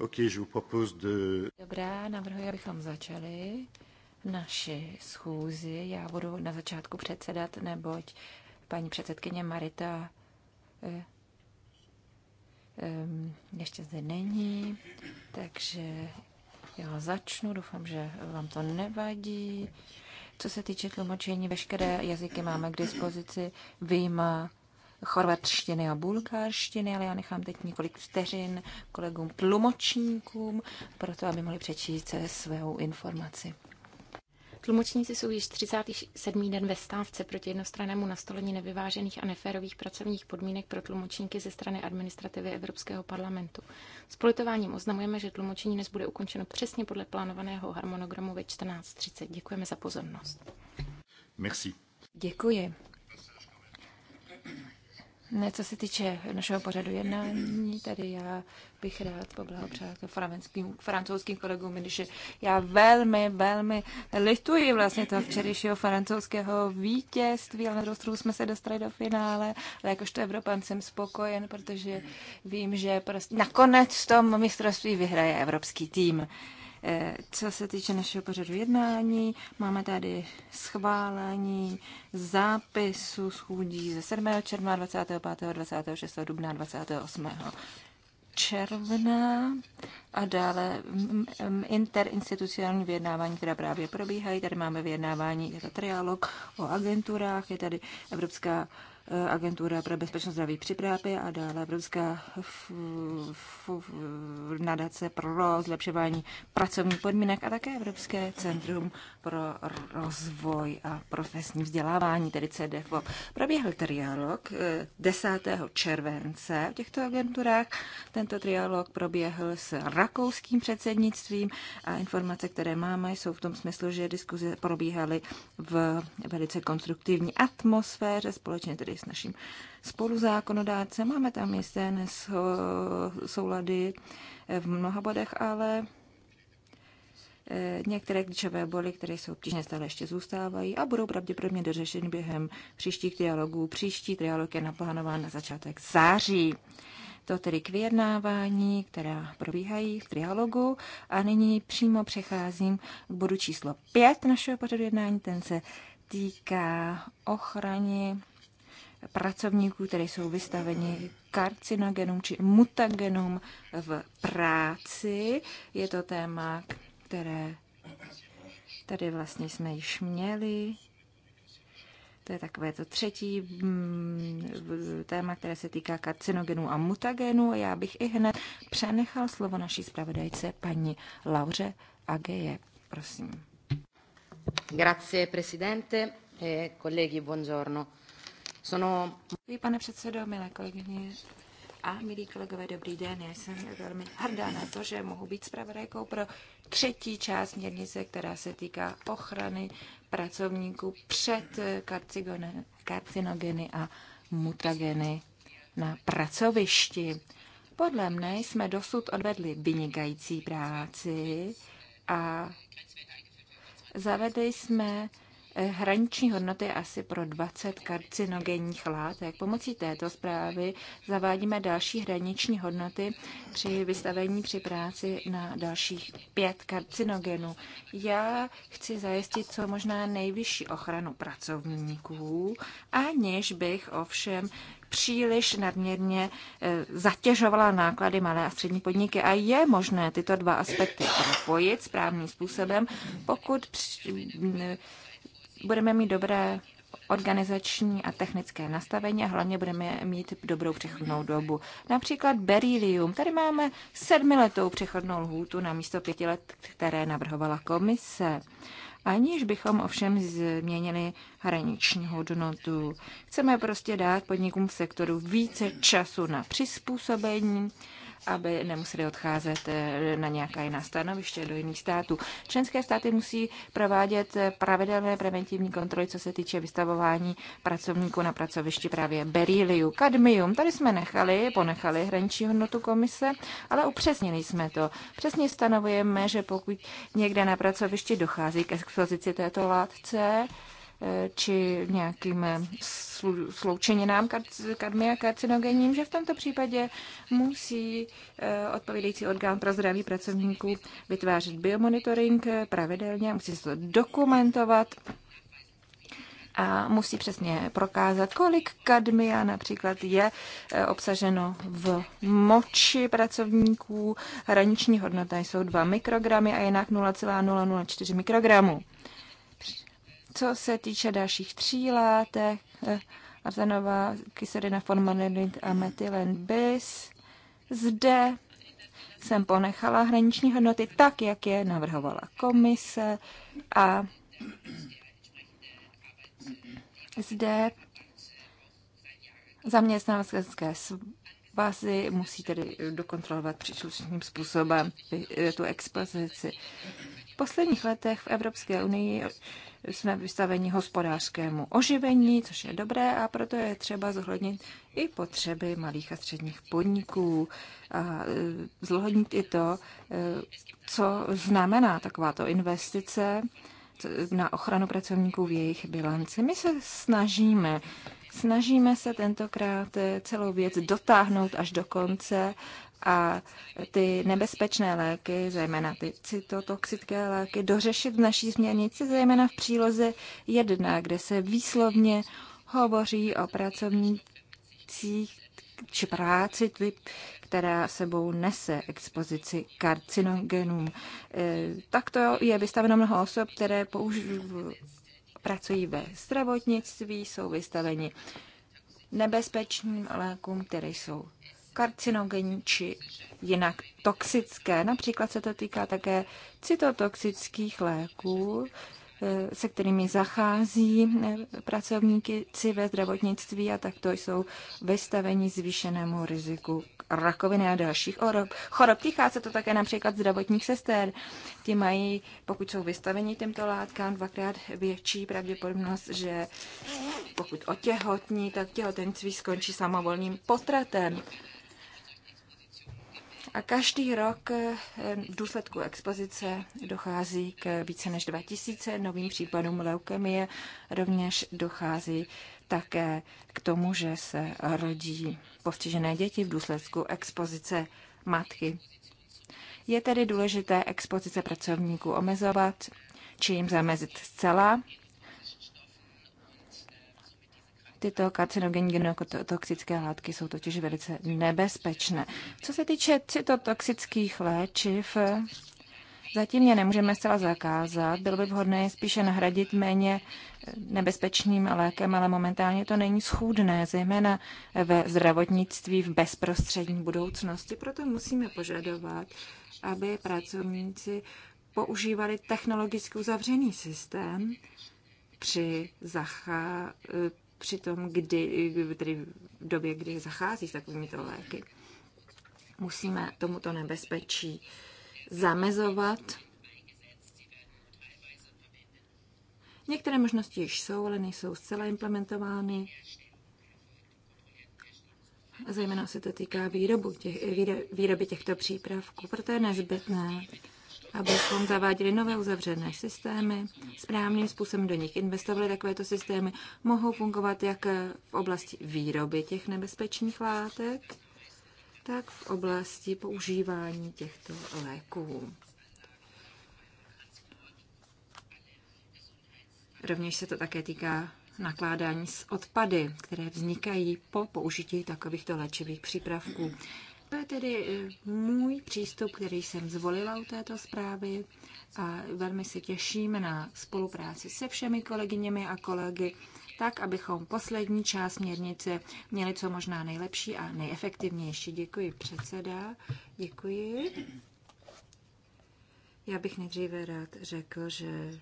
Okay, je vous propose de... Dobrá, navrhuji, abychom začali naši schůzi. Já budu na začátku předsedat, neboť paní předsedkyně Marita eh, eh, ještě zde není, takže já začnu, doufám, že vám to nevadí. Co se týče tlumočení, veškeré jazyky máme k dispozici, výjima chorvatštiny a bulgárštiny, ale já nechám teď několik vteřin kolegům tlumočníkům, proto aby mohli přečíst svou informaci. Tlumočníci jsou již 37. den ve stávce proti jednostrannému nastolení nevyvážených a neférových pracovních podmínek pro tlumočníky ze strany administrativy Evropského parlamentu. S politováním oznamujeme, že tlumočení dnes bude ukončeno přesně podle plánovaného harmonogramu ve 14.30. Děkujeme za pozornost. Merci. Děkuji. Ne, co se týče našeho pořadu jednání, tady já bych rád poblahopřál k francouzským kolegům, když já velmi, velmi lituji vlastně toho včerejšího francouzského vítězství, ale na jsme se dostali do finále, ale jakožto Evropan jsem spokojen, protože vím, že prostě nakonec v tom mistrovství vyhraje evropský tým. Co se týče našeho pořadu jednání, máme tady schválení zápisu schůdí ze 7. června, 25. 26. dubna, 28 června a dále mm, mm, interinstitucionální vyjednávání, která právě probíhají. Tady máme vyjednávání, je to trialog o agenturách, je tady Evropská Eh, Agentura pro bezpečnost zdraví při a dále Evropská nadace pro zlepšování pracovních podmínek a také Evropské centrum pro rozvoj a profesní vzdělávání, tedy CDFO. Proběhl trialog 10. Eh, července v těchto agenturách. Tento trialog proběhl s rakouským předsednictvím a informace, které máme, jsou v tom smyslu, že diskuze probíhaly v velice konstruktivní atmosféře, společně tedy s naším spoluzákonodárcem. Máme tam jisté nesoulady v mnoha bodech, ale eh, Některé klíčové body, které jsou obtížně stále ještě zůstávají a budou pravděpodobně dořešeny během příštích dialogů. Příští dialog je naplánován na začátek září. To tedy k vyjednávání, která probíhají v trialogu. A nyní přímo přecházím k bodu číslo 5 našeho pořadu jednání. Ten se týká ochrany pracovníků, které jsou vystaveni karcinogenům či mutagenům v práci. Je to téma, které tady vlastně jsme již měli. To je takové to třetí mm, téma, které se týká karcinogenů a mutagenů. Já bych i hned přenechal slovo naší zpravodajce paní Lauře Ageje. Prosím. Grazie, presidente. Eh, colleghi, buongiorno. Sono... Pane předsedo, milé kolegyně a milí kolegové, dobrý den. Já jsem velmi hrdá na to, že mohu být zpravodajkou pro třetí část měrnice, která se týká ochrany pracovníků před karcinogeny a mutageny na pracovišti. Podle mne jsme dosud odvedli vynikající práci a zavedli jsme Eh, hraniční hodnoty asi pro 20 karcinogenních látek. Pomocí této zprávy zavádíme další hraniční hodnoty při vystavení při práci na dalších pět karcinogenů. Já chci zajistit co možná nejvyšší ochranu pracovníků, aniž bych ovšem příliš nadměrně eh, zatěžovala náklady malé a střední podniky a je možné tyto dva aspekty propojit správným způsobem, pokud při budeme mít dobré organizační a technické nastavení a hlavně budeme mít dobrou přechodnou dobu. Například berylium. Tady máme sedmiletou přechodnou lhůtu na místo pěti let, které navrhovala komise. Aniž bychom ovšem změnili hraniční hodnotu. Chceme prostě dát podnikům v sektoru více času na přizpůsobení aby nemuseli odcházet eh, na nějaká jiná stanoviště do jiných států. Členské státy musí provádět eh, pravidelné preventivní kontroly, co se týče vystavování pracovníků na pracovišti právě beríliu, kadmium. Tady jsme nechali, ponechali hraniční hodnotu komise, ale upřesnili jsme to. Přesně stanovujeme, že pokud někde na pracovišti dochází k expozici této látce, či nějakým sloučeninám kadmia karcinogenním, že v tomto případě musí eh, odpovídající orgán pro zdraví pracovníků vytvářet biomonitoring eh, pravidelně, musí se to dokumentovat a musí přesně prokázat, kolik kadmia například je eh, obsaženo v moči pracovníků. Hraniční hodnota jsou 2 mikrogramy a jinak 0,004 mikrogramů. Co se týče dalších tří látek, eh, arzenová kyselina formalinit a metylen bis, zde jsem ponechala hraniční hodnoty tak, jak je navrhovala komise a zde zaměstnavatelské svazy musí tedy dokontrolovat příslušným způsobem tu expozici. V posledních letech v Evropské unii jsme vystaveni hospodářskému oživení, což je dobré a proto je třeba zohlednit i potřeby malých a středních podniků a e, zohlednit i to, e, co znamená takováto investice na ochranu pracovníků v jejich bilanci. My se snažíme Snažíme se tentokrát e, celou věc dotáhnout až do konce a ty nebezpečné léky, zejména ty cytotoxické léky, dořešit v naší směrnici, zejména v příloze 1, kde se výslovně hovoří o pracovnících či práci, která sebou nese expozici karcinogenům. E, Takto je vystaveno mnoho osob, které pracují ve zdravotnictví, jsou vystaveni nebezpečným lékům, které jsou karcinogenní či jinak toxické. Například se to týká také cytotoxických léků, eh, se kterými zachází eh, pracovníky ci ve zdravotnictví a takto jsou vystaveni zvýšenému riziku rakoviny a dalších chorob. Týká se to také například zdravotních sester. Ti mají, pokud jsou vystaveni těmto látkám, dvakrát větší pravděpodobnost, že pokud otěhotní, tak těhotenství skončí samovolným potratem. A každý rok eh, v důsledku expozice dochází k více než 2000 novým případům leukemie. Rovněž dochází také k tomu, že se rodí postižené děti v důsledku expozice matky. Je tedy důležité expozice pracovníků omezovat, či jim zamezit zcela, Tyto karcinogenní genotoxické látky jsou totiž velice nebezpečné. Co se týče cytotoxických léčiv, Zatím je nemůžeme zcela zakázat, bylo by vhodné spíše nahradit méně nebezpečným lékem, ale momentálně to není schůdné, zejména ve zdravotnictví v bezprostřední budoucnosti. Proto musíme požadovat, aby pracovníci používali technologicky uzavřený systém při, zachá- při tom, kdy, tedy v době, kdy zachází s takovými to léky. Musíme tomuto nebezpečí zamezovat. Některé možnosti již jsou, ale nejsou zcela implementovány. Zejména se to týká výrobu těch, výroby těchto přípravků, proto je nezbytné abychom zaváděli nové uzavřené systémy, správným způsobem do nich investovali. Takovéto systémy mohou fungovat jak v oblasti výroby těch nebezpečných látek, tak v oblasti používání těchto léků. Rovněž se to také týká nakládání s odpady, které vznikají po použití takovýchto léčivých přípravků. To je tedy eh, můj přístup, který jsem zvolila u této zprávy a velmi se těším na spolupráci se všemi kolegyněmi a kolegy, tak, abychom poslední část směrnice měli co možná nejlepší a nejefektivnější. Děkuji předseda, děkuji. Já bych nejdříve rád řekl, že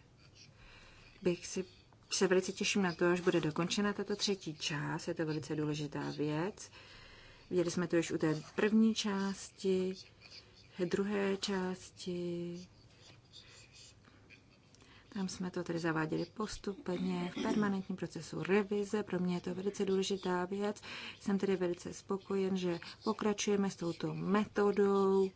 bych si se velice těším na to, až bude dokončena tato třetí část. Je to velice důležitá věc. Viděli jsme to už u té první části, druhé části. Tam jsme to tedy zaváděli postupně v permanentním procesu revize. Pro mě je to velice důležitá věc. Jsem tedy velice spokojen, že pokračujeme s touto metodou,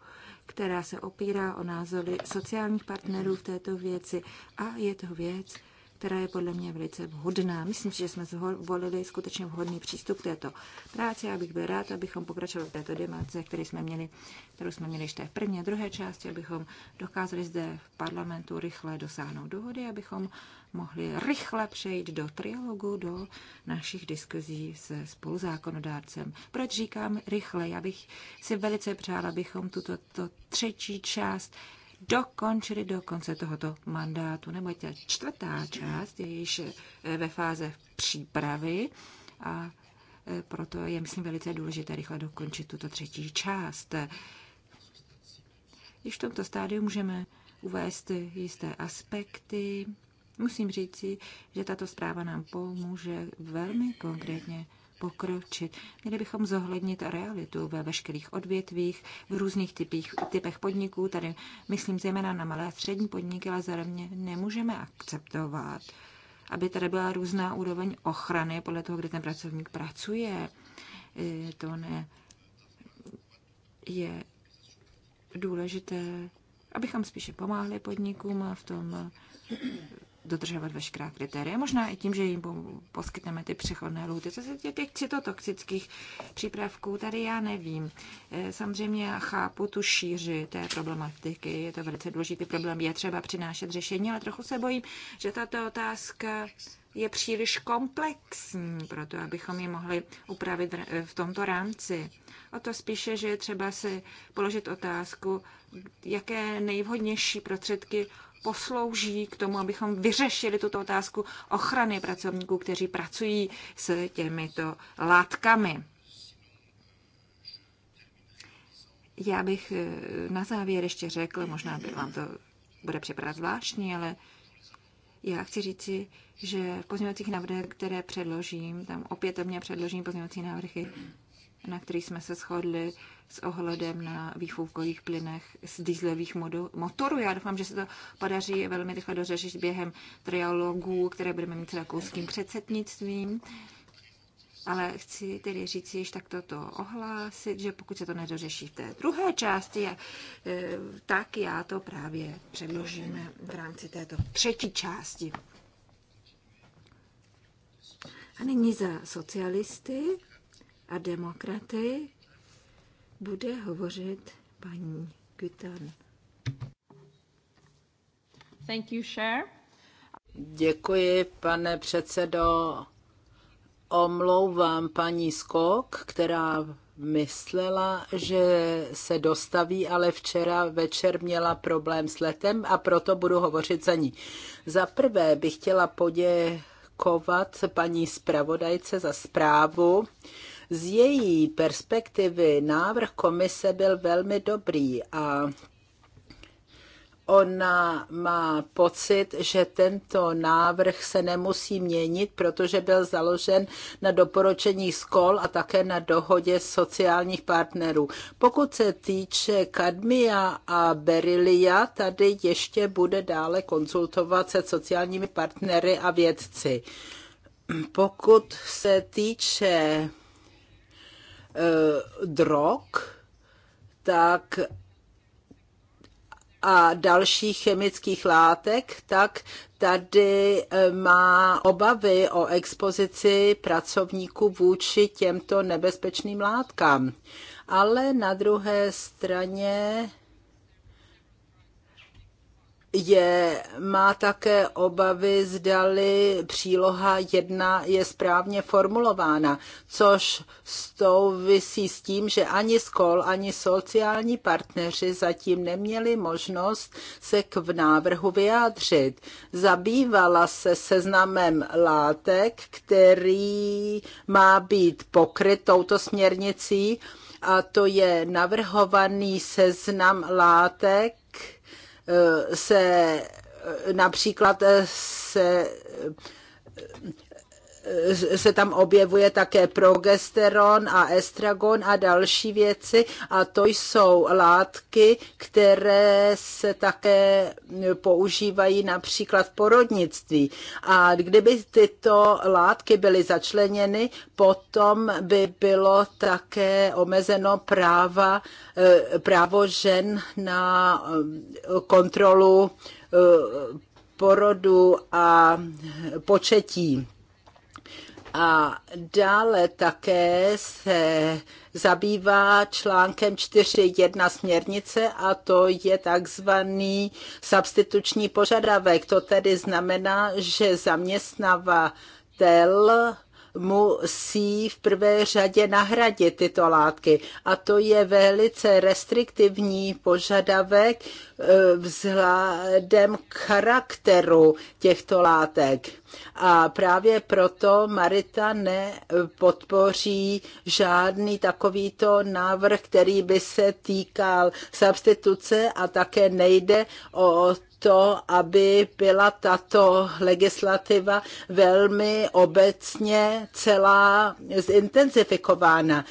která se opírá o názory sociálních partnerů v této věci a je to věc, která je podle mě velice vhodná. Myslím si, že jsme zvolili skutečně vhodný přístup k této práci. Já bych byl rád, abychom pokračovali v této demace, kterou jsme měli, kterou jsme měli ještě v první a druhé části, abychom dokázali zde v parlamentu rychle dosáhnout dohody, abychom mohli rychle přejít do trialogu, do našich diskuzí se spoluzákonodárcem. Proč říkám rychle? Já bych si velice přála, abychom tuto to třetí část dokončili do konce tohoto mandátu. Nebo ta čtvrtá část je již eh, ve fáze přípravy a eh, proto je, myslím, velice důležité rychle dokončit tuto třetí část. Již v tomto stádiu můžeme uvést jisté aspekty. Musím říci, že tato zpráva nám pomůže velmi konkrétně pokročit. Měli bychom zohlednit realitu ve veškerých odvětvích, v různých typích, typech podniků, tady myslím zejména na malé a střední podniky, ale zároveň nemůžeme akceptovat, aby tady byla různá úroveň ochrany podle toho, kde ten pracovník pracuje. E, to ne je důležité, abychom spíše pomáhli podnikům v tom dodržovat veškerá kritéria. Možná i tím, že jim poskytneme ty přechodné lhuty. Co se týče těch cytotoxických přípravků, tady já nevím. E, samozřejmě já chápu tu šíři té problematiky, je to velice důležitý problém, je třeba přinášet řešení, ale trochu se bojím, že tato otázka je příliš komplexní pro to, abychom ji mohli upravit v e, tomto rámci. O to spíše, že je třeba si položit otázku, jaké nejvhodnější prostředky poslouží k tomu, abychom vyřešili tuto otázku ochrany pracovníků, kteří pracují s těmito látkami. Já bych eh, na závěr ještě řekl, možná by vám to bude připadat zvláštní, ale já chci říci, že v pozměňovacích návrhech, které předložím, tam opětovně předložím pozměňovací návrhy, na který jsme se shodli s ohledem na výfoukových plynech z dýzlových motorů. Já doufám, že se to podaří velmi rychle dořešit během trialogů, které budeme mít s rakouským předsednictvím. Ale chci tedy říct již tak toto ohlásit, že pokud se to nedořeší v té druhé části, eh, tak já to právě předložím v rámci této třetí části. A nyní za socialisty a demokraty bude hovořit paní Gutan. Thank you, Cher. Děkuji, pane předsedo. Omlouvám paní Skok, která myslela, že se dostaví, ale včera večer měla problém s letem a proto budu hovořit za ní. Za prvé bych chtěla poděkovat paní zpravodajce za zprávu z její perspektivy návrh komise byl velmi dobrý a ona má pocit, že tento návrh se nemusí měnit, protože byl založen na doporučení SKOL a také na dohodě sociálních partnerů. Pokud se týče kadmia a berilia, tady ještě bude dále konzultovat se sociálními partnery a vědci. Pokud se týče Eh, drog, tak a dalších chemických látek, tak tady eh, má obavy o expozici pracovníků vůči těmto nebezpečným látkám. Ale na druhé straně je, má také obavy, zdali příloha 1 je správně formulována, což souvisí s tím, že ani SKOL, ani sociální partneři zatím neměli možnost se k v návrhu vyjádřit. Zabývala se seznamem látek, který má být pokryt touto směrnicí, a to je navrhovaný seznam látek, se například se se tam objevuje také progesteron a estragon a další věci a to jsou látky, které se také používají například v porodnictví. A kdyby tyto látky byly začleněny, potom by bylo také omezeno práva, eh, právo žen na eh, kontrolu eh, porodu a početí. A dále také se zabývá článkem 4.1 směrnice a to je takzvaný substituční požadavek. To tedy znamená, že zaměstnavatel musí v prvé řadě nahradit tyto látky. A to je velice restriktivní požadavek, vzhledem k charakteru těchto látek. A právě proto Marita nepodpoří žádný takovýto návrh, který by se týkal substituce a také nejde o to, aby byla tato legislativa velmi obecně celá zintenzifikována.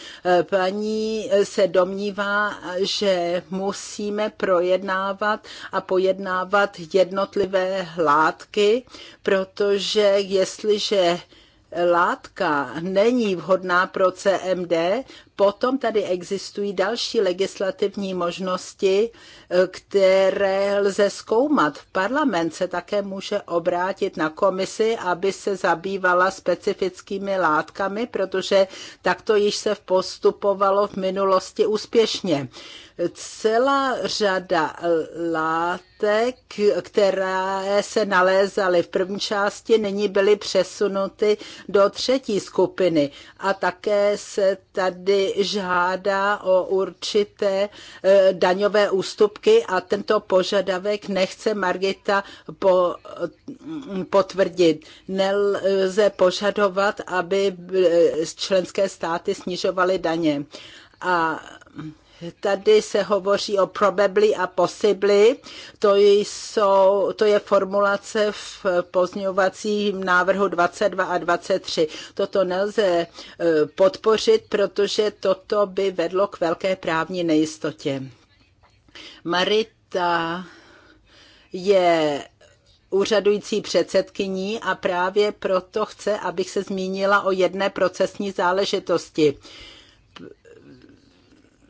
Paní se domnívá, že musíme projednávat vyjednávat a pojednávat jednotlivé látky, protože jestliže látka není vhodná pro CMD, Potom tady existují další legislativní možnosti, eh, které lze zkoumat. Parlament se také může obrátit na komisi, aby se zabývala specifickými látkami, protože takto již se postupovalo v minulosti úspěšně. Celá řada látek, které se nalézaly v první části, nyní byly přesunuty do třetí skupiny. A také se tady žádá o určité e, daňové ústupky a tento požadavek nechce Margita potvrdit. Nelze požadovat, aby e, členské státy snižovaly daně. A Tady se hovoří o probably a possibly. To, jsou, to je formulace v pozňovacím návrhu 22 a 23. Toto nelze e, podpořit, protože toto by vedlo k velké právní nejistotě. Marita je úřadující předsedkyní a právě proto chce, abych se zmínila o jedné procesní záležitosti.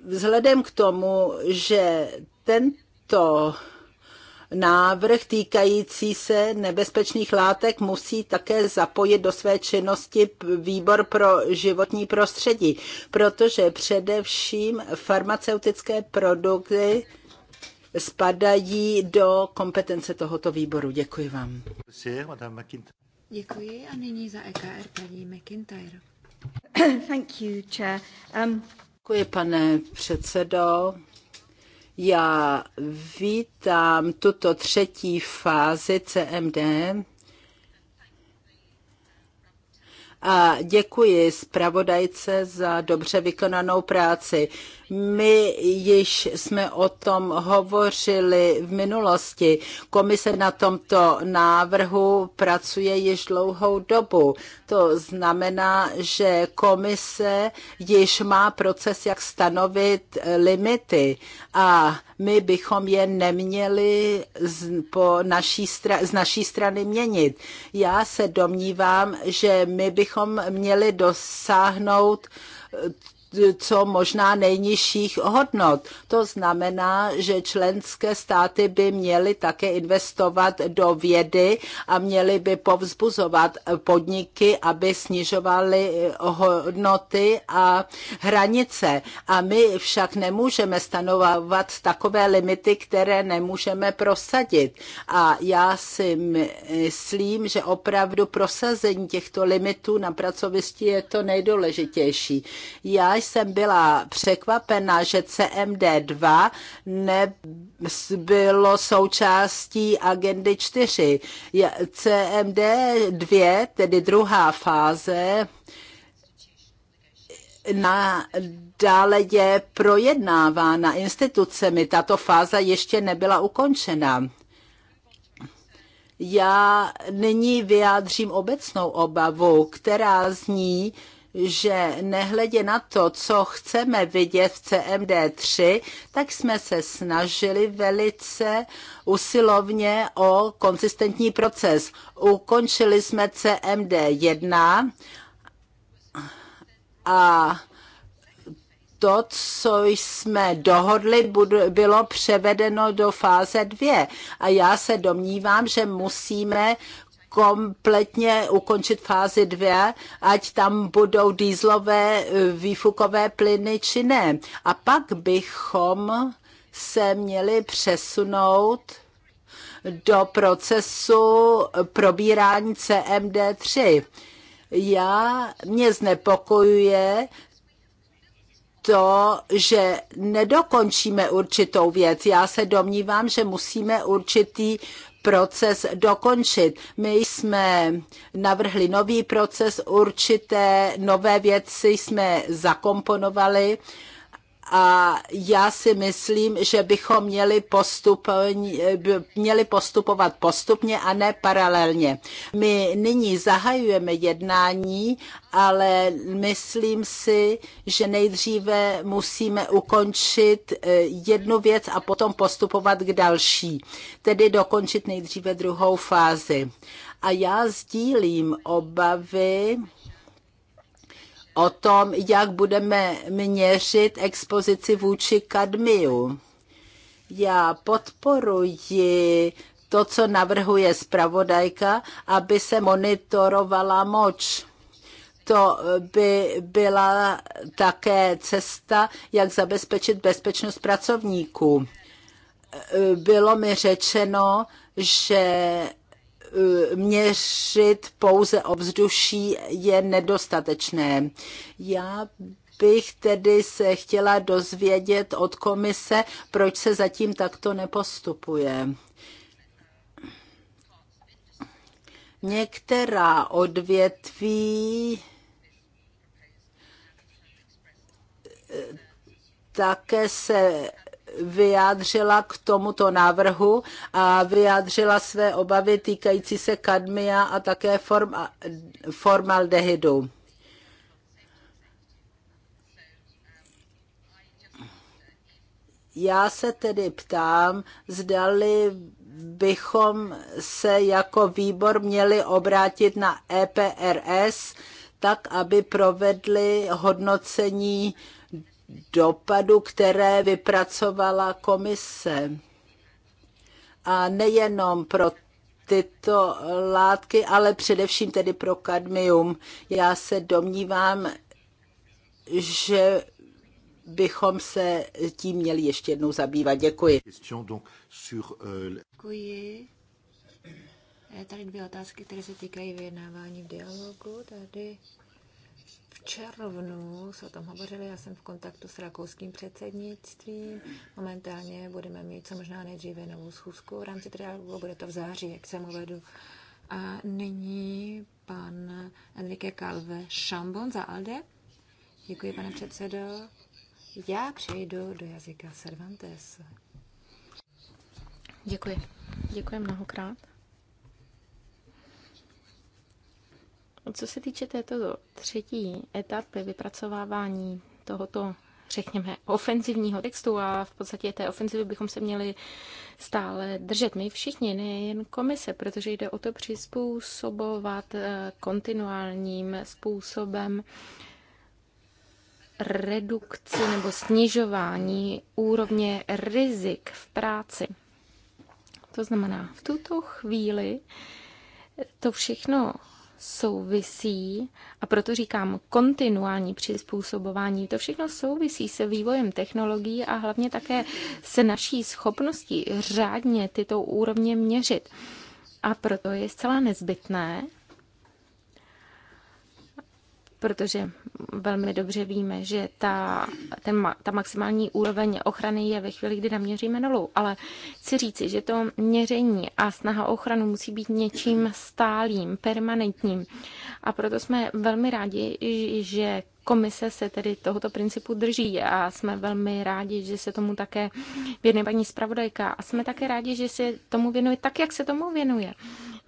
Vzhledem k tomu, že tento návrh týkající se nebezpečných látek musí také zapojit do své činnosti výbor pro životní prostředí, protože především farmaceutické produkty spadají do kompetence tohoto výboru. Děkuji vám. Děkuji a nyní za EKR paní McIntyre. Thank you, Chair. Um... Děkuji, pane předsedo. Já vítám tuto třetí fázi CMD a děkuji zpravodajce za dobře vykonanou práci. My již jsme o tom hovořili v minulosti. Komise na tomto návrhu pracuje již dlouhou dobu. To znamená, že komise již má proces, jak stanovit limity a my bychom je neměli z, po naší stra- z naší strany měnit. Já se domnívám, že my bychom měli dosáhnout co možná nejnižších hodnot. To znamená, že členské státy by měly také investovat do vědy a měly by povzbuzovat podniky, aby snižovaly hodnoty a hranice. A my však nemůžeme stanovovat takové limity, které nemůžeme prosadit. A já si myslím, že opravdu prosazení těchto limitů na pracovišti je to nejdůležitější. Já jsem byla překvapena, že CMD2 nebylo součástí agendy 4. CMD2, tedy druhá fáze, na, dále je projednávána institucemi. Tato fáza ještě nebyla ukončena. Já nyní vyjádřím obecnou obavu, která zní, že nehledě na to, co chceme vidět v CMD3, tak jsme se snažili velice usilovně o konsistentní proces. Ukončili jsme CMD1 a to, co jsme dohodli, bylo převedeno do fáze 2. A já se domnívám, že musíme kompletně ukončit fázi 2, ať tam budou dýzlové eh, výfukové plyny či ne. A pak bychom se měli přesunout do procesu probírání CMD3. Já mě znepokojuje to, že nedokončíme určitou věc. Já se domnívám, že musíme určitý proces dokončit. My jsme navrhli nový proces, určité nové věci jsme zakomponovali a já si myslím, že bychom měli, postup, měli postupovat postupně a ne paralelně. My nyní zahajujeme jednání, ale myslím si, že nejdříve musíme ukončit eh, jednu věc a potom postupovat k další, tedy dokončit nejdříve druhou fázi. A já sdílím obavy, o tom, jak budeme měřit expozici vůči kadmiu. Já podporuji to, co navrhuje zpravodajka, aby se monitorovala moč. To by byla také cesta, jak zabezpečit bezpečnost pracovníků. Bylo mi řečeno, že Eh, měřit pouze ovzduší je nedostatečné. Já bych tedy se chtěla dozvědět od komise, proč se zatím takto nepostupuje. Některá odvětví eh, také se vyjádřila k tomuto návrhu a vyjádřila své obavy týkající se kadmia a také form, formaldehydu. Já se tedy ptám, zdali bychom se jako výbor měli obrátit na EPRS, tak aby provedli hodnocení uh, dopadu, které vypracovala komise. A nejenom pro tyto látky, ale především tedy pro kadmium. Já se domnívám, že bychom se tím měli ještě jednou zabývat. Děkuji. Euh, Děkuji. Tady dvě otázky, které se týkají vyjednávání v dialogu. Tady červnu se o tom hovořili, já jsem v kontaktu s rakouským předsednictvím. Momentálně budeme mít co možná nejdříve novou schůzku v rámci trialogu, bude to v září, jak jsem uvedu. A nyní pan Enrique Calve Šambon za ALDE. Děkuji, pane předsedo. Já přejdu do jazyka Cervantes. Děkuji. Děkuji mnohokrát. Co se týče této třetí etapy vypracovávání tohoto řekněme, ofenzivního textu a v podstatě té ofenzivy bychom se měli stále držet my všichni, nejen komise, protože jde o to přizpůsobovat eh, kontinuálním způsobem redukci nebo snižování úrovně rizik v práci. To znamená, v tuto chvíli to všechno souvisí, a proto říkám kontinuální přizpůsobování, to všechno souvisí se vývojem technologií a hlavně také se naší schopností řádně tyto úrovně měřit. A proto je zcela nezbytné, protože velmi dobře víme, že ta, ten, ta maximální úroveň ochrany je ve chvíli, kdy naměříme nulu. Ale chci říci, že to měření a snaha o ochranu musí být něčím stálým, permanentním. A proto jsme velmi rádi, že komise se tedy tohoto principu drží a jsme velmi rádi, že se tomu také věnuje paní zpravodajka a jsme také rádi, že se tomu věnuje tak, jak se tomu věnuje.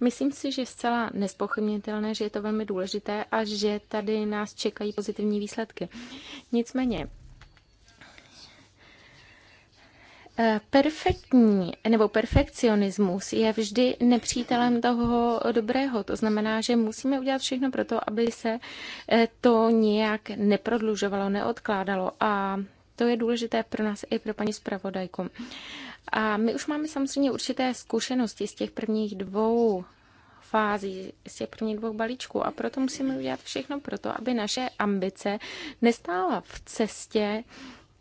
Myslím si, že zcela nespochybnitelné, že je to velmi důležité a že tady nás čekají pozitivní výsledky. Nicméně, eh, Perfektní nebo perfekcionismus je vždy nepřítelem toho dobrého. To znamená, že musíme udělat všechno pro to, aby se eh, to nějak neprodlužovalo, neodkládalo. A to je důležité pro nás i pro paní zpravodajku. A my už máme samozřejmě určité zkušenosti z těch prvních dvou fází, z těch prvních dvou balíčků a proto musíme udělat všechno pro to, aby naše ambice nestála v cestě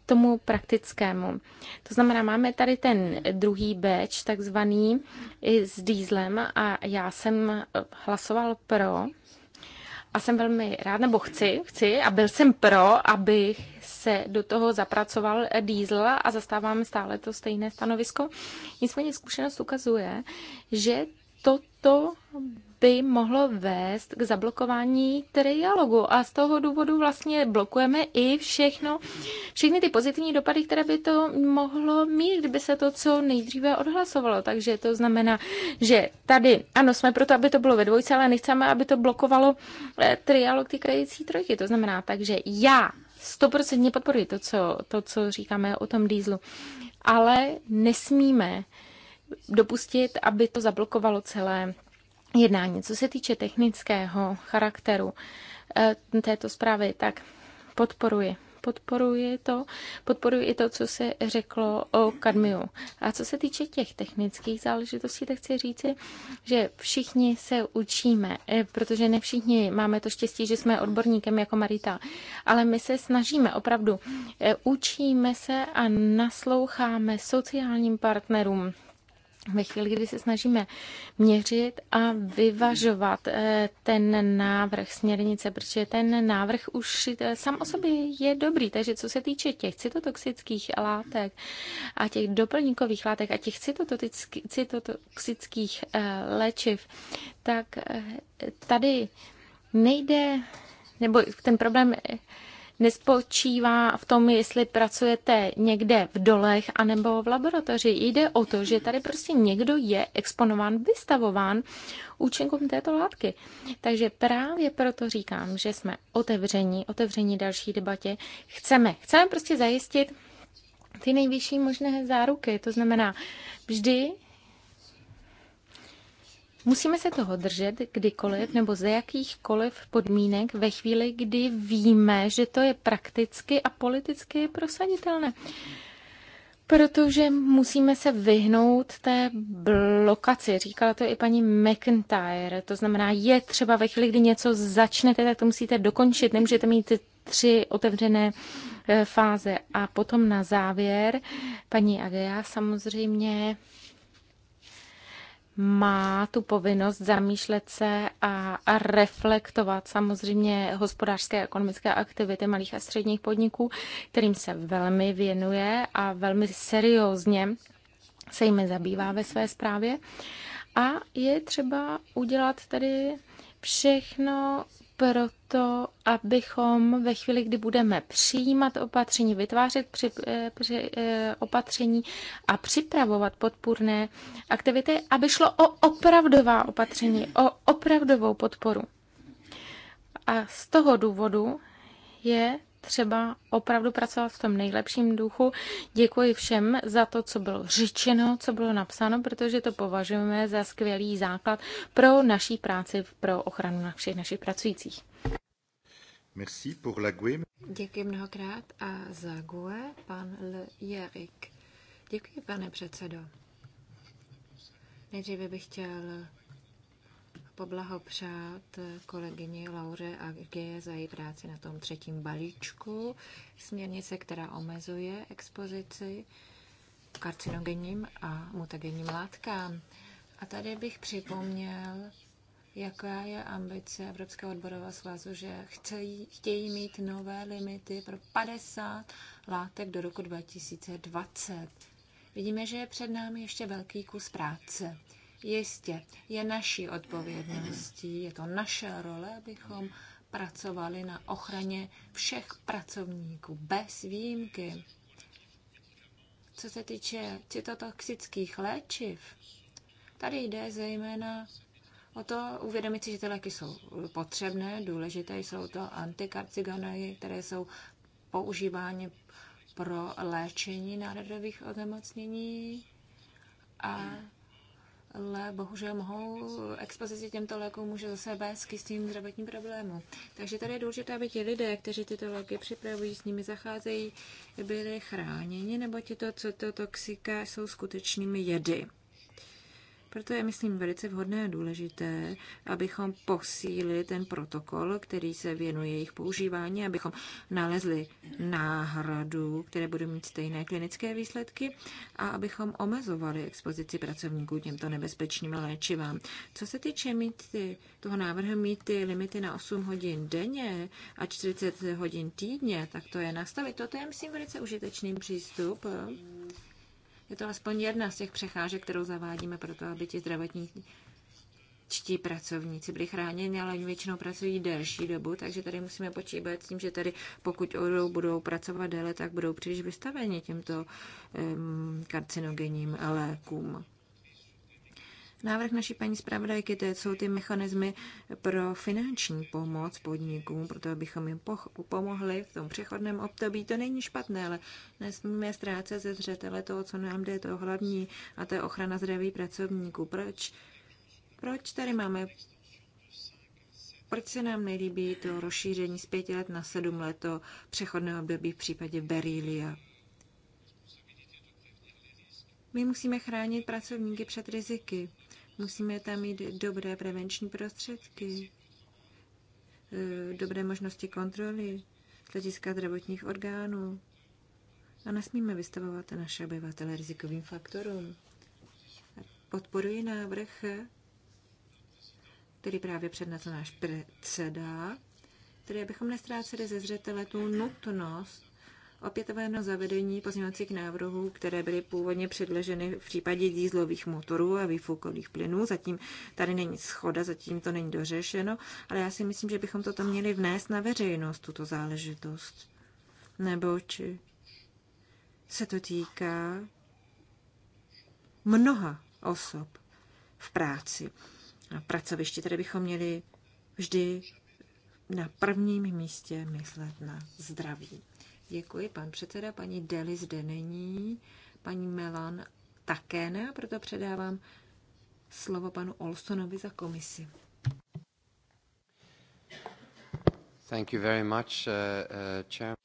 tomu praktickému. To znamená, máme tady ten druhý beč, takzvaný, i s dýzlem a já jsem hlasoval pro, a jsem velmi rád, nebo chci, chci a byl jsem pro, abych se do toho zapracoval diesel a zastávám stále to stejné stanovisko. Nicméně zkušenost ukazuje, že toto by mohlo vést k zablokování trialogu a z toho důvodu vlastně blokujeme i všechno, všechny ty pozitivní dopady, které by to mohlo mít, kdyby se to co nejdříve odhlasovalo. Takže to znamená, že tady, ano, jsme proto, aby to bylo ve dvojce, ale nechceme, aby to blokovalo eh, trialog týkající trojky. To znamená, takže já stoprocentně podporuji to co, to, co říkáme o tom dýzlu. Ale nesmíme dopustit, aby to zablokovalo celé jednání. Co se týče technického charakteru eh, této zprávy, tak podporuji podporuji to, podporuji i to, co se řeklo o kadmiu. A co se týče těch technických záležitostí, tak chci říci, že všichni se učíme, eh, protože ne všichni máme to štěstí, že jsme odborníkem jako Marita, ale my se snažíme opravdu, eh, učíme se a nasloucháme sociálním partnerům, ve chvíli, kdy se snažíme měřit a vyvažovat eh, ten návrh směrnice, protože ten návrh už eh, sám o sobě je dobrý. Takže co se týče těch cytotoxických látek a těch doplňkových látek a těch cytotoxických eh, léčiv, tak tady nejde, nebo ten problém nespočívá v tom, jestli pracujete někde v dolech anebo v laboratoři. Jde o to, že tady prostě někdo je exponován, vystavován účinkům této látky. Takže právě proto říkám, že jsme otevření, otevření další debatě. Chceme, chceme prostě zajistit ty nejvyšší možné záruky. To znamená, vždy Musíme se toho držet kdykoliv nebo ze jakýchkoliv podmínek ve chvíli, kdy víme, že to je prakticky a politicky prosaditelné. Protože musíme se vyhnout té blokaci. Říkala to i paní McIntyre. To znamená, je třeba ve chvíli, kdy něco začnete, tak to musíte dokončit. Nemůžete mít tři otevřené eh, fáze. A potom na závěr, paní Agea, samozřejmě má tu povinnost zamýšlet se a, a reflektovat samozřejmě hospodářské a ekonomické aktivity malých a středních podniků, kterým se velmi věnuje a velmi seriózně se jimi zabývá ve své zprávě. A je třeba udělat tedy všechno, proto, abychom ve chvíli, kdy budeme přijímat opatření, vytvářet při, eh, při, eh, opatření a připravovat podpůrné aktivity, aby šlo o opravdová opatření, o opravdovou podporu. A z toho důvodu je třeba opravdu pracovat v tom nejlepším duchu. Děkuji všem za to, co bylo řečeno, co bylo napsáno, protože to považujeme za skvělý základ pro naší práci, pro ochranu na všech našich pracujících. Merci pour la GUE. Děkuji mnohokrát a za GUE pan L. Jerik. Děkuji, pane předsedo. Nejdříve bych chtěl poblahopřát eh, kolegyni Laure a G za její práci na tom třetím balíčku směrnice, která omezuje expozici karcinogenním a mutagenním látkám. A tady bych připomněl, jaká je ambice Evropského odborového svazu, že chcejí, chtějí mít nové limity pro 50 látek do roku 2020. Vidíme, že je před námi ještě velký kus práce. Jistě, je naší odpovědností, je to naše role, abychom pracovali na ochraně všech pracovníků bez výjimky. Co se týče citotoxických léčiv, tady jde zejména o to uvědomit si, že ty léky jsou potřebné, důležité jsou to antikarcinogeny, které jsou používány pro léčení národových onemocnění a ale bohužel mohou expozici těmto lékům může zase vést k jistým zdravotním problémům. Takže tady je důležité, aby ti lidé, kteří tyto léky připravují, s nimi zacházejí, byli chráněni, nebo ti to, co to toxika, jsou skutečnými jedy. Proto je, myslím, velice vhodné a důležité, abychom posílili ten protokol, který se věnuje jejich používání, abychom nalezli náhradu, které budou mít stejné klinické výsledky a abychom omezovali expozici pracovníků těmto nebezpečným léčivám. Co se týče mít ty, toho návrhu mít ty limity na 8 hodin denně a 40 hodin týdně, tak to je nastavit. Toto je, myslím, velice užitečný přístup je to aspoň jedna z těch přecházek, kterou zavádíme pro to, aby ti zdravotničtí pracovníci byli chráněni, ale oni většinou pracují delší dobu, takže tady musíme počítat s tím, že tady pokud budou, budou pracovat déle, tak budou příliš vystaveni těmto um, karcinogenním lékům. Návrh naší paní zpravodajky, to jsou ty mechanismy pro finanční pomoc podnikům, proto abychom jim pomohli v tom přechodném období. To není špatné, ale nesmíme ztrácet ze zřetele toho, co nám jde, to hlavní, a to je ochrana zdraví pracovníků. Proč? Proč tady máme proč se nám nelíbí to rozšíření z pěti let na sedm let to přechodné období v případě Berília? My musíme chránit pracovníky před riziky. Musíme tam mít dobré prevenční prostředky, e, dobré možnosti kontroly hlediska zdravotních orgánů a nesmíme vystavovat naše obyvatele rizikovým faktorům. Podporuji návrh, který právě přednesl náš předseda, které abychom nestráceli ze zřetele tu nutnost opětovného zavedení pozměňovacích návrhů, které byly původně předloženy v případě dýzlových motorů a výfukových plynů. Zatím tady není schoda, zatím to není dořešeno, ale já si myslím, že bychom to tam měli vnést na veřejnost, tuto záležitost. Neboť se to týká mnoha osob v práci. A pracovišti tady bychom měli vždy na prvním místě myslet na zdraví. Děkuji, pan předseda. Paní Deli zde není, paní Melan také ne, a proto předávám slovo panu Olsonovi za komisi. Thank you very much, uh, uh, chair.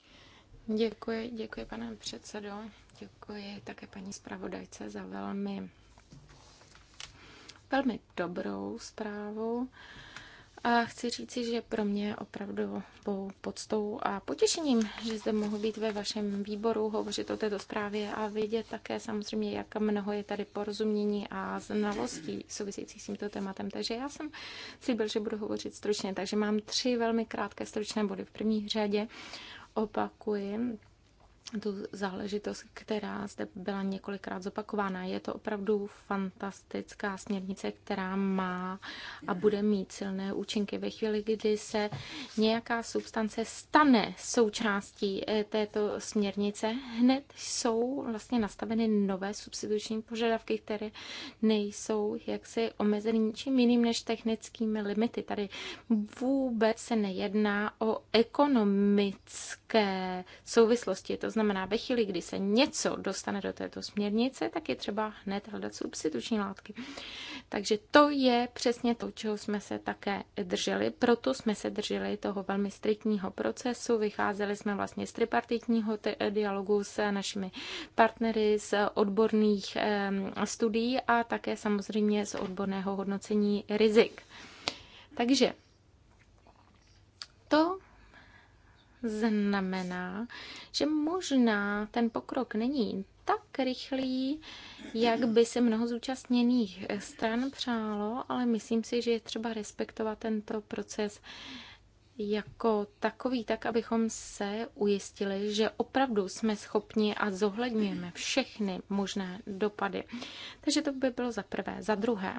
Děkuji, děkuji pane předsedo, děkuji také paní zpravodajce za velmi, velmi dobrou zprávu. Uh, a chci říci, že pro mě je opravdu podstou a potěšením, že zde mohu být ve vašem výboru, hovořit o této zprávě a vědět také samozřejmě, jak mnoho je tady porozumění a znalostí souvisejících s tímto tématem. Takže já jsem slíbil, že budu hovořit stručně, takže mám tři velmi krátké stručné body. V první řadě opakuji tu záležitost, která zde byla několikrát zopakována. Je to opravdu fantastická směrnice, která má a bude mít silné účinky ve chvíli, kdy se nějaká substance stane součástí eh, této směrnice. Hned jsou vlastně nastaveny nové substituční požadavky, které nejsou jaksi omezeny ničím jiným než technickými limity. Tady vůbec se nejedná o ekonomické souvislosti. To znamená, ve chvíli, kdy se něco dostane do této směrnice, tak je třeba hned hledat substituční látky. Takže to je přesně to, čeho jsme se také drželi. Proto jsme se drželi toho velmi striktního procesu. Vycházeli jsme vlastně z tripartitního dialogu s našimi partnery, z odborných studií a také samozřejmě z odborného hodnocení rizik. Takže to znamená, že možná ten pokrok není tak rychlý, jak by se mnoho zúčastněných stran přálo, ale myslím si, že je třeba respektovat tento proces jako takový, tak abychom se ujistili, že opravdu jsme schopni a zohledňujeme všechny možné dopady. Takže to by bylo za prvé. Za druhé,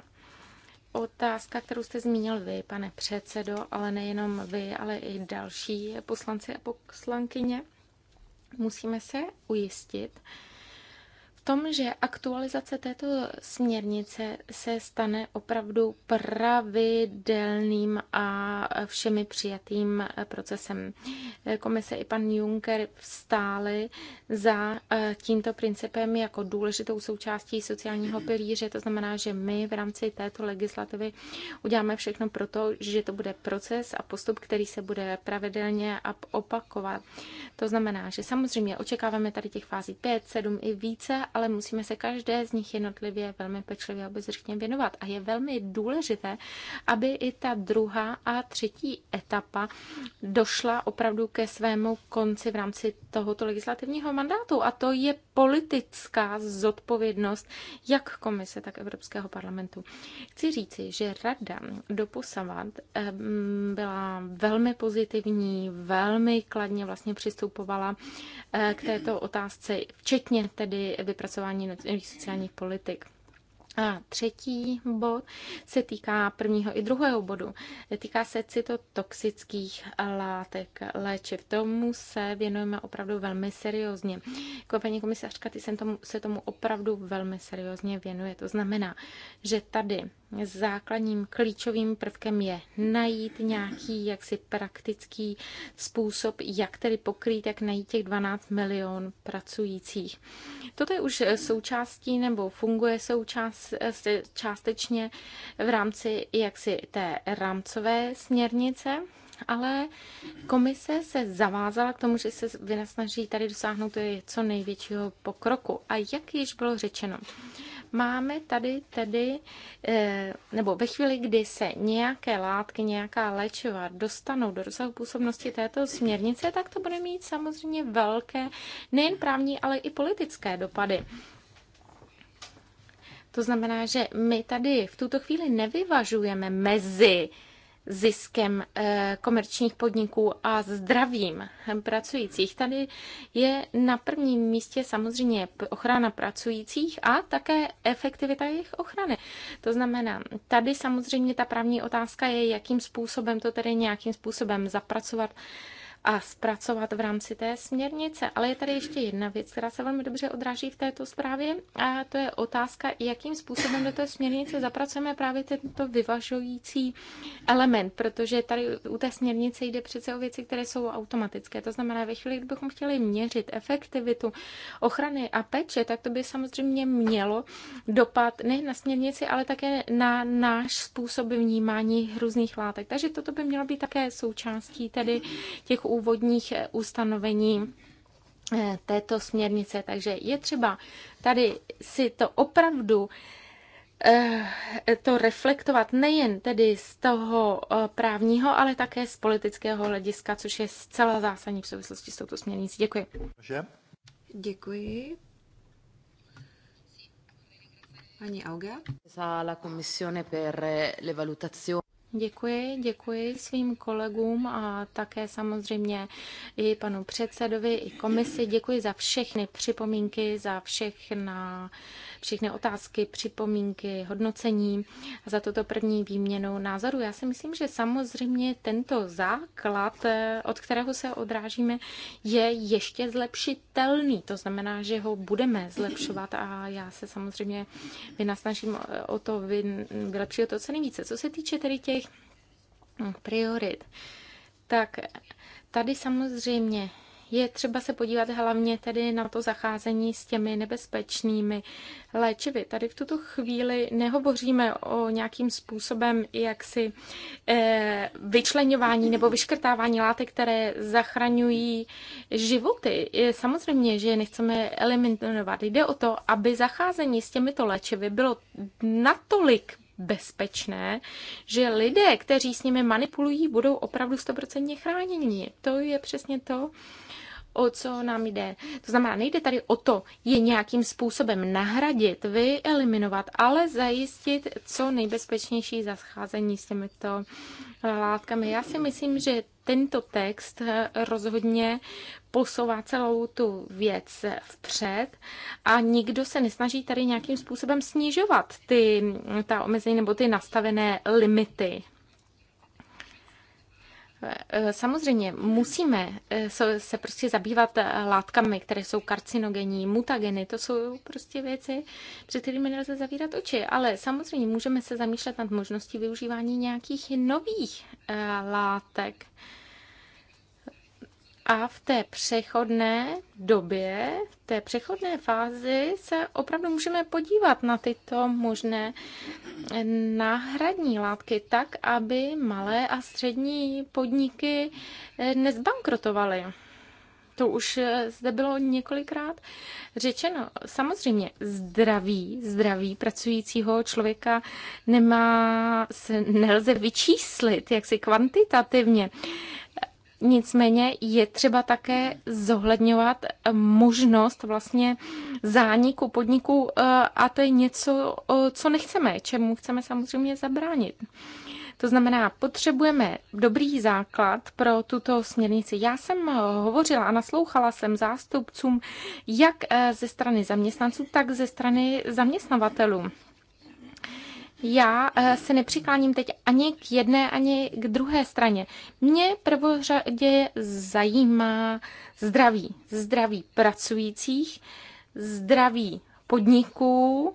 otázka, kterou jste zmínil vy, pane předsedo, ale nejenom vy, ale i další poslanci a poslankyně. Musíme se ujistit, v tom, že aktualizace této směrnice se stane opravdu pravidelným a všemi přijatým procesem. Komise i pan Juncker vstály za eh, tímto principem jako důležitou součástí sociálního pilíře. To znamená, že my v rámci této legislativy uděláme všechno pro to, že to bude proces a postup, který se bude pravidelně opakovat. To znamená, že samozřejmě očekáváme tady těch fází 5, 7 i více, ale musíme se každé z nich jednotlivě velmi pečlivě obezřetně věnovat. A je velmi důležité, aby i ta druhá a třetí etapa došla opravdu ke svému konci v rámci tohoto legislativního mandátu. A to je politická zodpovědnost jak komise, tak Evropského parlamentu. Chci říci, že rada doposavat ehm, byla velmi pozitivní, velmi kladně vlastně přistupovala eh, k této otázce, včetně tedy vypracování vypracování nových sociálních politik. A třetí bod se týká prvního i druhého bodu. Týká se cytotoxických látek léčiv. Tomu se věnujeme opravdu velmi seriózně. Jako paní komisařka, ty se tomu, se tomu opravdu velmi seriózně věnuje. To znamená, že tady základním klíčovým prvkem je najít nějaký jaksi praktický způsob, jak tedy pokrýt, jak najít těch 12 milion pracujících. Toto je už součástí nebo funguje součást, částečně v rámci jaksi té rámcové směrnice, ale komise se zavázala k tomu, že se vynasnaží tady dosáhnout co největšího pokroku. A jak již bylo řečeno, máme tady tedy, eh, nebo ve chvíli, kdy se nějaké látky, nějaká léčiva dostanou do rozsahu působnosti této směrnice, tak to bude mít samozřejmě velké nejen právní, ale i politické dopady. To znamená, že my tady v tuto chvíli nevyvažujeme mezi ziskem eh, komerčních podniků a zdravím pracujících. Tady je na prvním místě samozřejmě ochrana pracujících a také efektivita jejich ochrany. To znamená, tady samozřejmě ta právní otázka je, jakým způsobem to tedy nějakým způsobem zapracovat a zpracovat v rámci té směrnice. Ale je tady ještě jedna věc, která se velmi dobře odráží v této zprávě a to je otázka, jakým způsobem do té směrnice zapracujeme právě tento vyvažující element, protože tady u té směrnice jde přece o věci, které jsou automatické. To znamená, ve chvíli, kdybychom chtěli měřit efektivitu ochrany a peče, tak to by samozřejmě mělo dopad nejen na směrnici, ale také na náš způsob vnímání různých látek. Takže toto by mělo být také součástí tedy těch úvodních eh, ustanovení eh, této směrnice. Takže je třeba tady si to opravdu eh, to reflektovat nejen tedy z toho právního, ale také z politického hlediska, což je zcela zásadní v souvislosti s touto směrnicí. Děkuji. Děkuji. Pani Auga. Za la Commissione per le valutazioni. Děkuji, děkuji svým kolegům a také samozřejmě i panu předsedovi, i komisi. Děkuji za všechny připomínky, za všechna všechny otázky, připomínky, hodnocení za tuto první výměnu názoru. Já si myslím, že samozřejmě tento základ, eh, od kterého se odrážíme, je ještě zlepšitelný. To znamená, že ho budeme zlepšovat a já se samozřejmě vynasnažím eh, o to vylepšit to co nejvíce. Co se týče tedy těch priorit, tak tady samozřejmě je třeba se podívat hlavně tedy na to zacházení s těmi nebezpečnými léčivy. Tady v tuto chvíli nehovoříme o nějakým způsobem jaksi eh, vyčlenování nebo vyškrtávání látek, které zachraňují životy. Je samozřejmě, že je nechceme eliminovat. Jde o to, aby zacházení s těmito léčivy bylo natolik bezpečné, že lidé, kteří s nimi manipulují, budou opravdu stoprocentně chráněni. To je přesně to, o co nám jde. To znamená, nejde tady o to je nějakým způsobem nahradit, vyeliminovat, ale zajistit co nejbezpečnější zascházení s těmito eh, látkami. Já si myslím, že tento text eh, rozhodně posouvá celou tu věc vpřed a nikdo se nesnaží tady nějakým způsobem snižovat ty, ta omezení nebo ty nastavené limity. E, samozřejmě musíme e, se prostě zabývat e, látkami, které jsou karcinogenní, mutageny, to jsou prostě věci, před kterými nelze zavírat oči, ale samozřejmě můžeme se zamýšlet nad možností využívání nějakých nových látek. A v té přechodné době, v té přechodné fázi se opravdu můžeme podívat na tyto možné náhradní látky tak, aby malé a střední podniky eh, nezbankrotovaly. To už eh, zde bylo několikrát řečeno. Samozřejmě zdraví, zdraví pracujícího člověka nemá, se nelze vyčíslit jaksi kvantitativně. Nicméně je třeba také zohledňovat eh, možnost vlastně zániku podniku eh, a to je něco, co nechceme, čemu chceme samozřejmě zabránit. To znamená, potřebujeme dobrý základ pro tuto směrnici. Já jsem eh, hovořila a naslouchala jsem zástupcům jak ze strany zaměstnanců, tak ze strany zaměstnavatelů já eh, se nepřikláním teď ani k jedné, ani k druhé straně. Mě prvořadě zajímá zdraví. Zdraví pracujících, zdraví podniků,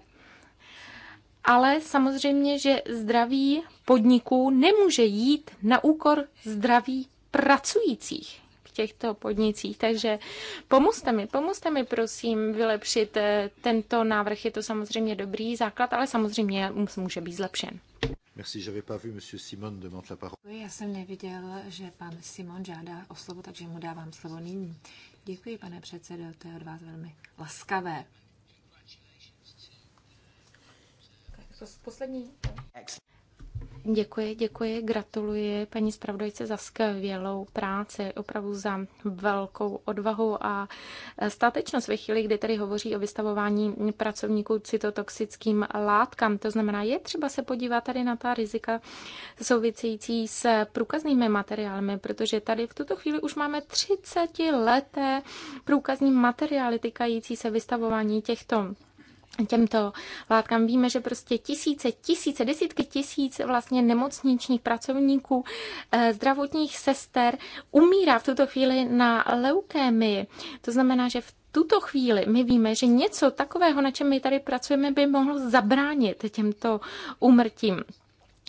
ale samozřejmě, že zdraví podniků nemůže jít na úkor zdraví pracujících těchto podnicích. Takže pomůžte mi, pomůžte mi prosím vylepšit eh, tento návrh. Je to samozřejmě dobrý základ, ale samozřejmě může být zlepšen. Merci, j'avais pas vu monsieur Simon demande la parole. Já jsem neviděl, že pan Simon žádá o slovo, takže mu dávám slovo nyní. Děkuji, pane předsedo, to je od vás velmi laskavé. Tak, poslední. Děkuji, děkuji, gratuluji paní zpravodajce za skvělou práci, opravdu za velkou odvahu a statečnost ve chvíli, kdy tady hovoří o vystavování pracovníků cytotoxickým látkám. To znamená, je třeba se podívat tady na ta rizika související s průkaznými materiály, protože tady v tuto chvíli už máme 30 leté průkazní materiály týkající se vystavování těchto těmto látkám. Víme, že prostě tisíce, tisíce, desítky tisíc vlastně nemocničních pracovníků, eh, zdravotních sester umírá v tuto chvíli na leukémii. To znamená, že v tuto chvíli my víme, že něco takového, na čem my tady pracujeme, by mohlo zabránit těmto úmrtím.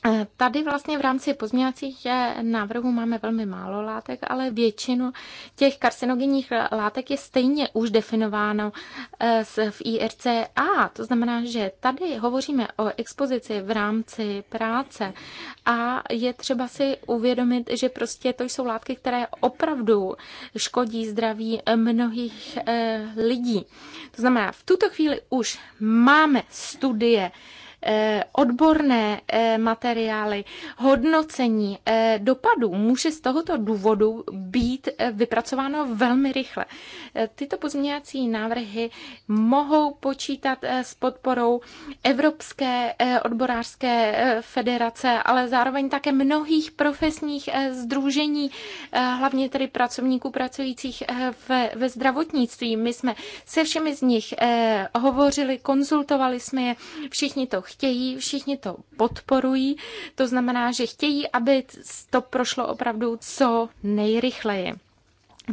Eh, tady vlastně v rámci pozměňovacích eh, návrhů máme velmi málo látek, ale většinu těch karcinogenních látek je stejně už definováno eh, v IRCA. To znamená, že tady hovoříme o expozici v rámci práce a je třeba si uvědomit, že prostě to jsou látky, které opravdu škodí zdraví mnohých lidí. To znamená, v tuto chvíli už máme studie, Eh, odborné eh, materiály, hodnocení eh, dopadů může z tohoto důvodu být vypracováno velmi rychle. Tyto pozměňovací návrhy mohou počítat s podporou Evropské odborářské federace, ale zároveň také mnohých profesních združení, hlavně tedy pracovníků pracujících ve, zdravotnictví. My jsme se všemi z nich hovořili, konzultovali jsme je, všichni to chtěli chtějí, všichni to podporují. To znamená, že chtějí, aby to prošlo opravdu co nejrychleji.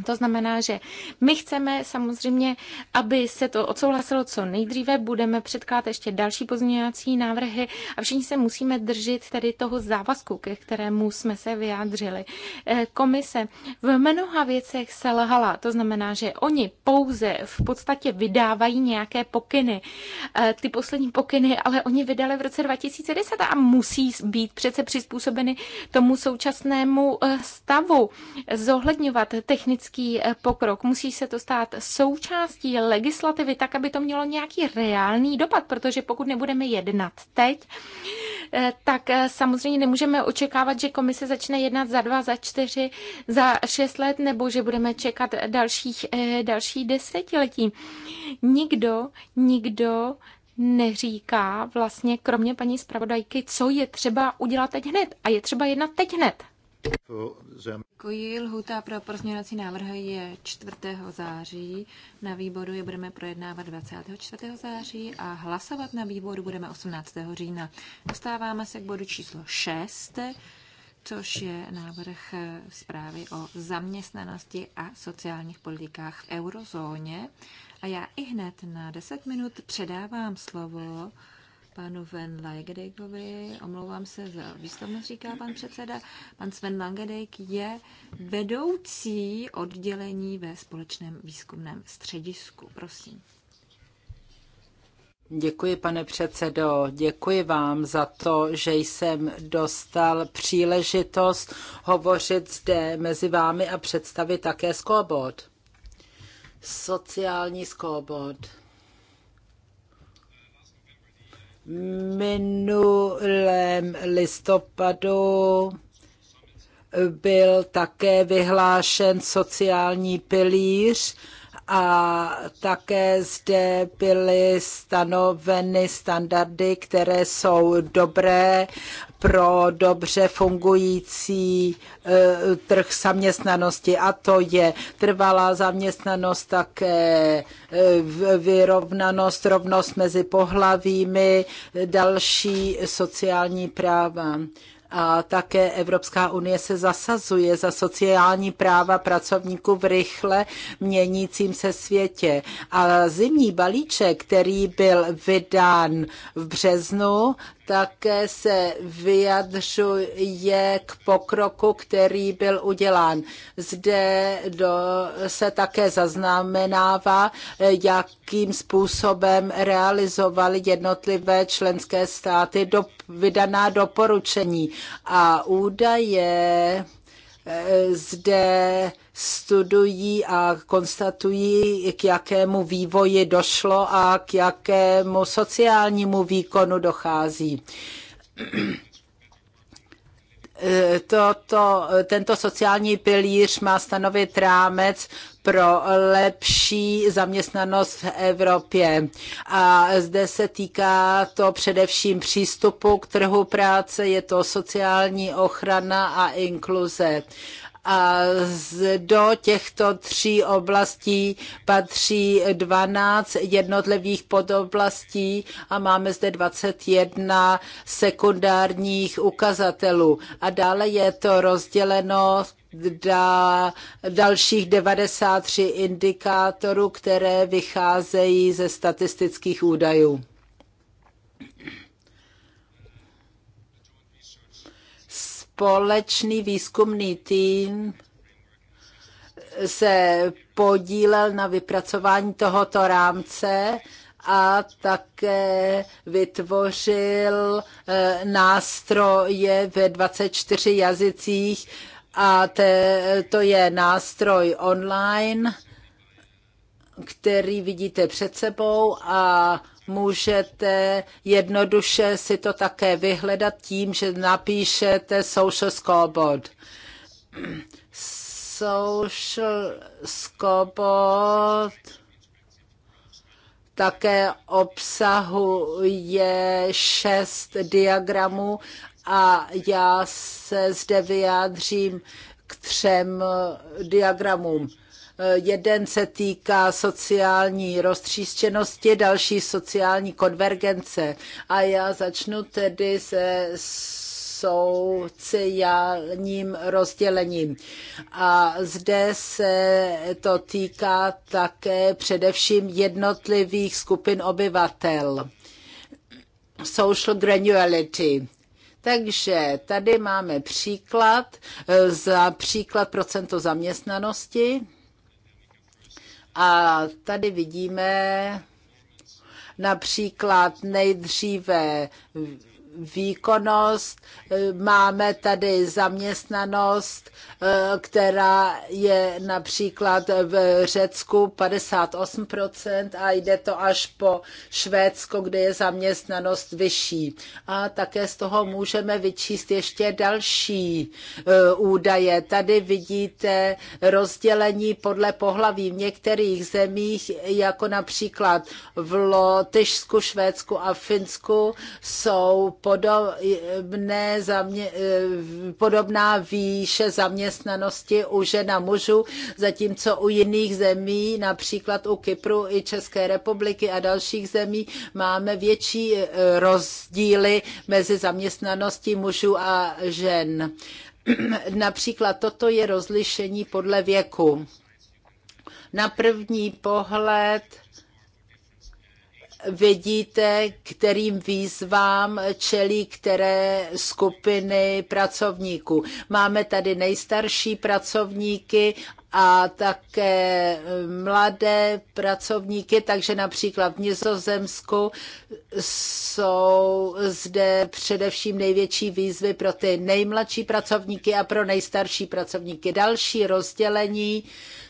To znamená, že my chceme samozřejmě, aby se to odsouhlasilo co nejdříve, budeme předkládat ještě další pozměňovací návrhy a všichni se musíme držet tedy toho závazku, ke kterému jsme se vyjádřili. Eh, komise v mnoha věcech selhala, to znamená, že oni pouze v podstatě vydávají nějaké pokyny. Eh, ty poslední pokyny, ale oni vydali v roce 2010 a musí být přece přizpůsobeny tomu současnému eh, stavu, zohledňovat technické technologický eh, pokrok, musí se to stát součástí legislativy, tak aby to mělo nějaký reálný dopad, protože pokud nebudeme jednat teď, eh, tak eh, samozřejmě nemůžeme očekávat, že komise začne jednat za dva, za čtyři, za šest let, nebo že budeme čekat dalších, další desetiletí. Nikdo, nikdo neříká vlastně, kromě paní zpravodajky, co je třeba udělat teď hned. A je třeba jednat teď hned. Děkuji. Lhuta pro pozměňovací návrhy je 4. září. Na výboru je budeme projednávat 24. září a hlasovat na výboru budeme 18. října. Dostáváme se k bodu číslo 6, což je návrh zprávy o zaměstnanosti a sociálních politikách v eurozóně. A já i hned na 10 minut předávám slovo panu Van Langedejkovi. Omlouvám se za výslovnost, říká pan předseda. Pan Sven Langedek je vedoucí oddělení ve společném výzkumném středisku. Prosím. Děkuji, pane předsedo. Děkuji vám za to, že jsem dostal příležitost hovořit zde mezi vámi a představit také skobod. Sociální skobod minulém listopadu byl také vyhlášen sociální pilíř a také zde byly stanoveny standardy, které jsou dobré pro dobře fungující e, trh zaměstnanosti a to je trvalá zaměstnanost, také e, vyrovnanost, rovnost mezi pohlavími, další sociální práva a také Evropská unie se zasazuje za sociální práva pracovníků v rychle měnícím se světě. A zimní balíček, který byl vydán v březnu, také se vyjadřuje k pokroku, který byl udělán. Zde do, se také zaznamenává, jakým způsobem realizovaly jednotlivé členské státy do, vydaná doporučení. A údaje zde studují a konstatují, k jakému vývoji došlo a k jakému sociálnímu výkonu dochází tento sociální pilíř má stanovit rámec pro lepší zaměstnanost v Evropě. A zde se týká to především přístupu k trhu práce, je to sociální ochrana a inkluze a do těchto tří oblastí patří 12 jednotlivých podoblastí a máme zde 21 sekundárních ukazatelů. A dále je to rozděleno da, dalších 93 indikátorů, které vycházejí ze statistických údajů. společný výzkumný tým se podílel na vypracování tohoto rámce a také vytvořil eh, nástroje ve 24 jazycích a te, to je nástroj online, který vidíte před sebou a můžete jednoduše si to také vyhledat tím, že napíšete social scoreboard. Social scoreboard také obsahuje šest diagramů a já se zde vyjádřím k třem diagramům. Eh, jeden se týká sociální roztříštěnosti, další sociální konvergence. A já začnu tedy se sociálním rozdělením. A zde se to týká také především jednotlivých skupin obyvatel. Social granularity. Takže tady máme příklad, eh, za příklad procento zaměstnanosti. A tady vidíme například nejdříve výkonnost, máme tady zaměstnanost, eh, která je například v Řecku 58% a jde to až po Švédsko, kde je zaměstnanost vyšší. A také z toho můžeme vyčíst ještě další eh, údaje. Tady vidíte rozdělení podle pohlaví v některých zemích, jako například v Lotyšsku, Švédsku a Finsku jsou podobné eh, zamě, eh, podobná výše zaměstnanosti u žen a mužů, zatímco u jiných zemí, například u Kypru i České republiky a dalších zemí, máme větší eh, rozdíly mezi zaměstnaností mužů a žen. Například toto je rozlišení podle věku. Na první pohled vidíte, kterým výzvám čelí které skupiny pracovníků. Máme tady nejstarší pracovníky a také mladé pracovníky, takže například v Nizozemsku jsou zde především největší výzvy pro ty nejmladší pracovníky a pro nejstarší pracovníky. Další rozdělení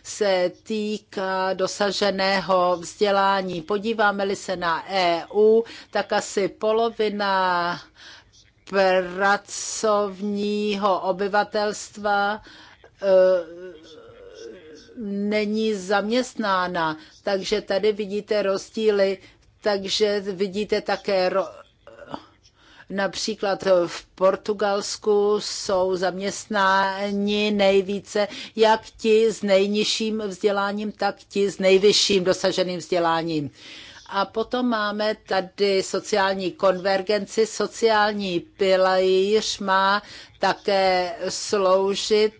se týká dosaženého vzdělání. Podíváme-li se na EU, tak asi polovina pracovního obyvatelstva eh, není zaměstnána. Takže tady vidíte rozdíly, takže vidíte také Například v Portugalsku jsou zaměstnáni nejvíce jak ti s nejnižším vzděláním, tak ti s nejvyšším dosaženým vzděláním. A potom máme tady sociální konvergenci. Sociální pilíř má také sloužit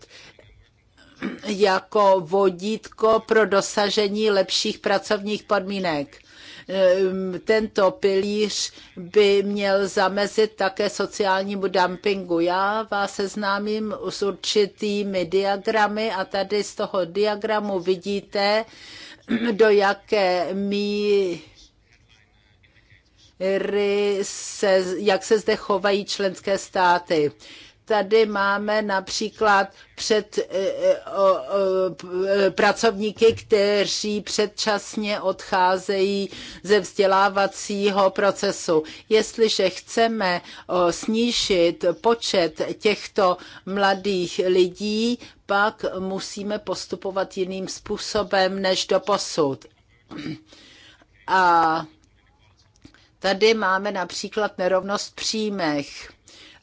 jako vodítko pro dosažení lepších pracovních podmínek. Ehm, tento pilíř by měl zamezit také sociálnímu dumpingu. Já vás seznámím s určitými diagramy a tady z toho diagramu vidíte, do jaké míry se, jak se zde chovají členské státy. Tady máme například před eh, eh, o, o, eh, pracovníky, kteří předčasně odcházejí ze vzdělávacího procesu. Jestliže chceme o, snížit počet těchto mladých lidí, pak musíme postupovat jiným způsobem než do posud. A tady máme například nerovnost příjmech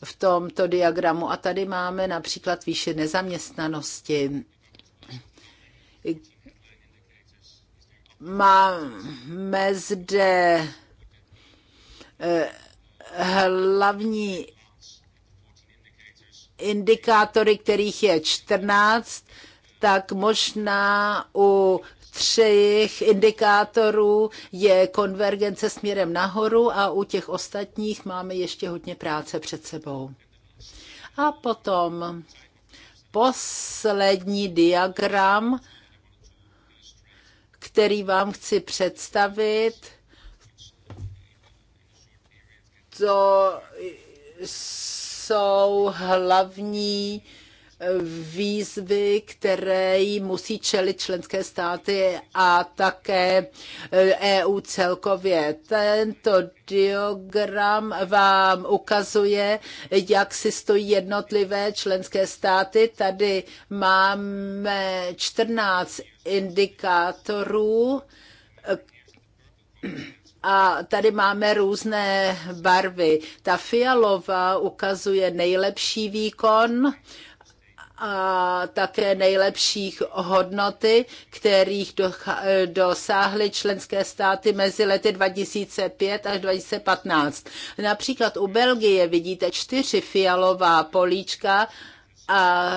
v tomto diagramu. A tady máme například výše nezaměstnanosti. Máme zde eh, hlavní indikátory, kterých je 14, tak možná u třech indikátorů je konvergence směrem nahoru a u těch ostatních máme ještě hodně práce před sebou. A potom poslední diagram, který vám chci představit. To jsou hlavní výzvy, které musí čelit členské státy a také EU eh, e celkově. Tento diagram vám ukazuje, jak si stojí jednotlivé členské státy. Tady máme 14 indikátorů, a tady máme různé barvy. Ta fialová ukazuje nejlepší výkon a také nejlepších hodnoty, kterých dosáhly členské státy mezi lety 2005 až 2015. Například u Belgie vidíte čtyři fialová políčka a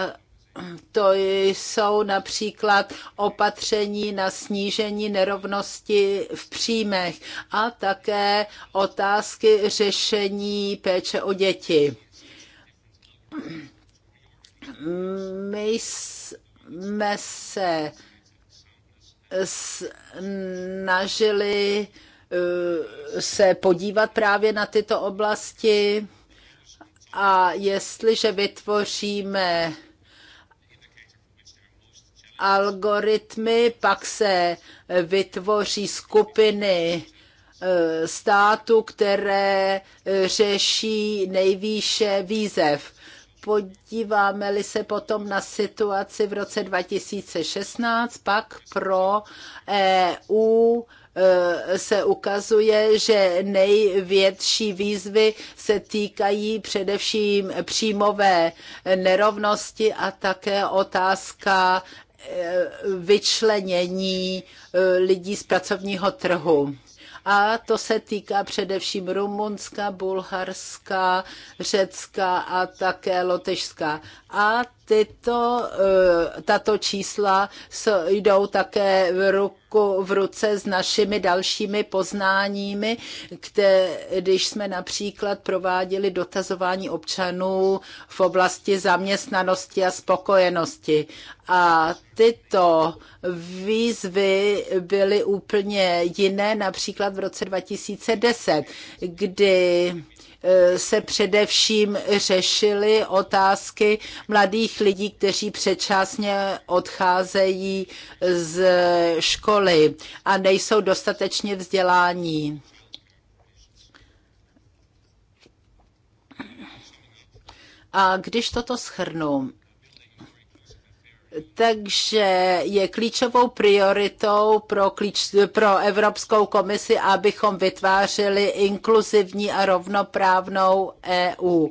to jsou například opatření na snížení nerovnosti v příjmech a také otázky řešení péče o děti. My jsme se snažili eh, se podívat právě na tyto oblasti a jestliže vytvoříme algoritmy, pak se vytvoří skupiny eh, států, které řeší nejvýše výzev. Podíváme-li se potom na situaci v roce 2016, pak pro EU e, se ukazuje, že největší výzvy se týkají především příjmové nerovnosti a také otázka e, vyčlenění e, lidí z pracovního trhu a to se týká především Rumunska, Bulharska, Řecka a také Lotyšska a tyto, eh, tato čísla jdou také v, ruku, v ruce s našimi dalšími poznáními, kde, když jsme například prováděli dotazování občanů v oblasti zaměstnanosti a spokojenosti. A tyto výzvy byly úplně jiné, například v roce 2010, kdy Eh, se především řešily otázky mladých lidí, kteří předčasně odcházejí z školy a nejsou dostatečně vzdělání. A když toto schrnu, takže je klíčovou prioritou pro, klíč, pro Evropskou komisi, abychom vytvářeli inkluzivní a rovnoprávnou EU.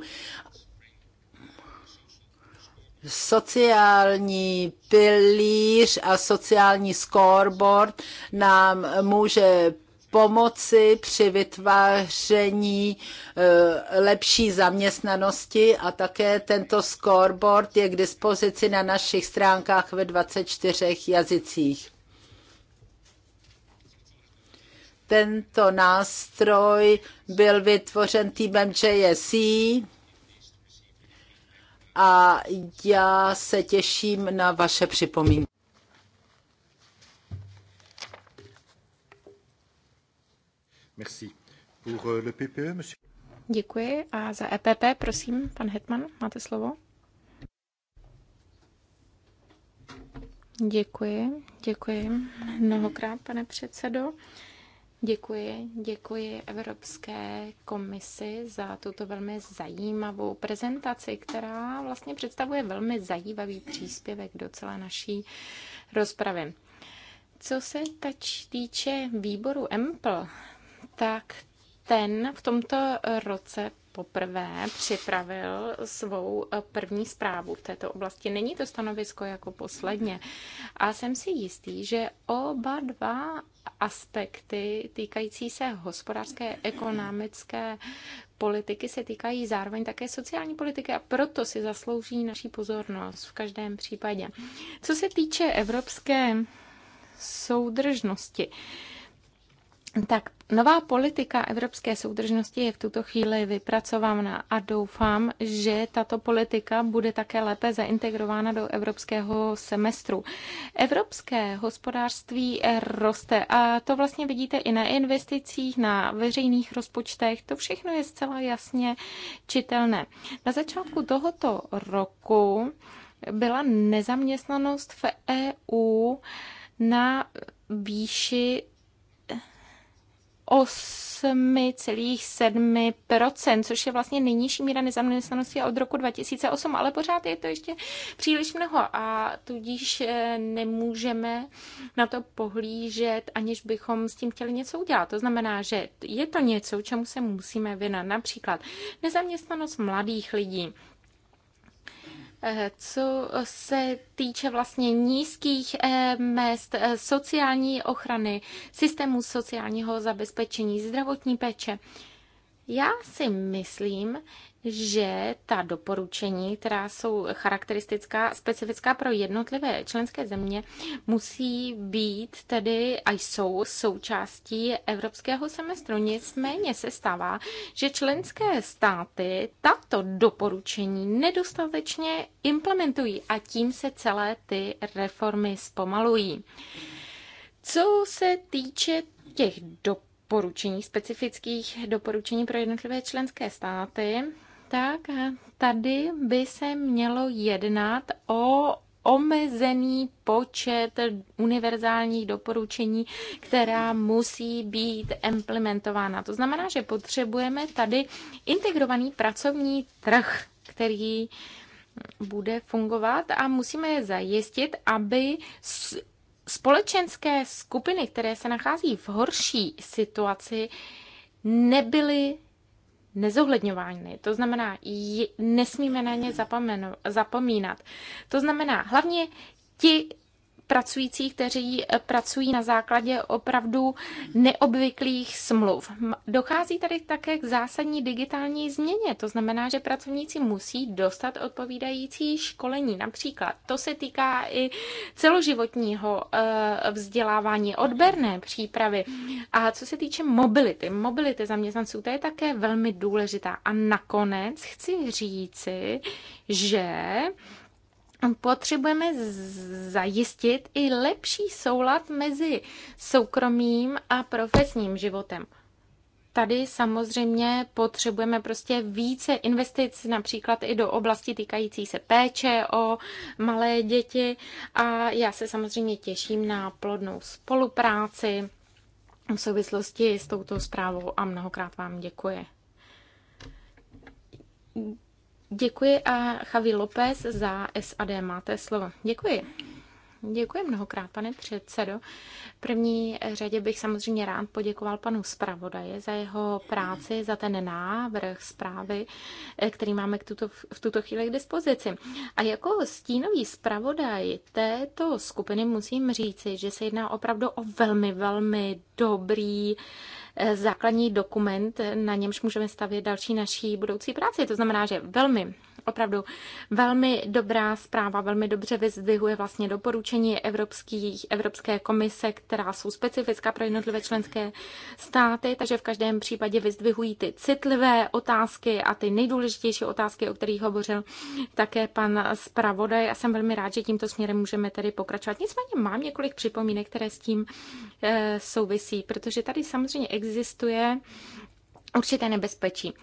Sociální pilíř a sociální scoreboard nám může pomoci při vytváření e, lepší zaměstnanosti a také tento scoreboard je k dispozici na našich stránkách ve 24 jazycích. Tento nástroj byl vytvořen týmem JSC a já se těším na vaše připomínky. Merci. Pour euh, le PPE, monsieur... Děkuji. A za EPP, prosím, pan Hetman, máte slovo. Děkuji, děkuji mnohokrát, pane předsedo. Děkuji, děkuji Evropské komisi za tuto velmi zajímavou prezentaci, která vlastně představuje velmi zajímavý příspěvek do celé naší rozpravy. Co se tač týče výboru EMPL, tak ten v tomto roce poprvé připravil svou eh, první zprávu v této oblasti. Není to stanovisko jako posledně. A jsem si jistý, že oba dva aspekty týkající se hospodářské, ekonomické politiky se týkají zároveň také sociální politiky a proto si zaslouží naší pozornost v každém případě. Co se týče evropské soudržnosti, tak nová politika evropské soudržnosti je v tuto chvíli vypracována a doufám, že tato politika bude také lépe zaintegrována do evropského semestru. Evropské hospodářství roste a to vlastně vidíte i na investicích, na veřejných rozpočtech. To všechno je zcela jasně čitelné. Na začátku tohoto roku byla nezaměstnanost v EU na výši 8,7%, což je vlastně nejnižší míra nezaměstnanosti od roku 2008, ale pořád je to ještě příliš mnoho a tudíž eh, nemůžeme na to pohlížet, aniž bychom s tím chtěli něco udělat. To znamená, že je to něco, čemu se musíme věnat. Například nezaměstnanost mladých lidí. Eh, co se týče vlastně nízkých eh, mest, eh, sociální ochrany, systému sociálního zabezpečení, zdravotní péče, já si myslím, že ta doporučení, která jsou charakteristická, specifická pro jednotlivé členské země, musí být tedy a jsou součástí evropského semestru. Nicméně se stává, že členské státy tato doporučení nedostatečně implementují a tím se celé ty reformy zpomalují. Co se týče těch doporučení, specifických doporučení pro jednotlivé členské státy, tak tady by se mělo jednat o omezený počet univerzálních doporučení, která musí být implementována. To znamená, že potřebujeme tady integrovaný pracovní trh, který bude fungovat a musíme zajistit, aby společenské skupiny, které se nachází v horší situaci, nebyly nezohledňovány. To znamená, nesmíme na ně zapomínat. To znamená, hlavně ti pracujících, kteří eh, pracují na základě opravdu neobvyklých smluv. Dochází tady také k zásadní digitální změně, to znamená, že pracovníci musí dostat odpovídající školení. Například to se týká i celoživotního eh, vzdělávání, odberné přípravy. A co se týče mobility, mobility zaměstnanců, to je také velmi důležitá. A nakonec chci říci, že potřebujeme zajistit i lepší soulad mezi soukromým a profesním životem. Tady samozřejmě potřebujeme prostě více investic, například i do oblasti týkající se péče o malé děti. A já se samozřejmě těším na plodnou spolupráci v souvislosti s touto zprávou a mnohokrát vám děkuji. Děkuji a Javi López za SAD máte slovo. Děkuji. Děkuji mnohokrát, pane předsedo. V první řadě bych samozřejmě rád poděkoval panu zpravodaje za jeho práci, za ten návrh zprávy, eh, který máme k tuto, v tuto chvíli k dispozici. A jako stínový zpravodaj této skupiny musím říci, že se jedná opravdu o velmi, velmi dobrý eh, základní dokument, na němž můžeme stavět další naší budoucí práci. To znamená, že velmi, opravdu velmi dobrá zpráva, velmi dobře vyzdvihuje vlastně doporučení Evropských, Evropské komise, která jsou specifická pro jednotlivé členské státy, takže v každém případě vyzdvihují ty citlivé otázky a ty nejdůležitější otázky, o kterých hovořil také pan zpravodaj. A jsem velmi rád, že tímto směrem můžeme tedy pokračovat. Nicméně mám několik připomínek, které s tím eh, souvisí věcí, protože tady samozřejmě existuje určité nebezpečí.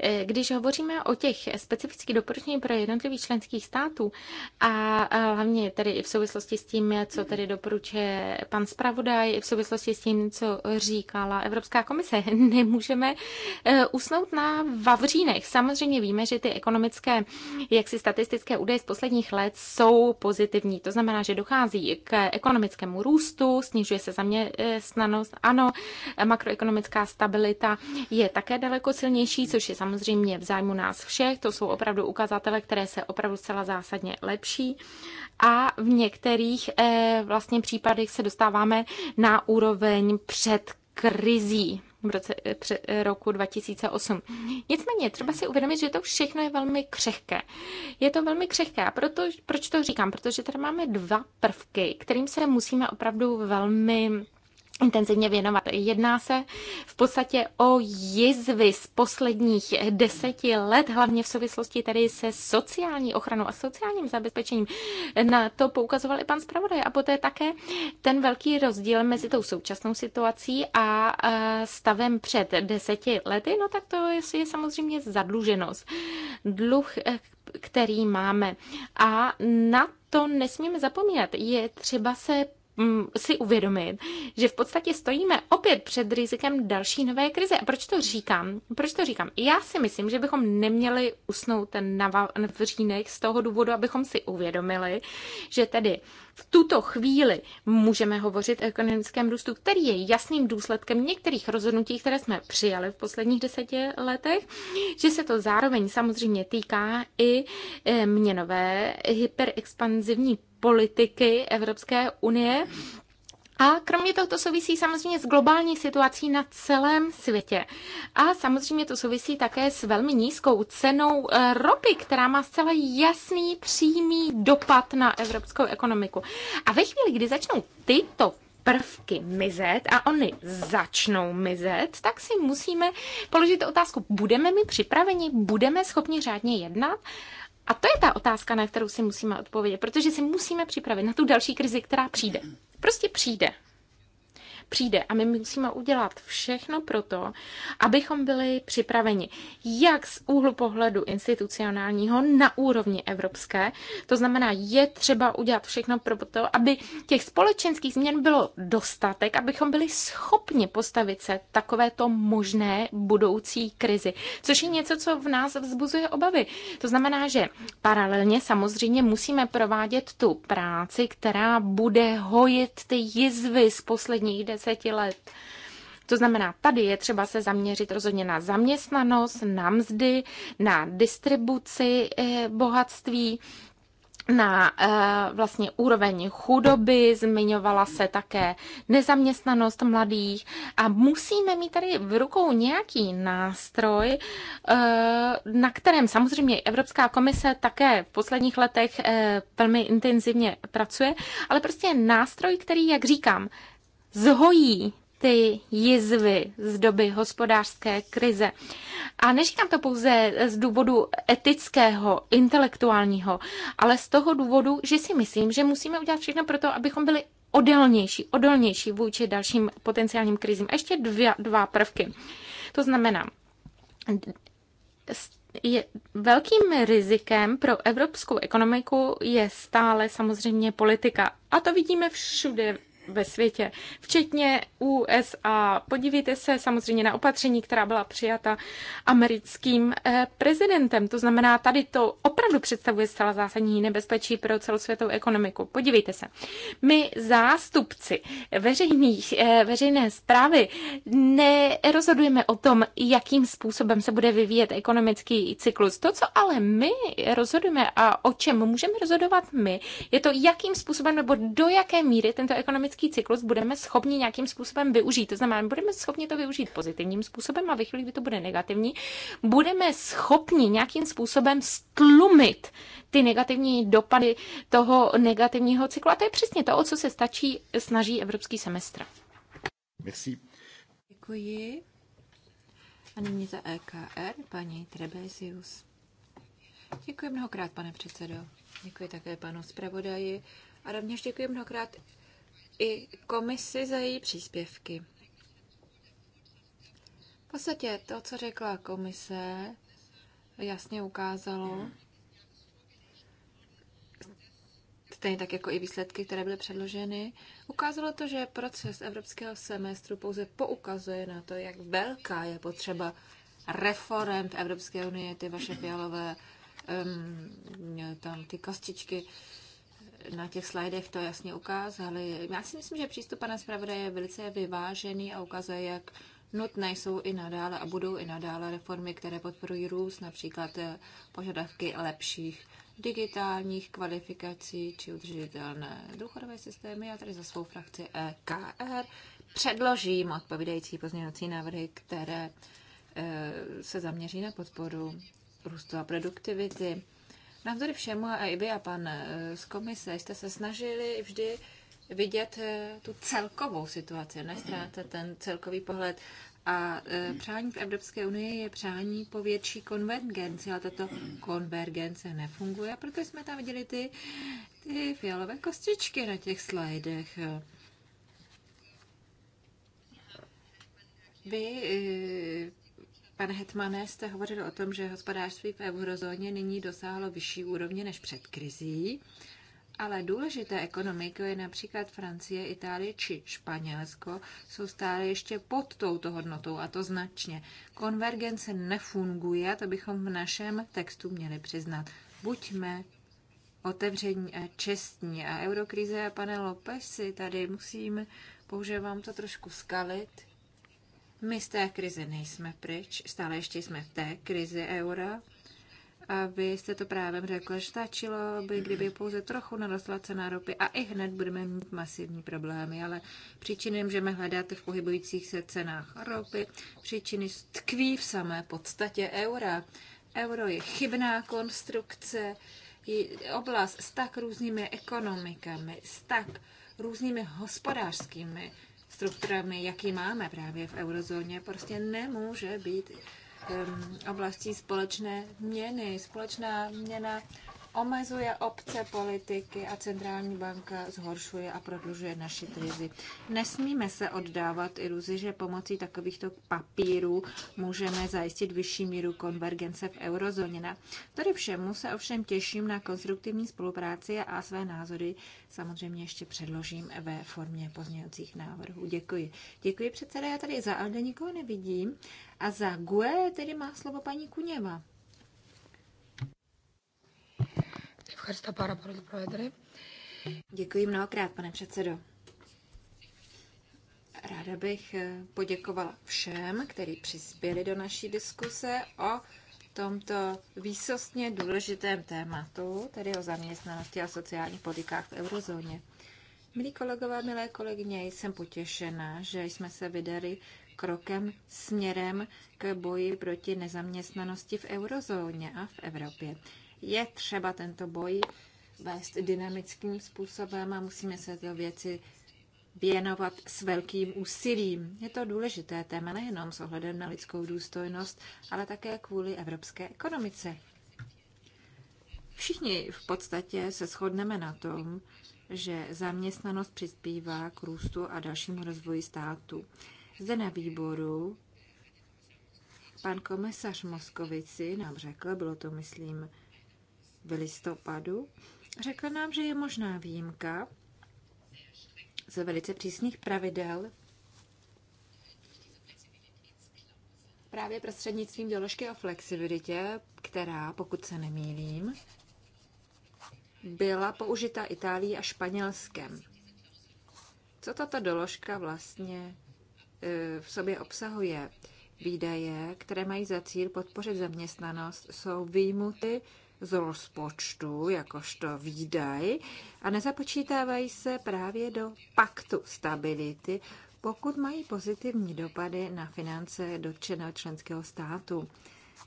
Eh, když hovoříme o těch specifických doporučení pro jednotlivých členských států a hlavně tedy i v souvislosti s tím, co tedy doporučuje pan zpravodaj, i v souvislosti s tím, co říkala Evropská komise, nemůžeme eh, usnout na vavřínech. Samozřejmě víme, že ty ekonomické, jaksi statistické údaje z posledních let jsou pozitivní. To znamená, že dochází k ekonomickému růstu, snižuje se zaměstnanost, ano, makroekonomická stabilita je také daleko silnější, což je samozřejmě v zájmu nás všech. To jsou opravdu ukazatele, které se opravdu zcela zásadně lepší. A v některých eh, vlastně případech se dostáváme na úroveň před krizí v roce eh, před, eh, roku 2008. Nicméně, třeba si uvědomit, že to všechno je velmi křehké. Je to velmi křehké. A proto, proč to říkám? Protože tady máme dva prvky, kterým se musíme opravdu velmi intenzivně věnovat. Jedná se v podstatě o jizvy z posledních deseti let, hlavně v souvislosti tedy se sociální ochranou a sociálním zabezpečením. Na to poukazoval i pan zpravodaj a poté také ten velký rozdíl mezi tou současnou situací a stavem před deseti lety, no tak to je samozřejmě zadluženost. Dluh, který máme. A na to nesmíme zapomínat. Je třeba se Mm, si uvědomit, že v podstatě stojíme opět před rizikem další nové krize. A proč to říkám? Proč to říkám? Já si myslím, že bychom neměli usnout ten vřínech z toho důvodu, abychom si uvědomili, že tedy v tuto chvíli můžeme hovořit o ekonomickém růstu, který je jasným důsledkem některých rozhodnutí, které jsme přijali v posledních deseti letech, že se to zároveň samozřejmě týká i eh, měnové hyperexpanzivní politiky Evropské unie. A kromě toho to souvisí samozřejmě s globální situací na celém světě. A samozřejmě to souvisí také s velmi nízkou cenou eh, ropy, která má zcela jasný přímý dopad na evropskou ekonomiku. A ve chvíli, kdy začnou tyto prvky mizet a oni začnou mizet, tak si musíme položit otázku, budeme my připraveni, budeme schopni řádně jednat? A to je ta otázka, na kterou si musíme odpovědět, protože si musíme připravit na tu další krizi, která přijde. Prostě přijde přijde. A my musíme udělat všechno pro to, abychom byli připraveni jak z úhlu pohledu institucionálního na úrovni evropské. To znamená, je třeba udělat všechno pro to, aby těch společenských změn bylo dostatek, abychom byli schopni postavit se takovéto možné budoucí krizi, což je něco, co v nás vzbuzuje obavy. To znamená, že paralelně samozřejmě musíme provádět tu práci, která bude hojit ty jizvy z posledních 10 let. To znamená, tady je třeba se zaměřit rozhodně na zaměstnanost, na mzdy, na distribuci eh, bohatství, na eh, vlastně úroveň chudoby, zmiňovala se také nezaměstnanost mladých a musíme mít tady v rukou nějaký nástroj, eh, na kterém samozřejmě Evropská komise také v posledních letech velmi intenzivně pracuje, ale prostě nástroj, který, jak říkám, zhojí ty jizvy z doby hospodářské krize. A neříkám to pouze z důvodu etického, intelektuálního, ale z toho důvodu, že si myslím, že musíme udělat všechno pro to, abychom byli odolnější, odolnější vůči dalším potenciálním krizím. A ještě dva, dva prvky. To znamená, je velkým rizikem pro evropskou ekonomiku je stále samozřejmě politika. A to vidíme všude ve světě, včetně USA. Podívejte se samozřejmě na opatření, která byla přijata americkým eh, prezidentem. To znamená, tady to opravdu představuje zcela zásadní nebezpečí pro celosvětovou ekonomiku. Podívejte se. My zástupci veřejných, eh, veřejné zprávy nerozhodujeme o tom, jakým způsobem se bude vyvíjet ekonomický cyklus. To, co ale my rozhodujeme a o čem můžeme rozhodovat my, je to, jakým způsobem nebo do jaké míry tento ekonomický ekonomický cyklus budeme schopni nějakým způsobem využít. To znamená, budeme schopni to využít pozitivním způsobem a ve chvíli, kdy to bude negativní, budeme schopni nějakým způsobem stlumit ty negativní dopady toho negativního cyklu. A to je přesně to, o co se stačí, snaží evropský semestr. Merci. Děkuji. A nyní za EKR paní Trebesius. Děkuji mnohokrát, pane předsedo. Děkuji také panu zpravodaji. A rovněž děkuji mnohokrát i komisi za její příspěvky. V podstatě to, co řekla komise, jasně ukázalo, stejně tak jako i výsledky, které byly předloženy, ukázalo to, že proces evropského semestru pouze poukazuje na to, jak velká je potřeba reform v Evropské unii, ty vaše fialové, um, tam ty kostičky, na těch slajdech to jasně ukázali. Já si myslím, že přístup pana zpravodaje je velice vyvážený a ukazuje, jak nutné jsou i nadále a budou i nadále reformy, které podporují růst, například eh, požadavky lepších digitálních kvalifikací či udržitelné důchodové systémy. Já tady za svou frakci EKR předložím odpovídající pozměňovací návrhy, které eh, se zaměří na podporu růstu a produktivity. Navzdory všemu, a i vy a pan eh, z komise, jste se snažili vždy vidět eh, tu celkovou situaci, nestráte ten celkový pohled. A eh, přání v Evropské unii je přání po větší konvergenci, ale tato konvergence nefunguje, proto jsme tam viděli ty, ty fialové kostičky na těch slajdech. Vy Pane Hetmane, jste hovořil o tom, že hospodářství v eurozóně nyní dosáhlo vyšší úrovně než před krizí, ale důležité ekonomiky, je například Francie, Itálie či Španělsko, jsou stále ještě pod touto hodnotou, a to značně. Konvergence nefunguje, to bychom v našem textu měli přiznat. Buďme otevření a čestní. A eurokrize, pane Lopesi, tady musím, bohužel vám to trošku skalit, my z té krize nejsme pryč, stále ještě jsme v té krizi eura. A vy jste to právě řekl, že stačilo by, kdyby pouze trochu narostla cena ropy a i hned budeme mít masivní problémy, ale příčiny můžeme hledat v pohybujících se cenách ropy. Příčiny tkví v samé podstatě eura. Euro je chybná konstrukce, je oblast s tak různými ekonomikami, s tak různými hospodářskými strukturami, jaký máme právě v eurozóně, prostě nemůže být um, oblastí společné měny. Společná měna omezuje obce politiky a centrální banka zhoršuje a prodlužuje naši krizi. Nesmíme se oddávat iluzi, že pomocí takovýchto papírů můžeme zajistit vyšší míru konvergence v eurozóně. Tady všemu se ovšem těším na konstruktivní spolupráci a své názory samozřejmě ještě předložím ve formě pozměňovacích návrhů. Děkuji. Děkuji předseda, já tady za Alde nikoho nevidím a za GUE tedy má slovo paní Kuněva. Ευχαριστώ πάρα πολύ, Πρόεδρε. Děkuji mnohokrát, pane předsedo. Ráda bych eh, poděkovala všem, kteří přispěli do naší diskuse o tomto výsostně důležitém tématu, tedy o zaměstnanosti a sociálních politikách v eurozóně. Milí kolegové, milé kolegyně, jsem potěšena, že jsme se vydali krokem směrem k boji proti nezaměstnanosti v eurozóně a v Evropě je třeba tento boj vést dynamickým způsobem a musíme se ty věci věnovat s velkým úsilím. Je to důležité téma nejenom s ohledem na lidskou důstojnost, ale také kvůli evropské ekonomice. Všichni v podstatě se shodneme na tom, že zaměstnanost přispívá k růstu a dalšímu rozvoji státu. Zde na výboru pan komisař Moskovici nám řekl, bylo to myslím v listopadu, řekl nám, že je možná výjimka ze velice přísných pravidel právě prostřednictvím doložky o flexibilitě, která, pokud se nemýlím, byla použita Itálií a Španělskem. Co tato doložka vlastně e, v sobě obsahuje? Výdaje, které mají za cíl podpořit zaměstnanost, jsou výjimuty z rozpočtu jakožto výdaj a nezapočítávají se právě do paktu stability, pokud mají pozitivní dopady na finance dotčeného členského státu.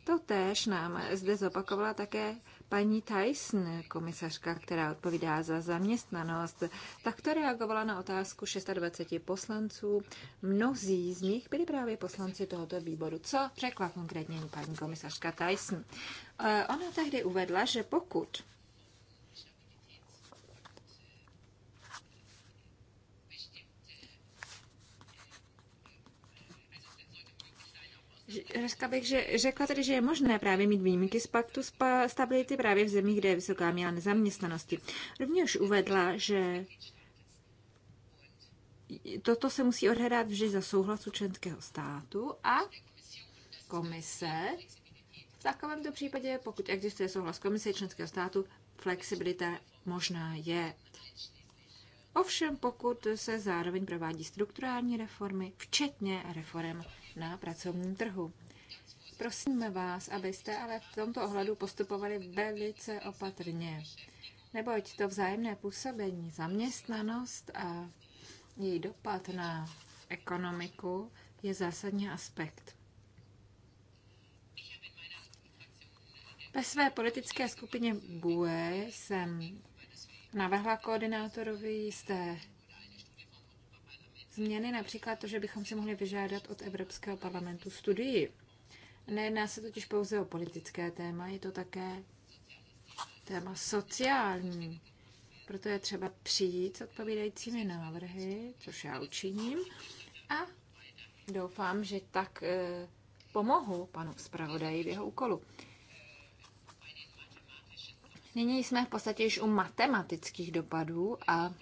To též nám zde zopakovala také Paní Tyson, komisařka, která odpovídá za zaměstnanost, takto reagovala na otázku 26 poslanců. Mnozí z nich byli právě poslanci tohoto výboru. Co řekla konkrétně paní komisařka Tyson? E, ona tehdy uvedla, že pokud Řekla bych, že, řekla tedy, že je možné právě mít výjimky z paktu stability právě v zemích, kde je vysoká míra nezaměstnanosti. Rovněž uvedla, že toto se musí odhrát vždy za souhlasu členského státu a komise. V takovémto případě, pokud existuje souhlas komise členského státu, flexibilita možná je. Ovšem pokud se zároveň provádí strukturální reformy, včetně reform na pracovním trhu. Prosíme vás, abyste ale v tomto ohledu postupovali velice opatrně, neboť to vzájemné působení, zaměstnanost a její dopad na ekonomiku je zásadní aspekt. Ve své politické skupině BUE jsem navrhla koordinátorovi jisté změny, například to, že bychom si mohli vyžádat od Evropského parlamentu studii. Nejedná se totiž pouze o politické téma, je to také téma sociální. Proto je třeba přijít s odpovídajícími návrhy, což já učiním, a doufám, že tak eh, pomohu panu zpravodaji v jeho úkolu. Nyní jsme v podstatě již u matematických dopadů a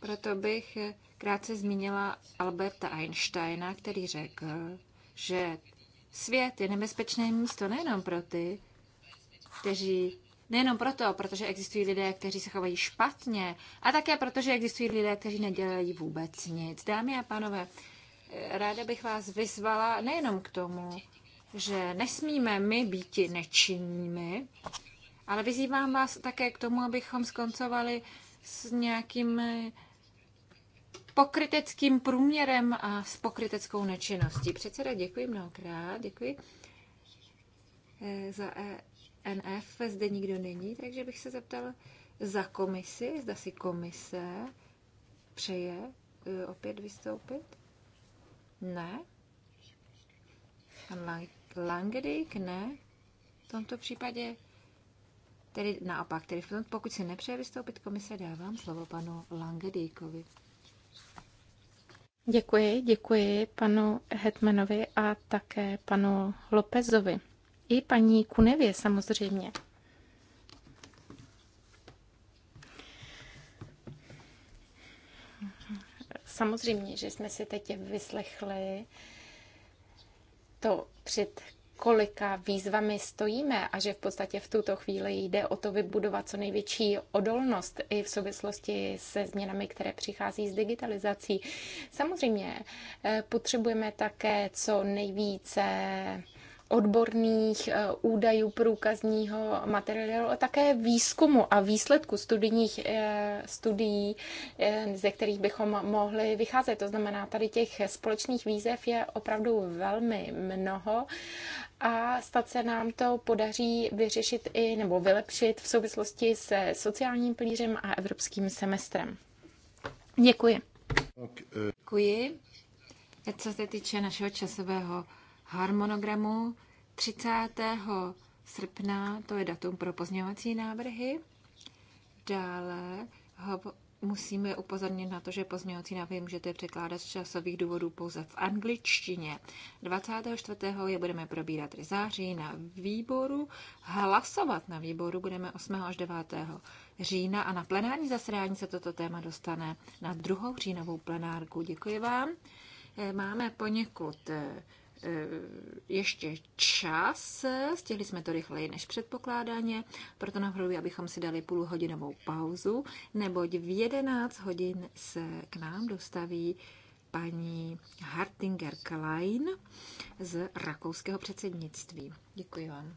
proto bych krátce zmínila Alberta Einsteina, který řekl, že svět je nebezpečné místo nejenom pro ty, kteří Nejenom proto, protože existují lidé, kteří se chovají špatně, a také proto, že existují lidé, kteří nedělají vůbec nic. Dámy a pánové, ráda bych vás vyzvala nejenom k tomu, že nesmíme my být nečinními, ale vyzývám vás také k tomu, abychom skoncovali s nějakým eh, pokryteckým průměrem a s pokryteckou nečinností. Předseda, děkuji mnohokrát, děkuji eh, za e NF. Zde nikdo není, takže bych se zeptal za komisi, zda si komise přeje eh, opět vystoupit? Ne. Pan Langedijk ne. V tomto případě Tedy naopak, tedy v pokud si nepřeje vystoupit komise, dávám slovo panu Langedýkovi. Děkuji, děkuji panu Hetmanovi a také panu Lopezovi. I paní Kunevě samozřejmě. Samozřejmě, že jsme si teď vyslechli to před kolika výzvami stojíme a že v podstatě v tuto chvíli jde o to vybudovat co největší odolnost i v souvislosti se změnami, které přichází s digitalizací. Samozřejmě eh, potřebujeme také co nejvíce odborných eh, údajů průkazního materiálu a také výzkumu a výsledku studijních eh, studií, eh, ze kterých bychom mohli vycházet. To znamená, tady těch společných výzev je opravdu velmi mnoho a stát se nám to podaří vyřešit i nebo vylepšit v souvislosti se sociálním pilířem a evropským semestrem. Děkuji. Děkuji. Co se týče našeho časového harmonogramu 30. srpna, to je datum pro pozměňovací návrhy. Dále ho musíme upozornit na to, že pozměňovací návrhy můžete překládat z časových důvodů pouze v angličtině. 24. je budeme probírat v září na výboru. Hlasovat na výboru budeme 8. až 9. října a na plenární zasedání se toto téma dostane na druhou říjnovou plenárku. Děkuji vám. Eh, máme poněkud eh, Eh, ještě čas, stihli jsme to rychleji než předpokládáně, proto navrhuji, abychom si dali půlhodinovou pauzu, neboť v 11 hodin se k nám dostaví paní Hartinger Klein z rakouského předsednictví. Děkuji vám.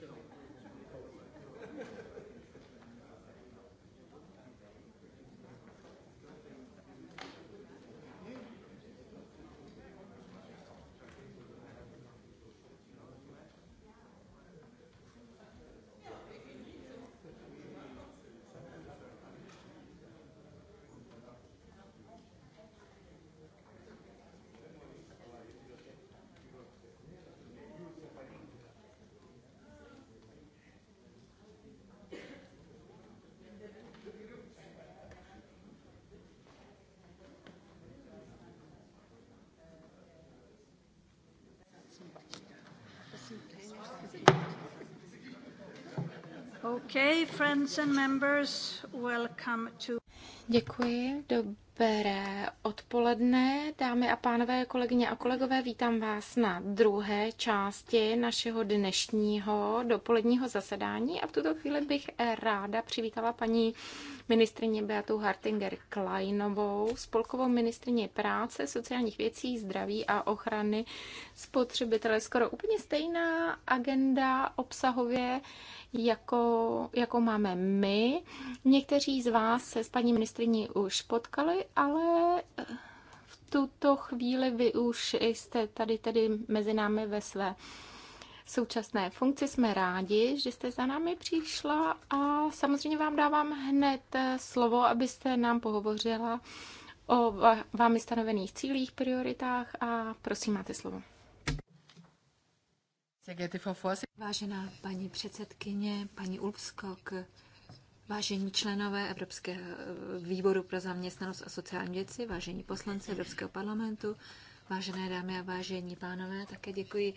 začínám. Okay, friends and members, welcome to Děkuji, dobré odpoledne, dámy a pánové, kolegyně a kolegové, vítám vás na druhé části našeho dnešního dopoledního zasedání a v tuto chvíli bych ráda přivítala paní ministrině Beatu Hartinger Kleinovou, spolkovou ministrině práce, sociálních věcí, zdraví a ochrany spotřebitele. Skoro úplně stejná agenda obsahově jako, jako máme my. Někteří z vás se s paní ministriní už potkali, ale eh, v tuto chvíli vy už jste tady tedy mezi námi ve své současné funkci. Jsme rádi, že jste za námi přišla a samozřejmě vám dávám hned eh, slovo, abyste nám pohovořila o vámi stanovených cílích, prioritách a prosím, máte slovo. Vážená paní předsedkyně, paní Ulfskok, vážení členové Evropského výboru pro zaměstnanost a sociální věci, vážení poslanci Evropského parlamentu, vážené dámy a vážení pánové, také děkuji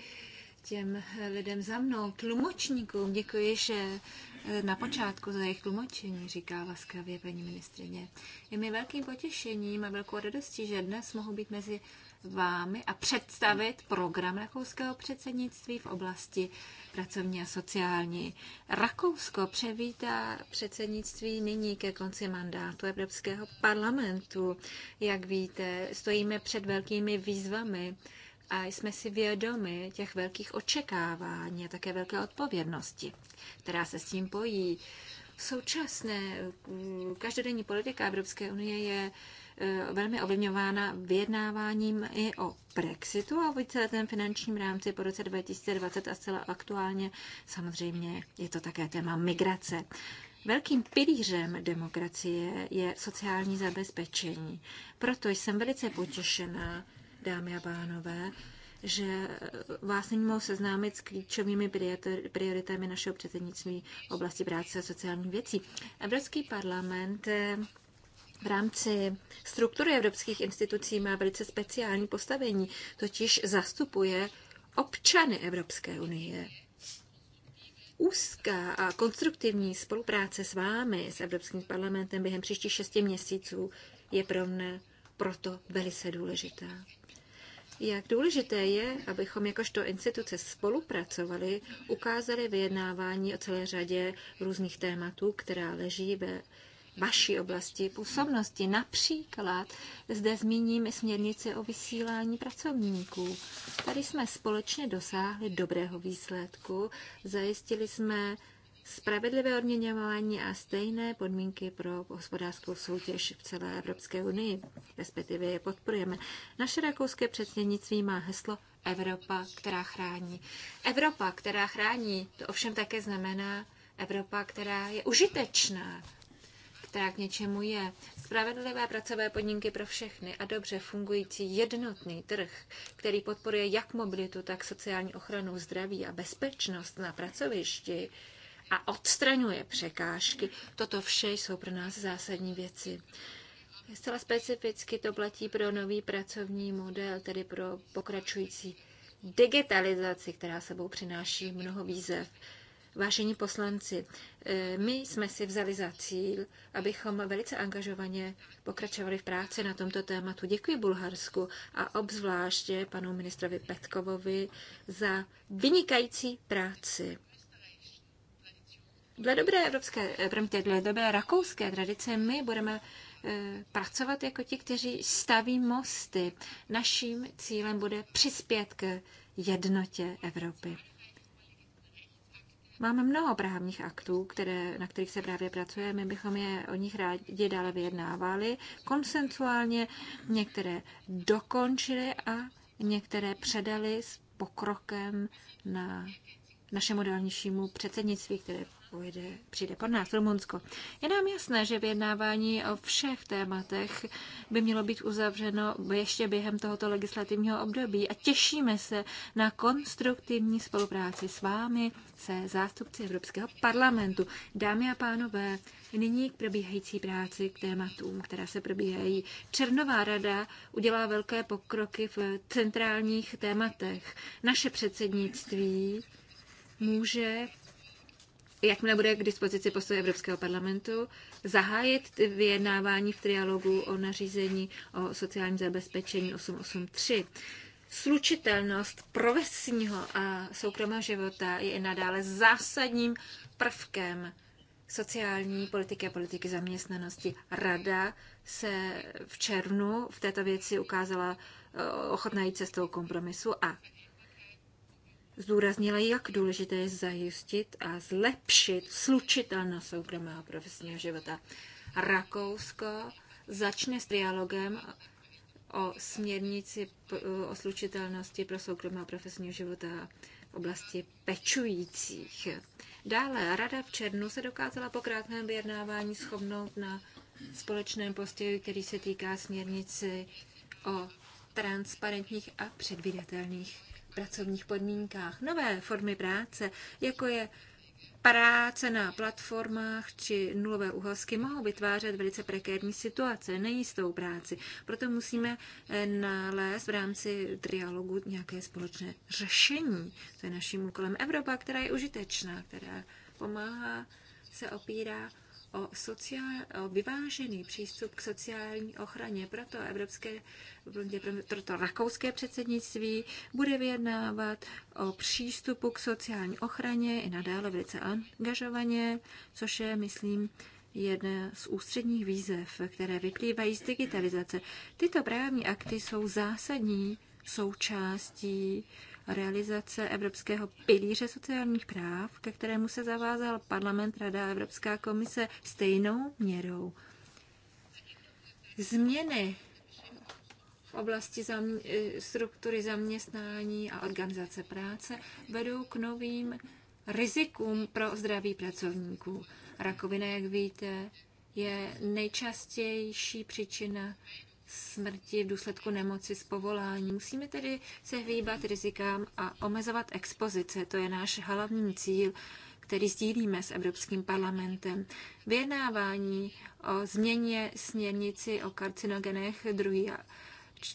těm lidem za mnou, tlumočníkům. Děkuji, že eh, na počátku za jejich tlumočení, říká laskavě paní ministrině. Je mi velkým potěšením a velkou radostí, že dnes mohu být mezi vámi a představit program rakouského předsednictví v oblasti pracovní a sociální. Rakousko převítá předsednictví nyní ke konci mandátu Evropského parlamentu. Jak víte, stojíme před velkými výzvami a jsme si vědomi těch velkých očekávání a také velké odpovědnosti, která se s tím pojí. Současné mm, každodenní politika Evropské unie je Eh, velmi ovlivňována vyjednáváním i o Brexitu a o ten finančním rámci po roce 2020 a zcela aktuálně samozřejmě je to také téma migrace. Velkým pilířem demokracie je sociální zabezpečení. Proto jsem velice potěšená, dámy a pánové, že vás nyní mohu seznámit s klíčovými prioritami našeho předsednictví v oblasti práce a sociálních věcí. Evropský parlament eh, v rámci struktury evropských institucí má velice speciální postavení, totiž zastupuje občany Evropské unie. Úzká a konstruktivní spolupráce s vámi, s Evropským parlamentem během příštích šesti měsíců je pro mne proto velice důležitá. Jak důležité je, abychom jakožto instituce spolupracovali, ukázali vyjednávání o celé řadě různých tématů, která leží ve vaší oblasti působnosti. Například zde zmíním směrnice o vysílání pracovníků. Tady jsme společně dosáhli dobrého výsledku. Zajistili jsme spravedlivé odměňování a stejné podmínky pro hospodářskou soutěž v celé Evropské unii, respektive je podporujeme. Naše rakouské předsednictví má heslo Evropa, která chrání. Evropa, která chrání, to ovšem také znamená Evropa, která je užitečná, která k něčemu je. Spravedlivé pracové podmínky pro všechny a dobře fungující jednotný trh, který podporuje jak mobilitu, tak sociální ochranu zdraví a bezpečnost na pracovišti a odstraňuje překážky, toto vše jsou pro nás zásadní věci. Zcela specificky to platí pro nový pracovní model, tedy pro pokračující digitalizaci, která sebou přináší mnoho výzev. Vážení poslanci, eh, my jsme si vzali za cíl, abychom velice angažovaně pokračovali v práci na tomto tématu. Děkuji Bulharsku a obzvláště panu ministrovi Petkovovi za vynikající práci. Dle dobré evropské, eh, promiňte, dle dobré rakouské tradice my budeme eh, pracovat jako ti, kteří staví mosty. Naším cílem bude přispět k jednotě Evropy. Máme mnoho právních aktů, které, na kterých se právě pracuje. My bychom je o nich rádi dále vyjednávali. Konsensuálně některé dokončili a některé předali s pokrokem na našemu dálnějšímu předsednictví, které půjde, přijde pod nás Rumunsko. Je nám jasné, že vyjednávání o všech tématech by mělo být uzavřeno ještě během tohoto legislativního období a těšíme se na konstruktivní spolupráci s vámi, se zástupci Evropského parlamentu. Dámy a pánové, nyní k probíhající práci k tématům, která se probíhají. Černová rada udělá velké pokroky v centrálních tématech. Naše předsednictví může jakmile bude k dispozici postoj Evropského parlamentu, zahájit vyjednávání v trialogu o nařízení o sociálním zabezpečení 883. Slučitelnost profesního a soukromého života je i nadále zásadním prvkem sociální politiky a politiky zaměstnanosti. Rada se v červnu v této věci ukázala eh, ochotná jít cestou kompromisu a zdůraznila, jak důležité je zajistit a zlepšit slučitelnost soukromého profesního života. Rakousko začne s dialogem o směrnici o slučitelnosti pro soukromého profesního života v oblasti pečujících. Dále Rada v Černu se dokázala po krátkém vyjednávání shodnout na společném postoji, který se týká směrnici o transparentních a předvídatelných pracovních podmínkách. Nové formy práce, jako je práce na platformách či nulové uhlasky, mohou vytvářet velice prekérní situace, nejistou práci. Proto musíme eh, nalézt v rámci trialogu nějaké společné řešení. To je naším úkolem Evropa, která je užitečná, která pomáhá, se opírá o, sociál, o vyvážený přístup k sociální ochraně. Proto evropské, proto rakouské předsednictví bude vyjednávat o přístupu k sociální ochraně i nadále velice angažovaně, což je, myslím, jedna z ústředních výzev, které vyplývají z digitalizace. Tyto právní akty jsou zásadní součástí uh, realizace Evropského pilíře sociálních práv, ke kterému se zavázal parlament, rada a Evropská komise stejnou měrou. Změny v oblasti zam, e, struktury zaměstnání a organizace práce vedou k novým rizikům pro zdraví pracovníků. Rakovina, jak víte, je nejčastější příčina smrti v důsledku nemoci z povolání. Musíme tedy se hýbat rizikám a omezovat expozice. To je náš hlavní cíl, který sdílíme s Evropským parlamentem. Vyjednávání o změně směrnici o karcinogenech druhý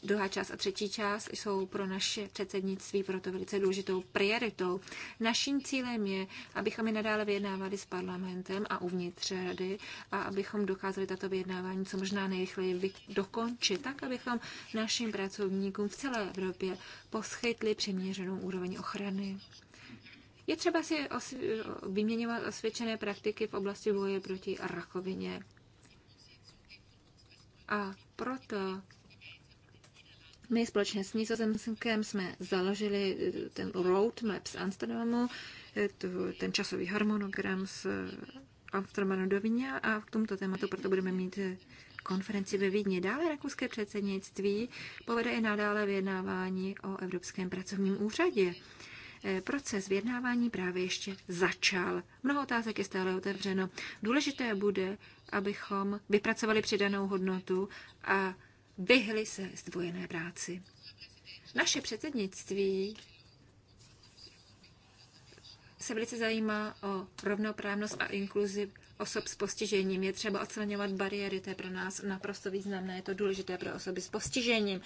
druhá část a třetí část jsou pro naše předsednictví proto velice důležitou prioritou. Naším cílem je, abychom i nadále vyjednávali s parlamentem a uvnitř rady a abychom dokázali tato vyjednávání co možná nejrychleji dokončit, tak abychom našim pracovníkům v celé Evropě poskytli přiměřenou úroveň ochrany. Je třeba si osv- vyměňovat osvědčené praktiky v oblasti boje proti rakovině. A proto my společně s Nizozemskem jsme založili eh, ten roadmap Maps Amsterdamu, eh, ten časový harmonogram z eh, Amsterdamu do Vídně a v tomto tématu proto budeme mít konferenci ve Vídně Dále rakouské předsednictví povede i nadále vyjednávání o Evropském pracovním úřadě. Proces vyjednávání právě ještě začal. Mnoho otázek je stále otevřeno. Důležité bude, abychom vypracovali přidanou hodnotu a vyhly se zdvojené práci. Naše předsednictví se velice zajímá o rovnoprávnost a inkluzi osob s postižením. Je třeba odstraňovat bariéry, to je pro nás naprosto významné, je to důležité pro osoby s postižením.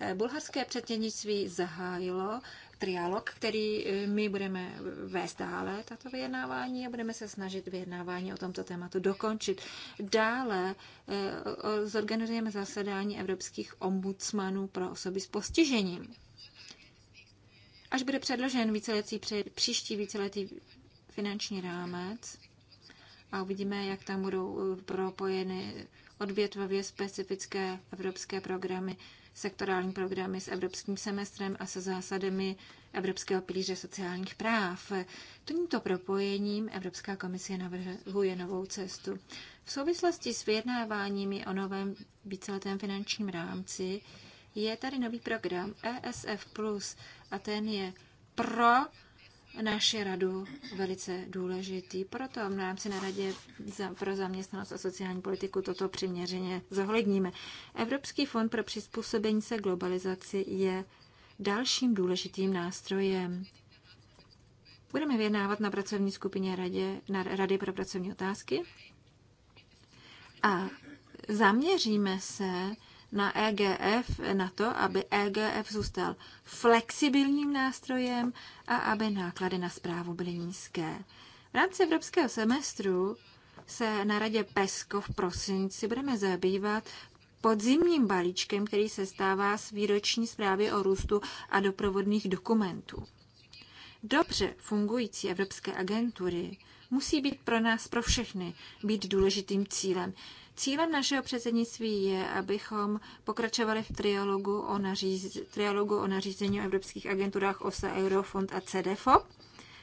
Eh, bulharské předsednictví zahájilo trialog, který eh, my budeme vést dále, tato vyjednávání, a budeme se snažit vyjednávání o tomto tématu dokončit. Dále eh, zorganizujeme zasedání evropských ombudsmanů pro osoby s postižením. Až bude předložen víceletý, příští víceletý finanční rámec a uvidíme, jak tam budou eh, propojeny odvětvově specifické evropské programy, sektorální programy s evropským semestrem a se zásadami Evropského pilíře sociálních práv. Tímto propojením Evropská komise navrhuje novou cestu. V souvislosti s vyjednáváními o novém víceletém finančním rámci je tady nový program ESF+, a ten je pro naši radu velice důležitý. Proto v rámci na radě za, pro zaměstnanost a sociální politiku toto přiměřeně zohledníme. Evropský fond pro přizpůsobení se globalizaci je dalším důležitým nástrojem. Budeme vyjednávat na pracovní skupině radě, na Rady pro pracovní otázky a zaměříme se na EGF, na to, aby EGF zůstal flexibilním nástrojem a aby náklady na zprávu byly nízké. V rámci evropského semestru se na radě PESCO v prosinci budeme zabývat podzimním balíčkem, který se stává s výroční zprávy o růstu a doprovodných dokumentů. Dobře fungující evropské agentury musí být pro nás, pro všechny, být důležitým cílem. Cílem našeho předsednictví je, abychom pokračovali v trialogu o, naříz, trialogu o nařízení o evropských agenturách OSA, Eurofond a CDFO.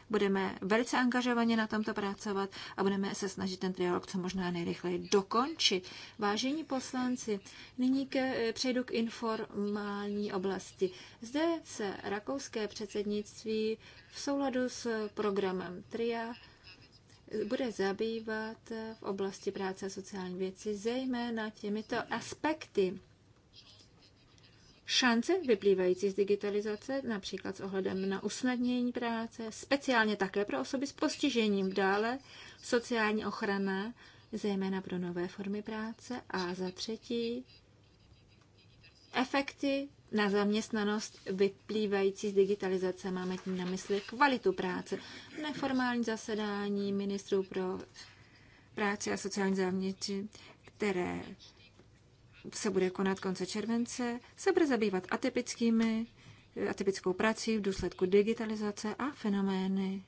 Budeme velice angažovaně na tomto pracovat a budeme se snažit ten trialog co možná nejrychleji dokončit. Vážení poslanci, nyní ke, přejdu k informální oblasti. Zde se rakouské předsednictví v souladu s programem TRIA bude zabývat v oblasti práce a sociální věci, zejména těmito aspekty. Šance vyplývající z digitalizace, například s ohledem na usnadnění práce, speciálně také pro osoby s postižením, dále sociální ochrana, zejména pro nové formy práce a za třetí efekty na zaměstnanost vyplývající z digitalizace. Máme tím na mysli kvalitu práce. Neformální zasedání ministrů pro práci a sociální záměři, které se bude konat konce července, se bude zabývat atypickými, atypickou prací v důsledku digitalizace a fenomény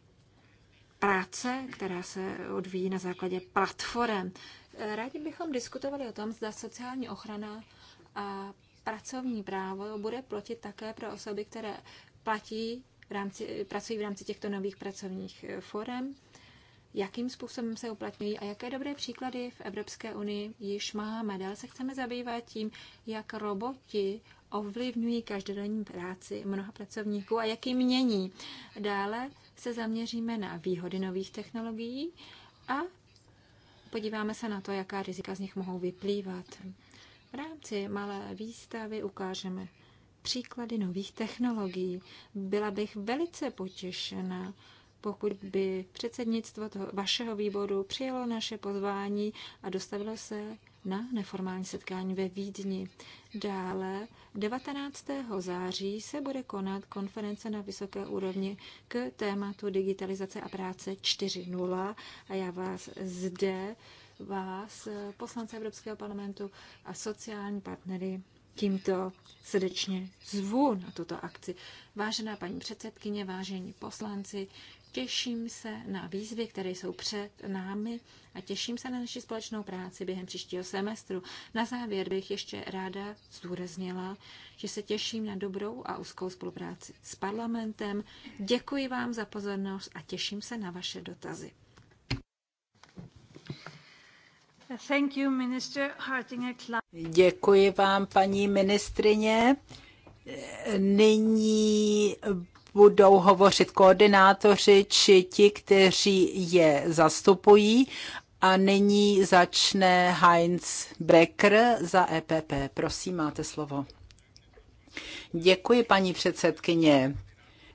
práce, která se odvíjí na základě platform. Rádi bychom diskutovali o tom, zda sociální ochrana a pracovní právo bude platit také pro osoby, které platí v rámci, pracují v rámci těchto nových pracovních eh, forem, jakým způsobem se uplatňují a jaké dobré příklady v Evropské unii již máme. Dále se chceme zabývat tím, jak roboti ovlivňují každodenní práci mnoha pracovníků a jak ji mění. Dále se zaměříme na výhody nových technologií a podíváme se na to, jaká rizika z nich mohou vyplývat. V rámci malé výstavy ukážeme příklady nových technologií. Byla bych velice potěšena, pokud by předsednictvo toho vašeho výboru přijelo naše pozvání a dostavilo se na neformální setkání ve Vídni. Dále 19. září se bude konat konference na vysoké úrovni k tématu digitalizace a práce 4.0 a já vás zde vás, eh, poslance Evropského parlamentu a sociální partnery, tímto srdečně zvu na tuto akci. Vážená paní předsedkyně, vážení poslanci, těším se na výzvy, které jsou před námi a těším se na naši společnou práci během příštího semestru. Na závěr bych ještě ráda zdůraznila, že se těším na dobrou a úzkou spolupráci s parlamentem. Děkuji vám za pozornost a těším se na vaše dotazy. Děkuji vám, paní ministrině. Nyní budou hovořit koordinátoři či ti, kteří je zastupují. A nyní začne Heinz Becker za EPP. Prosím, máte slovo. Děkuji, paní předsedkyně.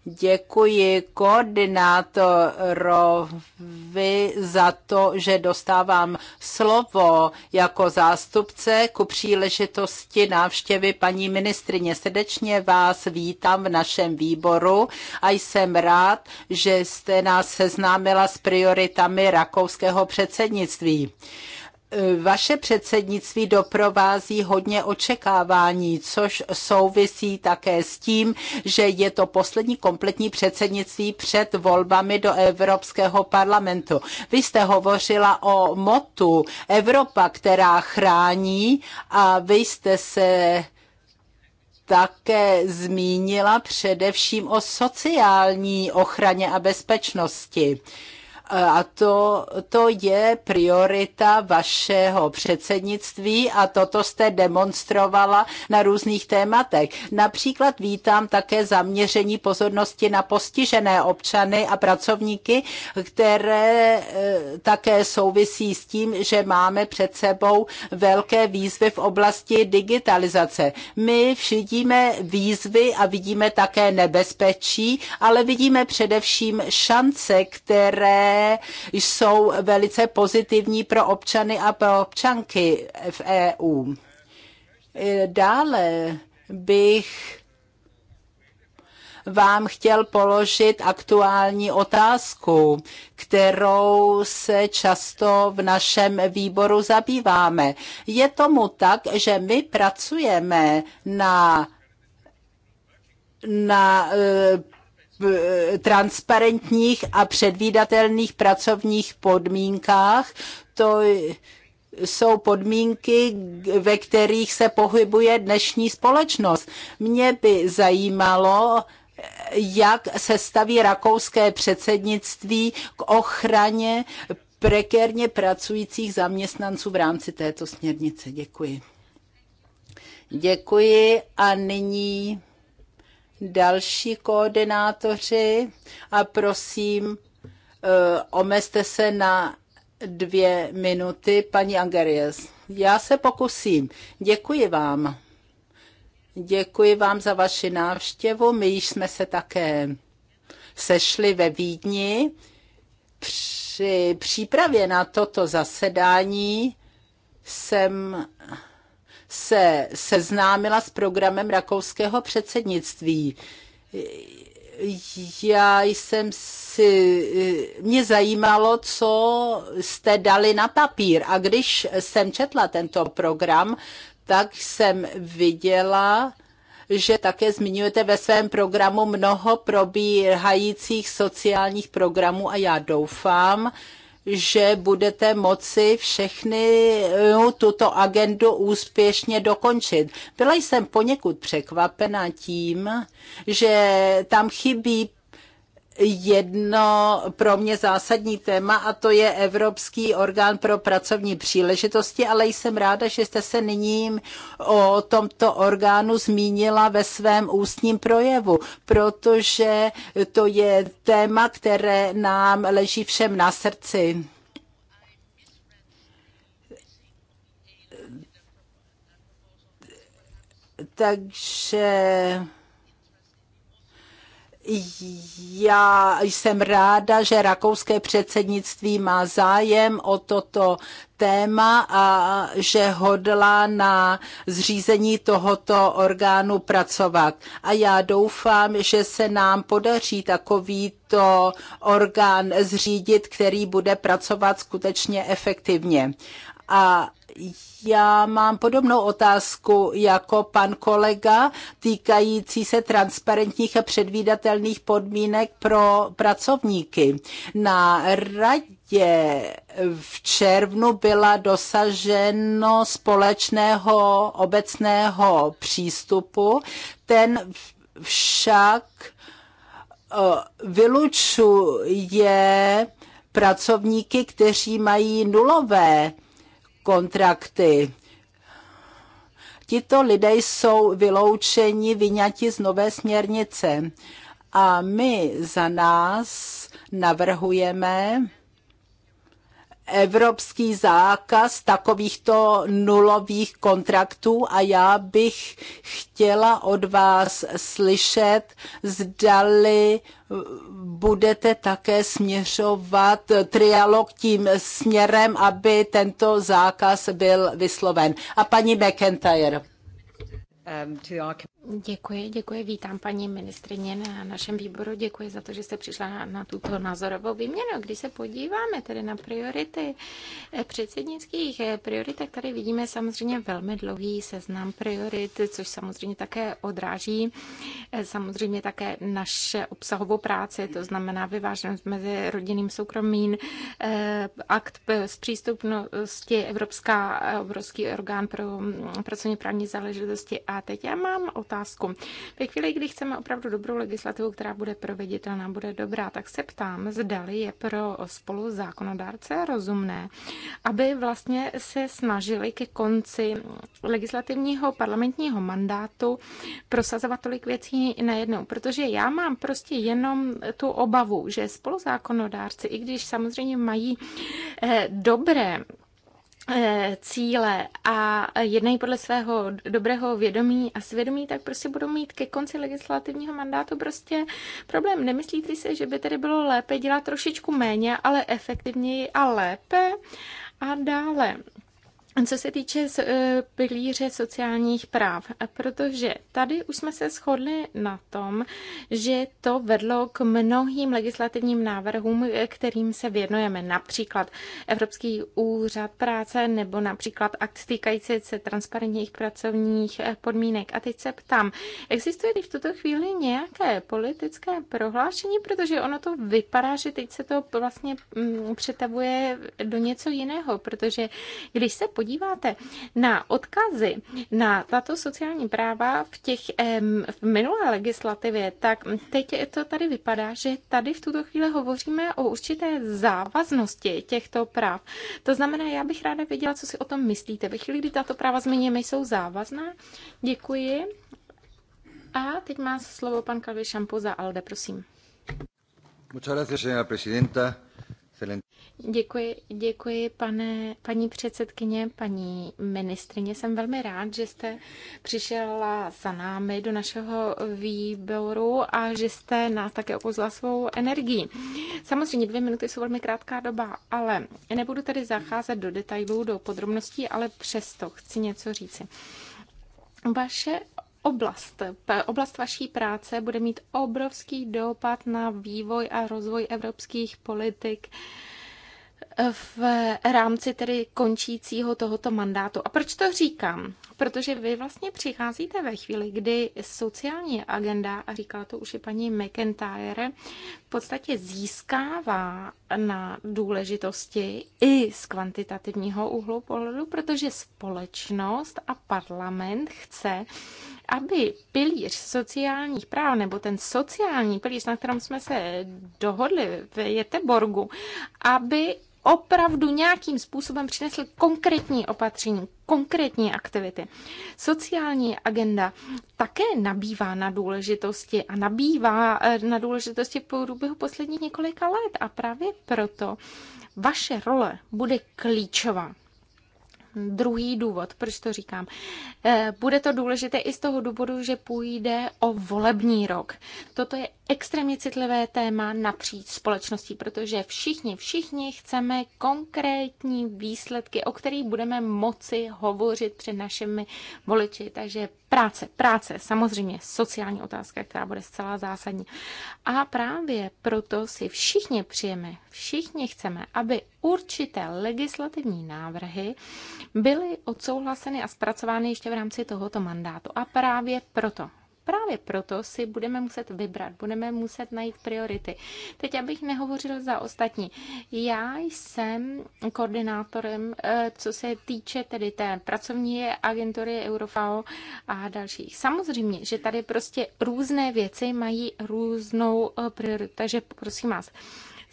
Děkuji koordinátorovi za to, že dostávám slovo jako zástupce ku příležitosti návštěvy paní ministrině. Srdečně vás vítám v našem výboru a jsem rád, že jste nás seznámila s prioritami rakouského předsednictví vaše předsednictví doprovází hodně očekávání, což souvisí také s tím, že je to poslední kompletní předsednictví před volbami do Evropského parlamentu. Vy jste hovořila o motu Evropa, která chrání a vy jste se také zmínila především o sociální ochraně a bezpečnosti. Uh, a to, to je priorita vašeho předsednictví a toto jste demonstrovala na různých tématech. Například vítám také zaměření pozornosti na postižené občany a pracovníky, které eh, také souvisí s tím, že máme před sebou velké výzvy v oblasti digitalizace. My vidíme výzvy a vidíme také nebezpečí, ale vidíme především šance, které jsou velice pozitivní pro občany a pro občanky v EU. Dále bych vám chtěl položit aktuální otázku, kterou se často v našem výboru zabýváme. Je tomu tak, že my pracujeme na na eh, Eh, transparentních a předvídatelných pracovních podmínkách. To jsou podmínky, ve kterých se pohybuje dnešní společnost. Mě by zajímalo, jak se staví rakouské předsednictví k ochraně prekérně pracujících zaměstnanců v rámci této směrnice. Děkuji. Děkuji a nyní další koordinátoři a prosím, eh, omezte se na dvě minuty, paní Angerius. Já se pokusím. Děkuji vám. Děkuji vám za vaši návštěvu. My již jsme se také sešli ve Vídni při přípravě na toto zasedání jsem se seznámila s programem rakouského předsednictví. Já jsem si, mě zajímalo, co jste dali na papír. A když jsem četla tento program, tak jsem viděla, že také zmiňujete ve svém programu mnoho probíhajících sociálních programů a já doufám, že budete moci všechny no, tuto agendu úspěšně dokončit. Byla jsem poněkud překvapena tím, že tam chybí jedno pro mě zásadní téma a to je Evropský orgán pro pracovní příležitosti, ale jsem ráda, že jste se nyní o tomto orgánu zmínila ve svém ústním projevu, protože to je téma, které nám leží všem na srdci. Takže já jsem ráda, že rakouské předsednictví má zájem o toto téma a že hodla na zřízení tohoto orgánu pracovat. A já doufám, že se nám podaří takovýto orgán zřídit, který bude pracovat skutečně efektivně. A já mám podobnou otázku jako pan kolega týkající se transparentních a předvídatelných podmínek pro pracovníky. Na radě v červnu byla dosaženo společného obecného přístupu. Ten však eh, vylučuje pracovníky, kteří mají nulové kontrakty. Tito lidé jsou vyloučeni, vyňati z nové směrnice. A my za nás navrhujeme, evropský zákaz takovýchto nulových kontraktů a já bych chtěla od vás slyšet, zdali budete také směřovat trialog tím směrem, aby tento zákaz byl vysloven. A paní McIntyre. Um, Děkuji, děkuji. Vítám paní ministrině na našem výboru. Děkuji za to, že jste přišla na, na tuto názorovou výměnu. Když se podíváme tedy na priority eh, předsednických eh, priorit, tak tady vidíme samozřejmě velmi dlouhý seznam priorit, což samozřejmě také odráží eh, samozřejmě také naše obsahovou práci, to znamená vyváženost mezi rodinným soukromím, akt z přístupnosti Evropská, Evropský orgán pro mm, pracovně právní záležitosti. A teď já mám otázku otázku. Ve chvíli, kdy chceme opravdu dobrou legislativu, která bude proveditelná, bude dobrá, tak se ptám, zdali je pro spolu zákonodárce rozumné, aby vlastně se snažili ke konci legislativního parlamentního mandátu prosazovat tolik věcí najednou, protože já mám prostě jenom tu obavu, že spoluzákonodárci, i když samozřejmě mají eh, dobré Eh, cíle a jednají podle svého dobrého vědomí a svědomí, tak prostě budou mít ke konci legislativního mandátu prostě problém. Nemyslíte si, že by tedy bylo lépe dělat trošičku méně, ale efektivněji a lépe? A dále co se týče eh, pilíře sociálních práv, protože tady už jsme se shodli na tom, že to vedlo k mnohým legislativním návrhům, eh, kterým se věnujeme, například Evropský úřad práce nebo například akt týkající se transparentních pracovních eh, podmínek. A teď se ptám, existuje v tuto chvíli nějaké politické prohlášení, protože ono to vypadá, že teď se to vlastně mm, přetavuje do něco jiného, protože když se podíváme, podíváte na odkazy na tato sociální práva v těch v minulé legislativě, tak teď to tady vypadá, že tady v tuto chvíli hovoříme o určité závaznosti těchto práv. To znamená, já bych ráda věděla, co si o tom myslíte. Ve chvíli, kdy tato práva změněme, jsou závazná. Děkuji. A teď má slovo pan Kalvi Šampo za Alde, prosím. Muchas gracias, señora presidenta. Děkuji, děkuji pane, paní předsedkyně, paní ministrině. Jsem velmi rád, že jste přišla za námi do našeho výboru a že jste nás také opozla svou energií. Samozřejmě dvě minuty jsou velmi krátká doba, ale nebudu tady zacházet do detailů, do podrobností, ale přesto chci něco říci. Vaše oblast. Oblast vaší práce bude mít obrovský dopad na vývoj a rozvoj evropských politik v rámci tedy končícího tohoto mandátu. A proč to říkám? protože vy vlastně přicházíte ve chvíli, kdy sociální agenda, a říkala to už i paní McIntyre, v podstatě získává na důležitosti i z kvantitativního úhlu pohledu, protože společnost a parlament chce, aby pilíř sociálních práv nebo ten sociální pilíř, na kterém jsme se dohodli v Jeteborgu, aby opravdu nějakým způsobem přinesl konkrétní opatření, konkrétní aktivity. Sociální agenda také nabývá na důležitosti a nabývá eh, na důležitosti po průběhu posledních několika let a právě proto vaše role bude klíčová druhý důvod, proč to říkám. Eh, bude to důležité i z toho důvodu, že půjde o volební rok. Toto je extrémně citlivé téma napříč společností, protože všichni, všichni chceme konkrétní výsledky, o kterých budeme moci hovořit před našimi voliči. Takže práce, práce, samozřejmě sociální otázka, která bude zcela zásadní. A právě proto si všichni přijeme, všichni chceme, aby určité legislativní návrhy byly odsouhlaseny a zpracovány ještě v rámci tohoto mandátu. A právě proto Právě proto si budeme muset vybrat, budeme muset najít priority. Teď, abych nehovořil za ostatní. Já jsem koordinátorem, eh, co se týče tedy té pracovní agentury Eurofao a dalších. Samozřejmě, že tady prostě různé věci mají různou eh, prioritu, takže prosím vás,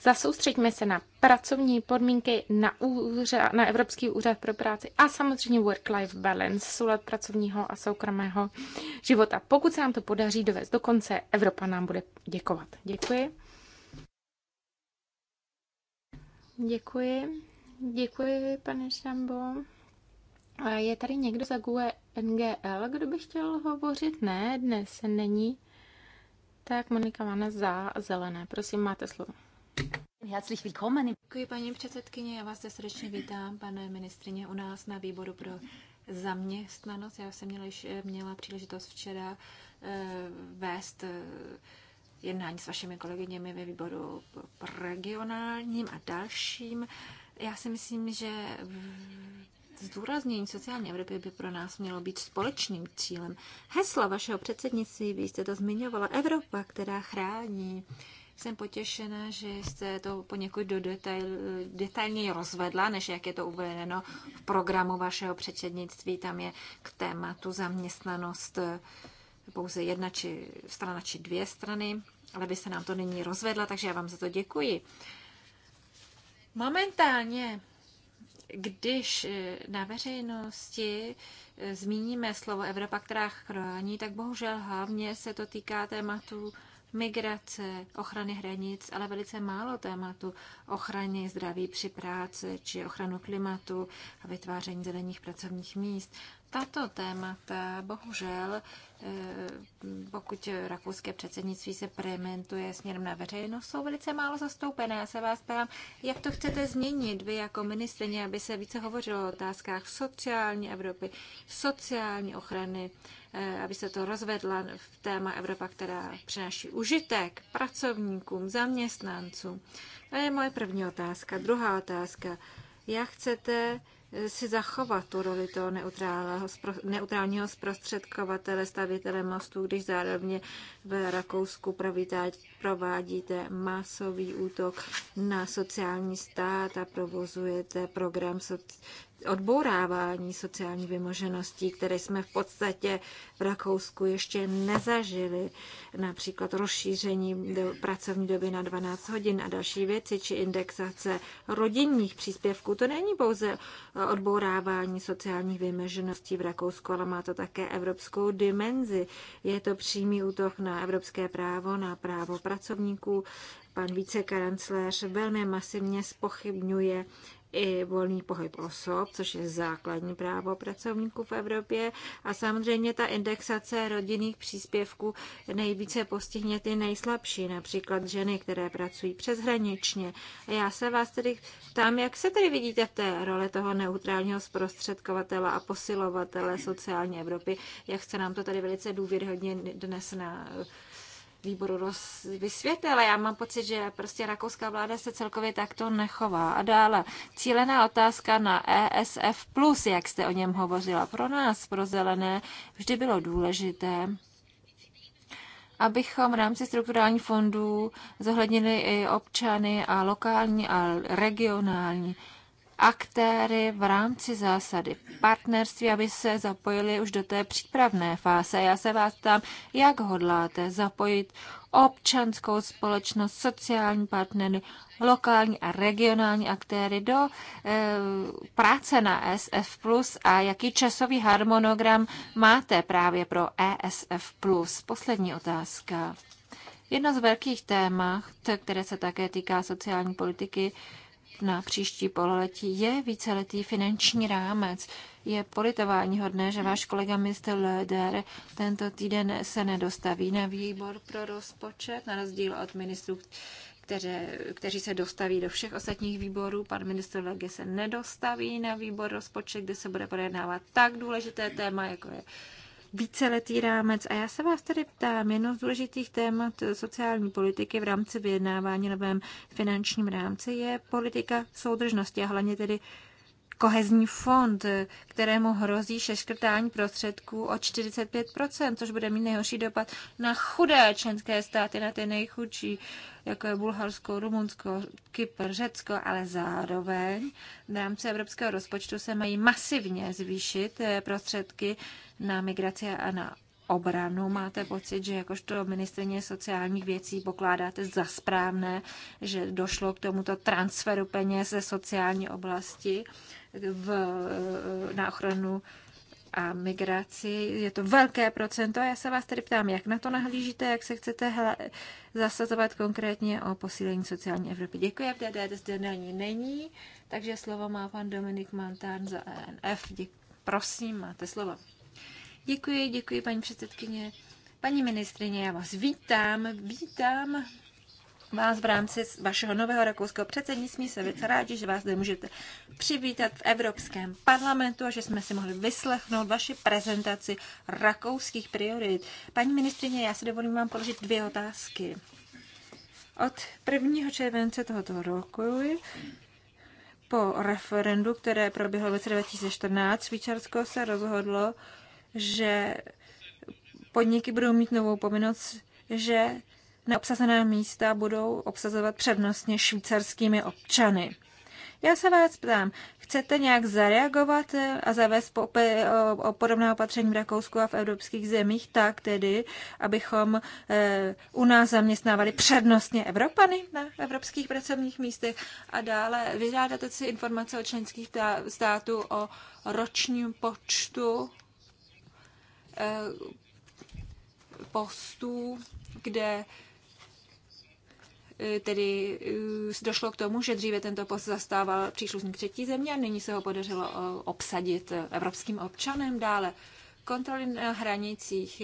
Zasoustřeďme se na pracovní podmínky na, úřad, na Evropský úřad pro práci a samozřejmě work-life balance, soulad pracovního a soukromého života. Pokud se nám to podaří dovést do konce, Evropa nám bude děkovat. Děkuji. Děkuji. Děkuji, pane Šambo. Je tady někdo za GUE NGL, kdo by chtěl hovořit? Ne, dnes není. Tak Monika Vana za zelené. Prosím, máte slovo. Děkuji, paní předsedkyně, já vás zde srdečně vítám, pane ministrině, u nás na výboru pro zaměstnanost. Já jsem měla, eh, měla příležitost včera eh, vést eh, jednání s vašimi kolegyněmi ve výboru regionálním a dalším. Já si myslím, že zdůraznění sociální Evropy by pro nás mělo být společným cílem. Hesla vašeho předsednictví, vy jste to zmiňovala, Evropa, která chrání. Jsem potěšena, že jste to poněkud do detail, detailněji rozvedla, než jak je to uvedeno v programu vašeho předsednictví. Tam je k tématu zaměstnanost pouze jedna či strana či dvě strany, ale vy se nám to nyní rozvedla, takže já vám za to děkuji. Momentálně, když eh, na veřejnosti eh, zmíníme slovo Evropa, která chrání, tak bohužel hlavně se to týká tématu migrace, ochrany hranic, ale velice málo tématu ochrany zdraví při práci či ochranu klimatu a vytváření zelených pracovních míst. Tato témata, bohužel, eh, pokud rakouské předsednictví se prementuje směrem na veřejnost, jsou velice málo zastoupené. Já se vás ptám, jak to chcete změnit vy jako ministrině, aby se více hovořilo o otázkách sociální Evropy, sociální ochrany Eh, aby se to rozvedla v téma Evropa, která přináší užitek pracovníkům, zaměstnancům. To je moje první otázka. Druhá otázka. Jak chcete eh, si zachovat tu roli toho neutrálního zprostředkovatele, stavitele mostů, když zároveň v Rakousku provádíte masový útok na sociální stát a provozujete program odbourávání sociální vymožeností, které jsme v podstatě v Rakousku ještě nezažili, například rozšíření do pracovní doby na 12 hodin a další věci, či indexace rodinných příspěvků. To není pouze odbourávání sociálních vymožeností v Rakousku, ale má to také evropskou dimenzi. Je to přímý útok na evropské právo, na právo pracovníků, pan vicekancléř velmi masivně spochybňuje i volný pohyb osob, což je základní právo pracovníků v Evropě. A samozřejmě ta indexace rodinných příspěvků nejvíce postihne ty nejslabší, například ženy, které pracují přeshraničně. A já se vás tedy ptám, jak se tedy vidíte v té role toho neutrálního zprostředkovatele a posilovatele sociální Evropy, jak se nám to tady velice důvěrhodně dnes na výboru roz, vysvětlil. Já mám pocit, že prostě rakouská vláda se celkově takto nechová. A dále, cílená otázka na ESF+, jak jste o něm hovořila. Pro nás, pro zelené, vždy bylo důležité, abychom v rámci strukturálních fondů zohlednili i občany a lokální a regionální aktéry v rámci zásady partnerství, aby se zapojili už do té přípravné fáze. Já se vás ptám, jak hodláte zapojit občanskou společnost, sociální partnery, lokální a regionální aktéry do e, práce na ESF+, a jaký časový harmonogram máte právě pro ESF+. Poslední otázka. Jedno z velkých témat, které se také týká sociální politiky, na příští pololetí je víceletý finanční rámec. Je politování hodné, že váš kolega Mr. Leder tento týden se nedostaví na výbor pro rozpočet, na rozdíl od ministrů, které, kteří se dostaví do všech ostatních výborů. Pan ministr Lege se nedostaví na výbor rozpočet, kde se bude projednávat tak důležité téma, jako je víceletý rámec. A já se vás tedy ptám, jedno z důležitých témat sociální politiky v rámci vyjednávání novém finančním rámci je politika soudržnosti a hlavně tedy kohezní fond, kterému hrozí seškrtání prostředků o 45%, což bude mít nejhorší dopad na chudé členské státy, na ty nejchudší, jako je Bulharsko, Rumunsko, Kypr, Řecko, ale zároveň v rámci evropského rozpočtu se mají masivně zvýšit eh, prostředky na migraci a na obranu. Máte pocit, že jakožto ministrině sociálních věcí pokládáte za správné, že došlo k tomuto transferu peněz ze sociální oblasti v, na ochranu a migraci. Je to velké procento a já se vás tedy ptám, jak na to nahlížíte, jak se chcete zasazovat konkrétně o posílení sociální Evropy. Děkuji, DDD zde není, není, takže slovo má pan Dominik Mantán za ENF. Děkuji. Prosím, máte slovo. Děkuji, děkuji paní předsedkyně. Paní ministrině, já vás vítám, vítám vás v rámci vašeho nového rakouského předsednictví. se velice rádi, že vás zde můžete přivítat v Evropském parlamentu a že jsme si mohli vyslechnout vaši prezentaci rakouských priorit. Paní ministrině, já si dovolím vám položit dvě otázky. Od 1. července tohoto roku po referendu, které proběhlo v roce 2014, Švýcarsko se rozhodlo, že podniky budou mít novou povinnost, že neobsazená místa budou obsazovat přednostně švýcarskými občany. Já se vás ptám, chcete nějak zareagovat a zavést po, o, o podobné opatření v Rakousku a v evropských zemích tak tedy, abychom e, u nás zaměstnávali přednostně Evropany na evropských pracovních místech a dále vyžádáte si informace o členských států o ročním počtu e, postů, kde E, tedy e, došlo k tomu, že dříve tento post zastával příslušník třetí země a nyní se ho podařilo e, obsadit evropským občanem dále. Kontroly na hranicích.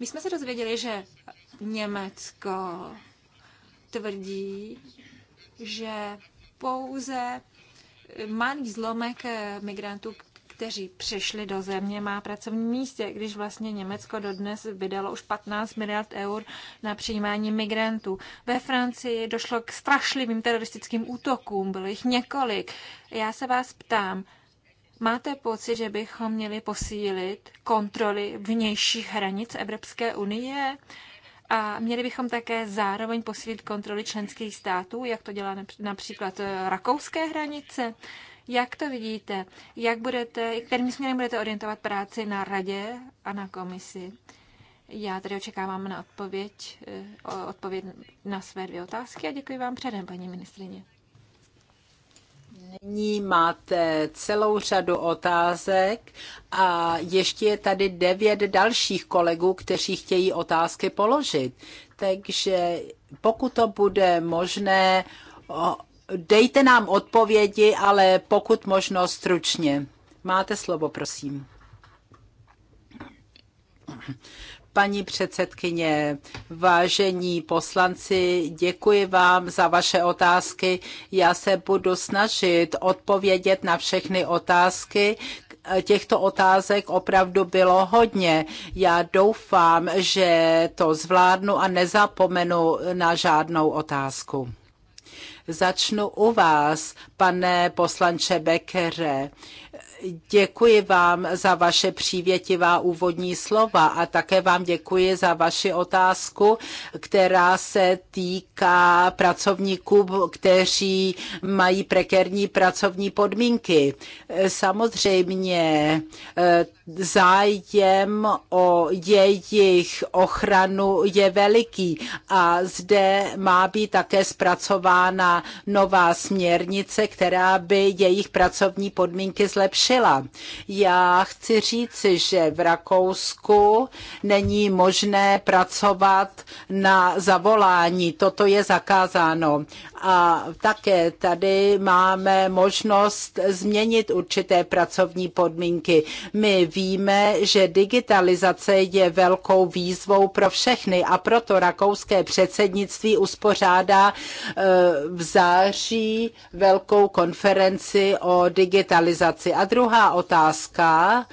My jsme se dozvěděli, že Německo tvrdí, že pouze malý zlomek migrantů, kteří přišli do země, má pracovní místě, když vlastně Německo dodnes vydalo už 15 miliard eur na přijímání migrantů. Ve Francii došlo k strašlivým teroristickým útokům, bylo jich několik. Já se vás ptám, Máte pocit, že bychom měli posílit kontroly vnějších hranic Evropské unie? A měli bychom také zároveň posílit kontroly členských států, jak to dělá například eh, rakouské hranice? Jak to vidíte? Jak budete, kterým směrem budete orientovat práci na radě a na komisi? Já tady očekávám na odpověď, eh, odpověď na své dvě otázky a děkuji vám předem, paní ministrině. Nyní máte celou řadu otázek a ještě je tady devět dalších kolegů, kteří chtějí otázky položit. Takže pokud to bude možné, dejte nám odpovědi, ale pokud možno stručně. Máte slovo, prosím. Paní předsedkyně, vážení poslanci, děkuji vám za vaše otázky. Já se budu snažit odpovědět na všechny otázky. Těchto otázek opravdu bylo hodně. Já doufám, že to zvládnu a nezapomenu na žádnou otázku. Začnu u vás, pane poslanče Bekere. Děkuji vám za vaše přívětivá úvodní slova a také vám děkuji za vaši otázku, která se týká pracovníků, kteří mají prekérní pracovní podmínky. Samozřejmě eh, zájem o jejich ochranu je veliký a zde má být také zpracována nová směrnice, která by jejich pracovní podmínky zlepšila zlepšila. Já chci říci, že v Rakousku není možné pracovat na zavolání. Toto je zakázáno. A také tady máme možnost změnit určité pracovní podmínky. My víme, že digitalizace je velkou výzvou pro všechny a proto rakouské předsednictví uspořádá e, v září velkou konferenci o digitalizaci. A druhá otázka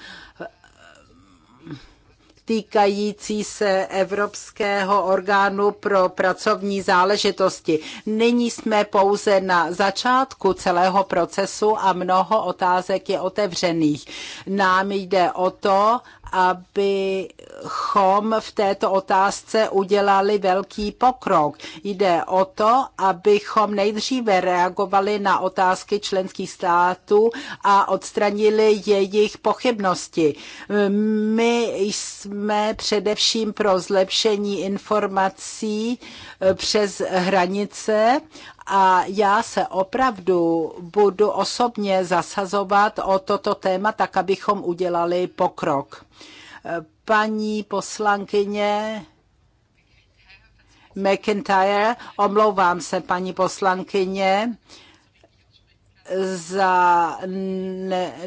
týkající se Evropského orgánu pro pracovní záležitosti. Nyní jsme pouze na začátku celého procesu a mnoho otázek je otevřených. Nám jde o to, abychom v této otázce udělali velký pokrok. Jde o to, abychom nejdříve reagovali na otázky členských států a odstranili jejich pochybnosti. My jsme především pro zlepšení informací eh, přes hranice a já se opravdu budu osobně zasazovat o toto téma, tak abychom udělali pokrok. Paní poslankyně McIntyre, omlouvám se, paní poslankyně, za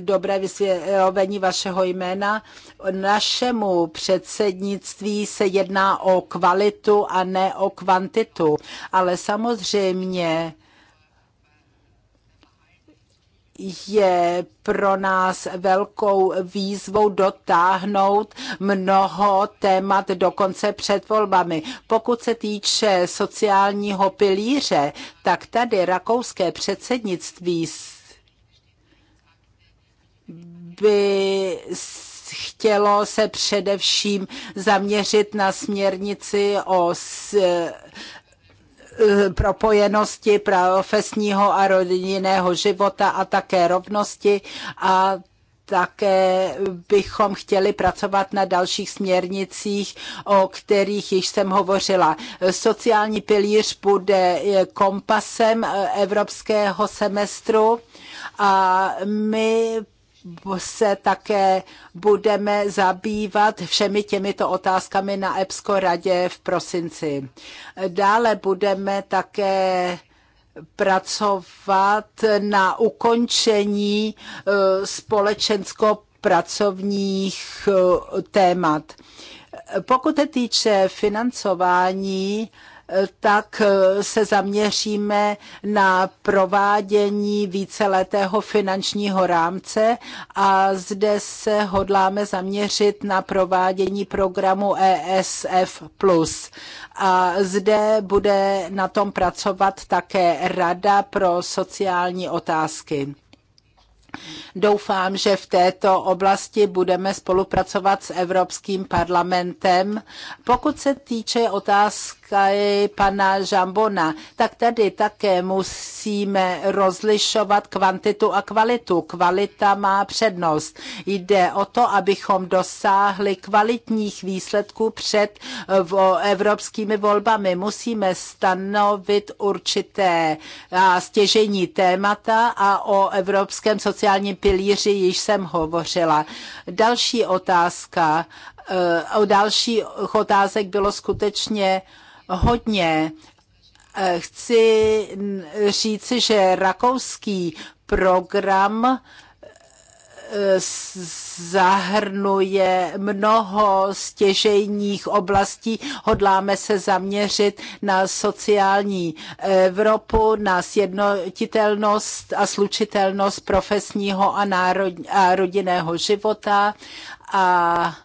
dobré vysvětlení vašeho jména. Našemu předsednictví se jedná o kvalitu a ne o kvantitu, ale samozřejmě je pro nás velkou výzvou dotáhnout mnoho témat dokonce před volbami. Pokud se týče sociálního pilíře, tak tady rakouské předsednictví by chtělo se především zaměřit na směrnici o Eh, propojenosti profesního a rodinného života a také rovnosti a také bychom chtěli pracovat na dalších směrnicích, o kterých již jsem hovořila. Sociální pilíř bude eh, kompasem eh, evropského semestru a my se také budeme zabývat všemi těmito otázkami na EPSCO radě v prosinci. Dále budeme také pracovat na ukončení eh, společensko-pracovních eh, témat. Pokud se týče financování, tak eh, se zaměříme na provádění víceletého finančního rámce a zde se hodláme zaměřit na provádění programu ESF+. A zde bude na tom pracovat také Rada pro sociální otázky. Doufám, že v této oblasti budeme spolupracovat s Evropským parlamentem. Pokud se týče otázky, týkají pana Žambona, tak tady také musíme rozlišovat kvantitu a kvalitu. Kvalita má přednost. Jde o to, abychom dosáhli kvalitních výsledků před evropskými volbami. Musíme stanovit určité stěžení témata a o evropském sociálním pilíři již jsem hovořila. Další otázka e, o dalších otázek bylo skutečně hodně. Eh, chci říci, že rakouský program eh, zahrnuje mnoho stěžejních oblastí. Hodláme se zaměřit na sociální Evropu, na sjednotitelnost a slučitelnost profesního a, národ, a rodinného života a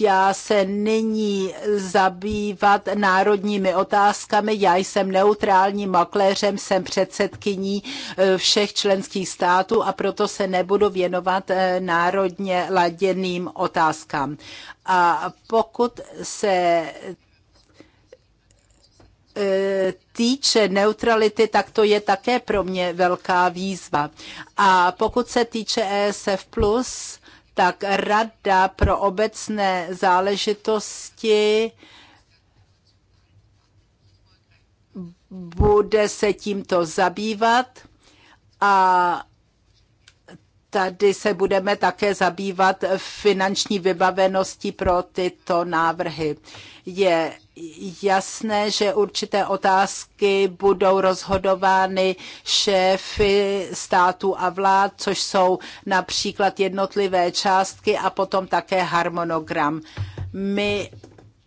já se nyní zabývat národními otázkami. Já jsem neutrálním makléřem, jsem předsedkyní eh, všech členských států a proto se nebudu věnovat eh, národně laděným otázkám. A pokud se eh, týče neutrality, tak to je také pro mě velká výzva. A pokud se týče ESF+, tak Rada pro obecné záležitosti bude se tímto zabývat a tady se budeme také zabývat finanční vybaveností pro tyto návrhy. Je jasné, že určité otázky budou rozhodovány šéfy států a vlád, což jsou například jednotlivé částky a potom také harmonogram. My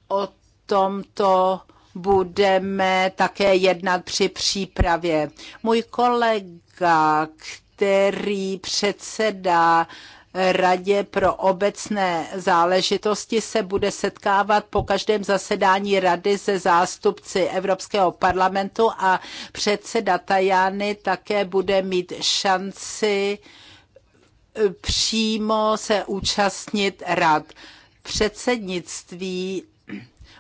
o tomto budeme také jednat při přípravě. Můj kolega, který předsedá radě pro obecné záležitosti se bude setkávat po každém zasedání rady se zástupci Evropského parlamentu a předseda Tajany také bude mít šanci eh, přímo se účastnit rad. Předsednictví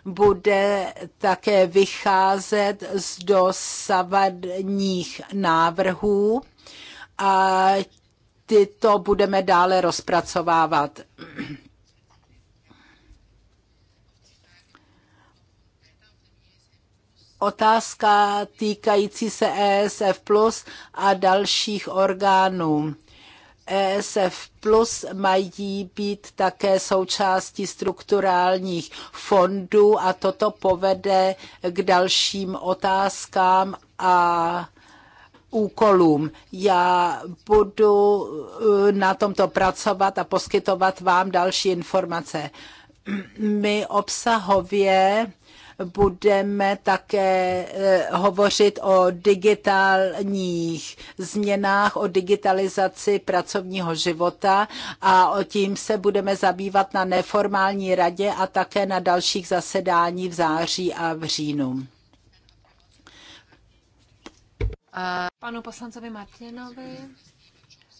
bude také vycházet z dosavadních návrhů a tyto budeme dále rozpracovávat. Otázka týkající se ESF Plus a dalších orgánů. ESF Plus mají být také součástí strukturálních fondů a toto povede k dalším otázkám a úkolům. Já budu eh, na tomto pracovat a poskytovat vám další informace. My obsahově budeme také eh, hovořit o digitálních změnách, o digitalizaci pracovního života a o tím se budeme zabývat na neformální radě a také na dalších zasedání v září a v říjnu. A panu poslancovi Martinovi.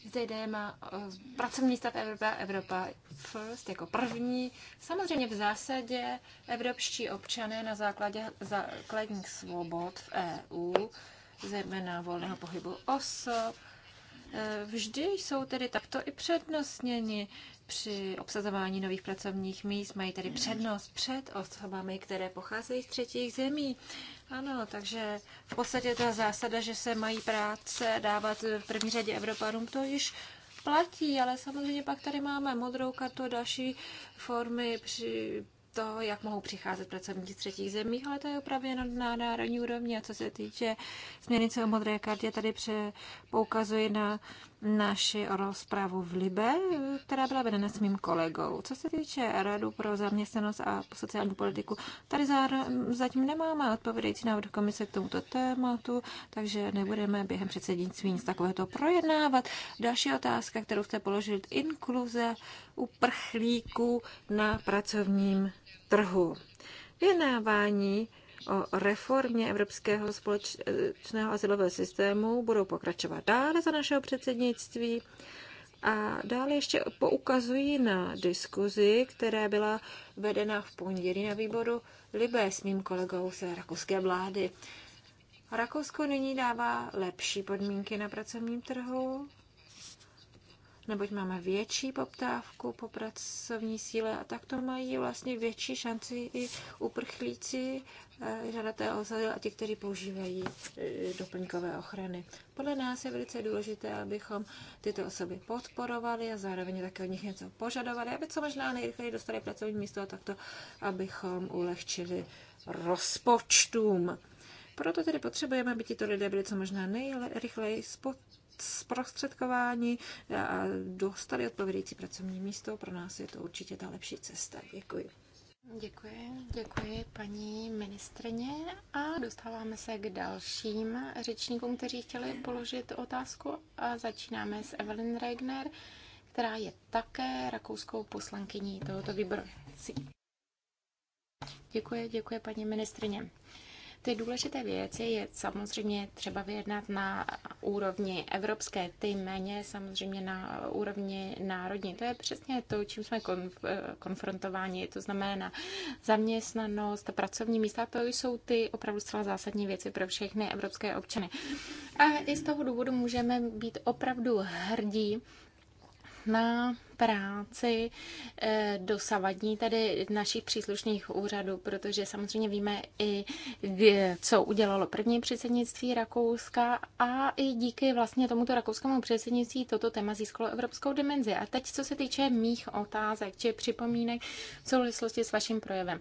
Zde jde má eh, pracovní stav Evropa, Evropa First jako první. Samozřejmě v zásadě evropští občané na základě základních svobod v EU, zejména volného pohybu osob, eh, vždy jsou tedy takto i přednostněni při obsazování nových pracovních míst mají tedy přednost před osobami, které pocházejí z třetích zemí. Ano, takže v podstatě ta zásada, že se mají práce dávat v první řadě Evropanům, to již platí, ale samozřejmě pak tady máme modrou kartu další formy při to, jak mohou přicházet pracovníci z třetích zemí, ale to je opravdu na národní úrovni. A co se týče směrnice o modré kartě, tady poukazuji na naši rozpravu v Libe, která byla vedena s mým kolegou. Co se týče Radu pro zaměstnanost a sociální politiku, tady zatím nemáme odpovědající návrh komise k tomuto tématu, takže nebudeme během předsednictví nic takového projednávat. Další otázka, kterou jste položil, inkluze uprchlíků na pracovním trhu. Vyjednávání o reformě evropského společného asilového systému budou pokračovat dále za našeho předsednictví. A dále ještě poukazují na diskuzi, která byla vedena v pondělí na výboru Libé s mým kolegou z rakouské vlády. Rakousko nyní dává lepší podmínky na pracovním trhu neboť máme větší poptávku po pracovní síle a tak to mají vlastně větší šanci i uprchlíci, eh, žadaté o a ti, kteří používají eh, doplňkové ochrany. Podle nás je velice důležité, abychom tyto osoby podporovali a zároveň také od nich něco požadovali, aby co možná nejrychleji dostali pracovní místo a takto, abychom ulehčili rozpočtům. Proto tedy potřebujeme, aby tito lidé byli co možná nejrychleji zprostředkování a dostali odpovědějící pracovní místo. Pro nás je to určitě ta lepší cesta. Děkuji. Děkuji, děkuji paní ministrně a dostáváme se k dalším řečníkům, kteří chtěli položit otázku a začínáme s Evelyn Regner, která je také rakouskou poslankyní tohoto výboru. Děkuji, děkuji paní ministrně. Ty důležité věci je samozřejmě třeba vyjednat na úrovni evropské, ty méně samozřejmě na úrovni národní. To je přesně to, čím jsme konf- konfrontováni. To znamená zaměstnanost, pracovní místa, to jsou ty opravdu zcela zásadní věci pro všechny evropské občany. A i z toho důvodu můžeme být opravdu hrdí na práci eh, dosavadní tedy našich příslušných úřadů, protože samozřejmě víme i, co udělalo první předsednictví Rakouska a i díky vlastně tomuto rakouskému předsednictví toto téma získalo evropskou dimenzi. A teď, co se týče mých otázek či připomínek v souvislosti s vaším projevem.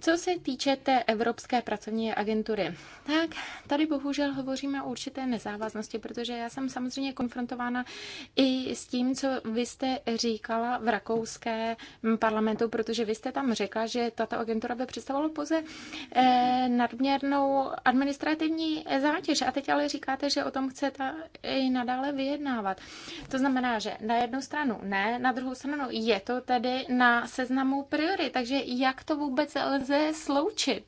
Co se týče té Evropské pracovní agentury, tak tady bohužel hovoříme o určité nezávaznosti, protože já jsem samozřejmě konfrontována i s tím, co vy jste říkala v rakouské parlamentu, protože vy jste tam řekla, že tato agentura by představovala pouze eh, nadměrnou administrativní zátěž. A teď ale říkáte, že o tom chcete i nadále vyjednávat. To znamená, že na jednu stranu ne, na druhou stranu je to tedy na seznamu priory. Takže jak to vůbec lze nelze sloučit.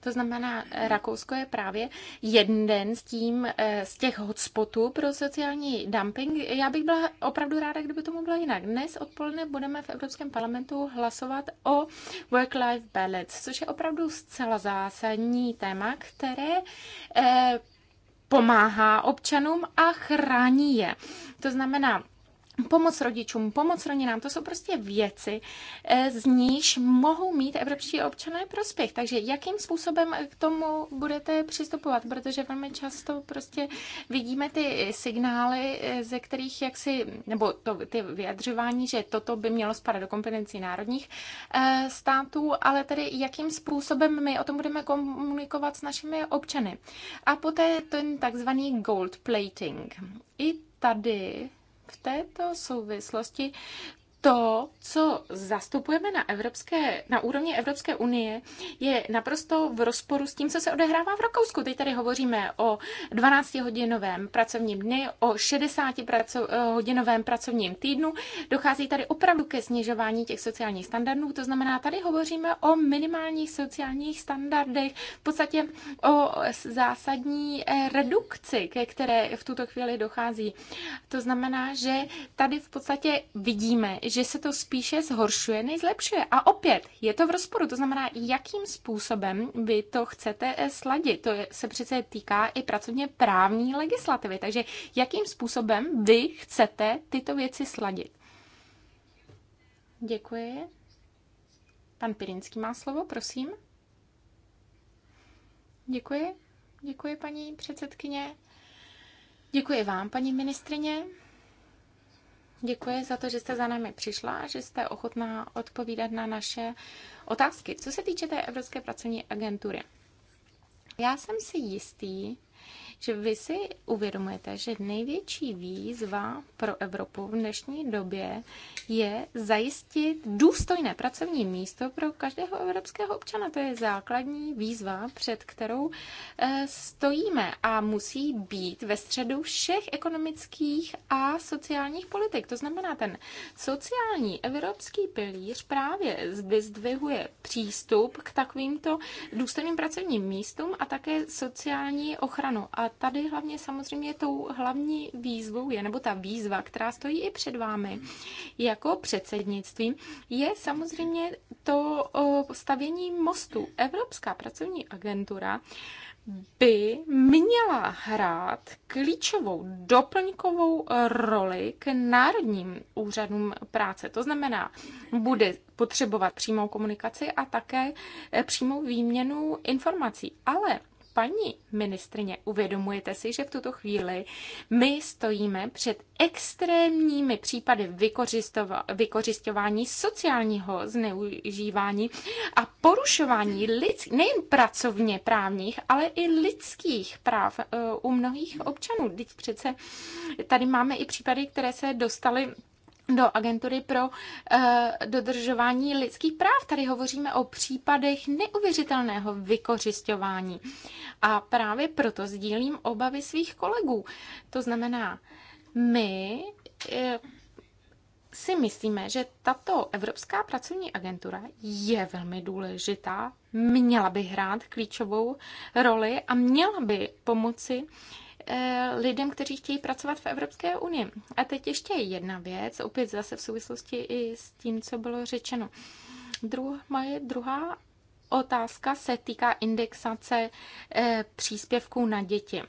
To znamená, Rakousko je právě jeden z, tím, eh, z těch hotspotů pro sociální dumping. Já bych byla opravdu ráda, kdyby tomu bylo jinak. Dnes odpoledne budeme v Evropském parlamentu hlasovat o work-life balance, což je opravdu zcela zásadní téma, které eh, pomáhá občanům a chrání je. To znamená, Pomoc rodičům, pomoc rodinám, to jsou prostě věci, eh, z níž mohou mít evropští občané prospěch. Takže jakým způsobem k tomu budete přistupovat? Protože velmi často prostě vidíme ty signály, eh, ze kterých jaksi, nebo to, ty vyjadřování, že toto by mělo spadat do kompetencí národních eh, států, ale tedy jakým způsobem my o tom budeme komunikovat s našimi občany. A poté ten takzvaný gold plating. I tady v této souvislosti to, co zastupujeme na, evropské, na úrovni Evropské unie, je naprosto v rozporu s tím, co se odehrává v Rakousku. Teď tady hovoříme o 12-hodinovém pracovním dny, o 60-hodinovém pracovním týdnu. Dochází tady opravdu ke snižování těch sociálních standardů, to znamená, tady hovoříme o minimálních sociálních standardech, v podstatě o zásadní eh, redukci, ke které v tuto chvíli dochází. To znamená, že tady v podstatě vidíme, že se to spíše zhoršuje, než zlepšuje. A opět, je to v rozporu, to znamená, jakým způsobem vy to chcete eh, sladit. To se přece týká i pracovně právní legislativy, takže jakým způsobem vy chcete tyto věci sladit. Děkuji. Pan Pirinský má slovo, prosím. Děkuji. Děkuji, paní předsedkyně. Děkuji vám, paní ministrině. Děkuji za to, že jste za námi přišla, že jste ochotná odpovídat na naše otázky. Co se týče té Evropské pracovní agentury, já jsem si jistý, že vy si uvědomujete, že největší výzva pro Evropu v dnešní době je zajistit důstojné pracovní místo pro každého evropského občana. To je základní výzva, před kterou eh, stojíme a musí být ve středu všech ekonomických a sociálních politik. To znamená, ten sociální evropský pilíř právě vyzdvihuje přístup k takovýmto důstojným pracovním místům a také sociální ochranu. A tady hlavně samozřejmě tou hlavní výzvou je, nebo ta výzva, která stojí i před vámi, jako předsednictvím, je samozřejmě to stavění mostu. Evropská pracovní agentura by měla hrát klíčovou doplňkovou roli k národním úřadům práce. To znamená, bude potřebovat přímou komunikaci a také e, přímou výměnu informací. Ale Paní ministrně, uvědomujete si, že v tuto chvíli my stojíme před extrémními případy vykořišťování sociálního zneužívání a porušování lidsk, nejen pracovně právních, ale i lidských práv eh, u mnohých občanů. Teď přece tady máme i případy, které se dostaly do agentury pro uh, dodržování lidských práv. Tady hovoříme o případech neuvěřitelného vykořišťování. A právě proto sdílím obavy svých kolegů. To znamená, my uh, si myslíme, že tato Evropská pracovní agentura je velmi důležitá, měla by hrát klíčovou roli a měla by pomoci uh, Eh, lidem, kteří chtějí pracovat v Evropské unii. A teď ještě jedna věc, opět zase v souvislosti i s tím, co bylo řečeno. Druhá, je druhá otázka se týká indexace eh, příspěvků na děti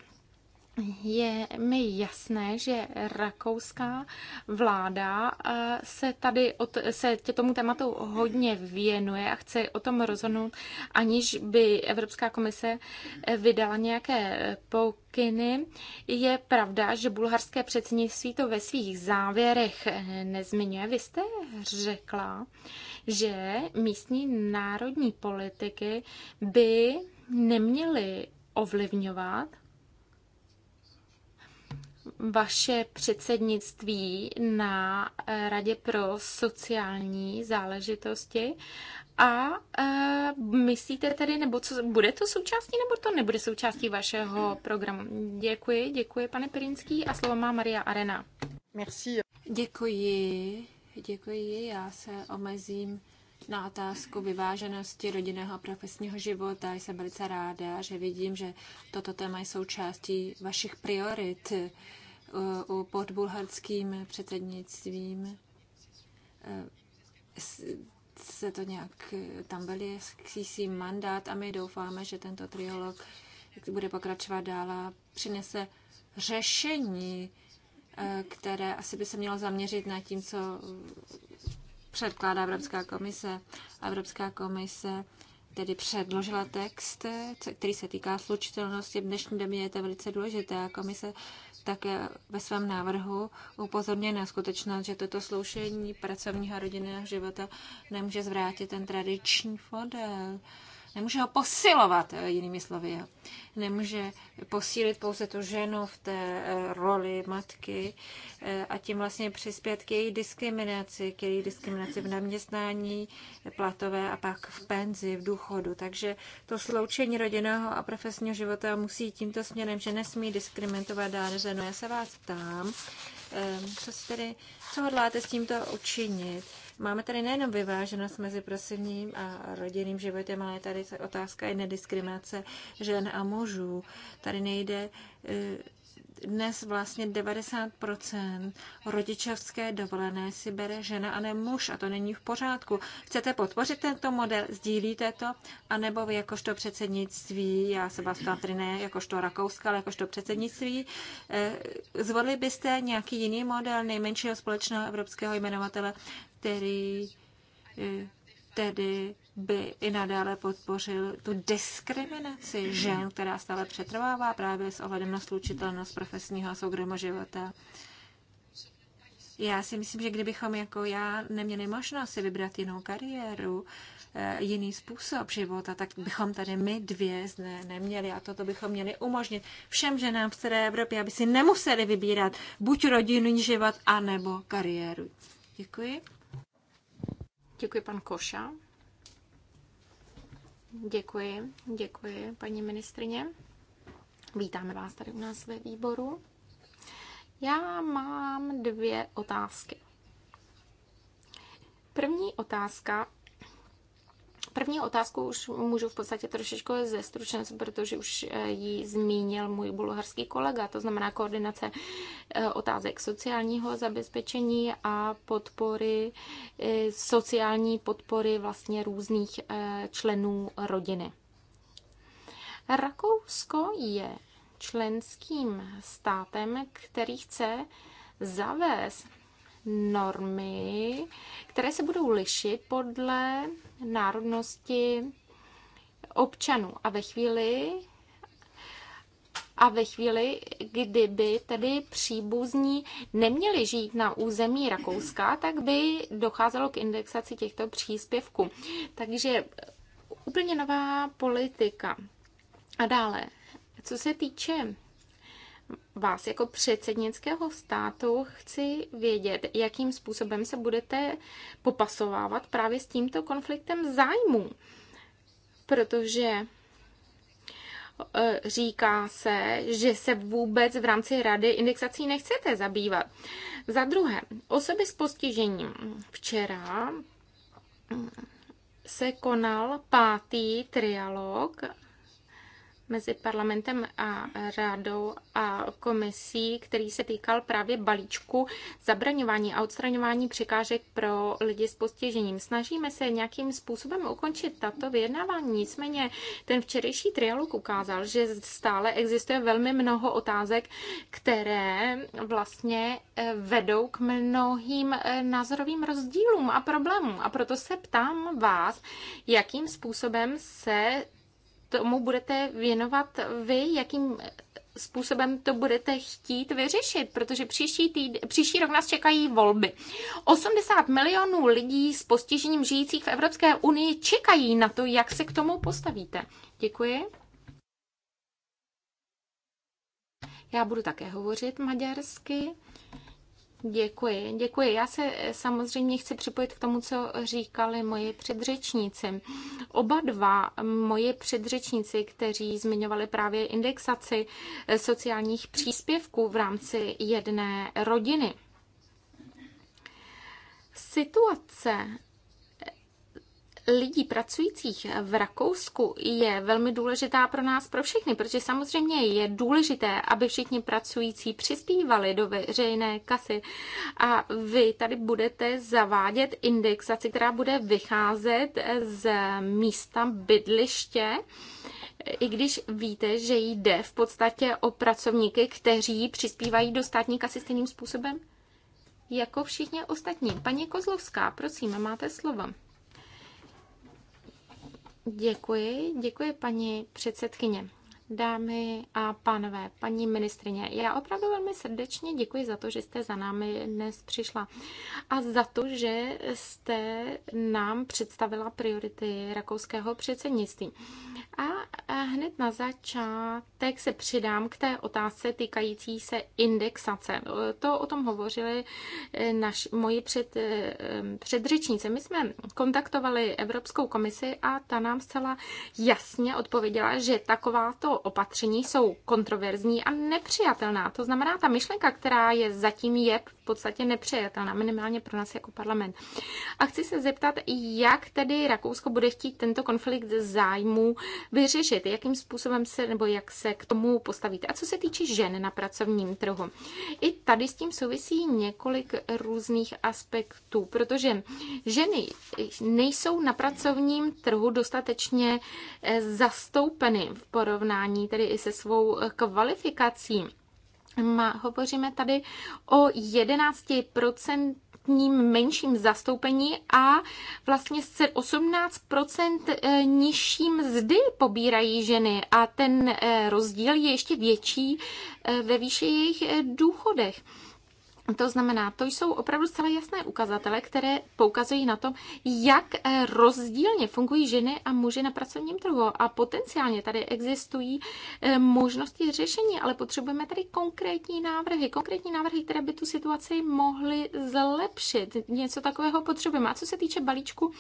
je mi jasné, že rakouská vláda eh, se tady od, se tě tomu tématu hodně věnuje a chce o tom rozhodnout, aniž by Evropská komise eh, vydala nějaké eh, pokyny. Je pravda, že bulharské předsednictví to ve svých závěrech nezmiňuje. Vy jste řekla, že místní národní politiky by neměly ovlivňovat vaše předsednictví na eh, Radě pro sociální záležitosti a eh, myslíte tedy, nebo co, bude to součástí, nebo to nebude součástí vašeho programu? Děkuji, děkuji, pane Pirinský. A slovo má Maria Arena. Merci. Děkuji, děkuji. Já se omezím na otázku vyváženosti rodinného a profesního života. Jsem velice ráda, že vidím, že toto téma je součástí vašich priorit pod bulharským předsednictvím e, se to nějak, tam byl jakýsi mandát a my doufáme, že tento triolog bude pokračovat dál a přinese řešení, e, které asi by se mělo zaměřit na tím, co předkládá Evropská komise. Evropská komise tedy předložila text, který se týká slučitelnosti. V dnešní době je to velice důležité. Komise také ve svém návrhu upozorně na skutečnost, že toto sloušení pracovního a rodinného života nemůže zvrátit ten tradiční model nemůže ho posilovat, eh, jinými slovy. Nemůže posílit pouze tu ženu v té eh, roli matky eh, a tím vlastně přispět k její diskriminaci, k její diskriminaci v naměstnání platové a pak v penzi, v důchodu. Takže to sloučení rodinného a profesního života musí tímto směrem, že nesmí diskriminovat dál ženu. Já se vás ptám, co, tedy, co hodláte s tímto učinit? Máme tady nejenom vyváženost mezi prosivním a rodinným životem, ale je tady otázka i nediskriminace žen a mužů. Tady nejde eh, dnes vlastně 90% rodičovské dovolené si bere žena a ne muž a to není v pořádku. Chcete podpořit tento model, sdílíte to, anebo vy jakožto předsednictví, já se vás ptám tady ne jakožto Rakouska, ale jakožto předsednictví, eh, zvolili byste nějaký jiný model nejmenšího společného evropského jmenovatele, který eh, tedy by i nadále podpořil tu diskriminaci žen, která stále přetrvává právě s ohledem na slučitelnost profesního a soukromého života. Já si myslím, že kdybychom jako já neměli možnost si vybrat jinou kariéru, eh, jiný způsob života, tak bychom tady my dvě zne, neměli a toto bychom měli umožnit všem ženám v celé Evropě, aby si nemuseli vybírat buď rodinný život, anebo kariéru. Děkuji. Děkuji, pan Koša. Děkuji, děkuji, paní ministrině. Vítáme vás tady u nás ve výboru. Já mám dvě otázky. První otázka První otázku už můžu v podstatě trošičku zestručnit, protože už eh, ji zmínil můj bulharský kolega, to znamená koordinace eh, otázek sociálního zabezpečení a podpory, eh, sociální podpory vlastně různých členů rodiny. Rakousko je členským státem, který chce zavést normy, které se budou lišit podle národnosti občanů. A ve chvíli, a ve chvíli, kdyby tedy příbuzní neměli žít na území Rakouska, tak by docházelo k indexaci těchto příspěvků. Takže úplně nová politika. A dále, co se týče vás jako předsednického státu chci vědět, jakým způsobem se budete popasovávat právě s tímto konfliktem zájmů. Protože e, říká se, že se vůbec v rámci rady indexací nechcete zabývat. Za druhé, osoby s postižením. Včera mm, se konal pátý trialog mezi parlamentem a rádou a komisí, který se týkal právě balíčku zabraňování a odstraňování překážek pro lidi s postižením. Snažíme se nějakým způsobem ukončit tato vyjednávání, nicméně ten včerejší trialog ukázal, že stále existuje velmi mnoho otázek, které vlastně eh, vedou k mnohým eh, názorovým rozdílům a problémům. A proto se ptám vás, jakým způsobem se tomu budete věnovat vy, jakým způsobem to budete chtít vyřešit, protože příští, týd- příští rok nás čekají volby. 80 milionů lidí s postižením žijících v Evropské unii čekají na to, jak se k tomu postavíte. Děkuji. Já budu také hovořit maďarsky. Děkuji, děkuji. Já se eh, samozřejmě chci připojit k tomu, co říkali moji předřečníci. Oba dva moji předřečníci, kteří zmiňovali právě indexaci eh, sociálních příspěvků v rámci jedné rodiny. Situace lidí pracujících v Rakousku je velmi důležitá pro nás, pro všechny, protože samozřejmě je důležité, aby všichni pracující přispívali do veřejné kasy. A vy tady budete zavádět indexaci, která bude vycházet z místa bydliště i když víte, že jde v podstatě o pracovníky, kteří přispívají do státní kasy stejným způsobem jako všichni ostatní. Paní Kozlovská, prosím, máte slovo. Děkuji, děkuji paní předsedkyně. Dámy a pánové, paní ministrině, já opravdu velmi srdečně děkuji za to, že jste za námi dnes přišla a za to, že jste nám představila priority rakouského předsednictví. A hned na začátek se přidám k té otázce týkající se indexace. To o tom hovořili eh, naš, moji před, eh, předřečníci. My jsme kontaktovali Evropskou komisi a ta nám zcela jasně odpověděla, že takováto opatření jsou kontroverzní a nepřijatelná. To znamená, ta myšlenka, která je zatím je podstatě nepřejatelná, minimálně pro nás jako parlament. A chci se zeptat, jak tedy Rakousko bude chtít tento konflikt zájmů vyřešit, jakým způsobem se nebo jak se k tomu postavíte. A co se týče žen na pracovním trhu, i tady s tím souvisí několik různých aspektů, protože ženy nejsou na pracovním trhu dostatečně eh, zastoupeny v porovnání tedy i se svou kvalifikací. Ma, hovoříme tady o 11% menším zastoupení a vlastně se 18% eh, nižší mzdy pobírají ženy a ten eh, rozdíl je ještě větší eh, ve výši jejich důchodech. To znamená, to jsou opravdu zcela jasné ukazatele, které poukazují na to, jak eh, rozdílně fungují ženy a muži na pracovním trhu. A potenciálně tady existují eh, možnosti řešení, ale potřebujeme tady konkrétní návrhy, konkrétní návrhy, které by tu situaci mohly zlepšit. Něco takového potřebujeme. A co se týče balíčku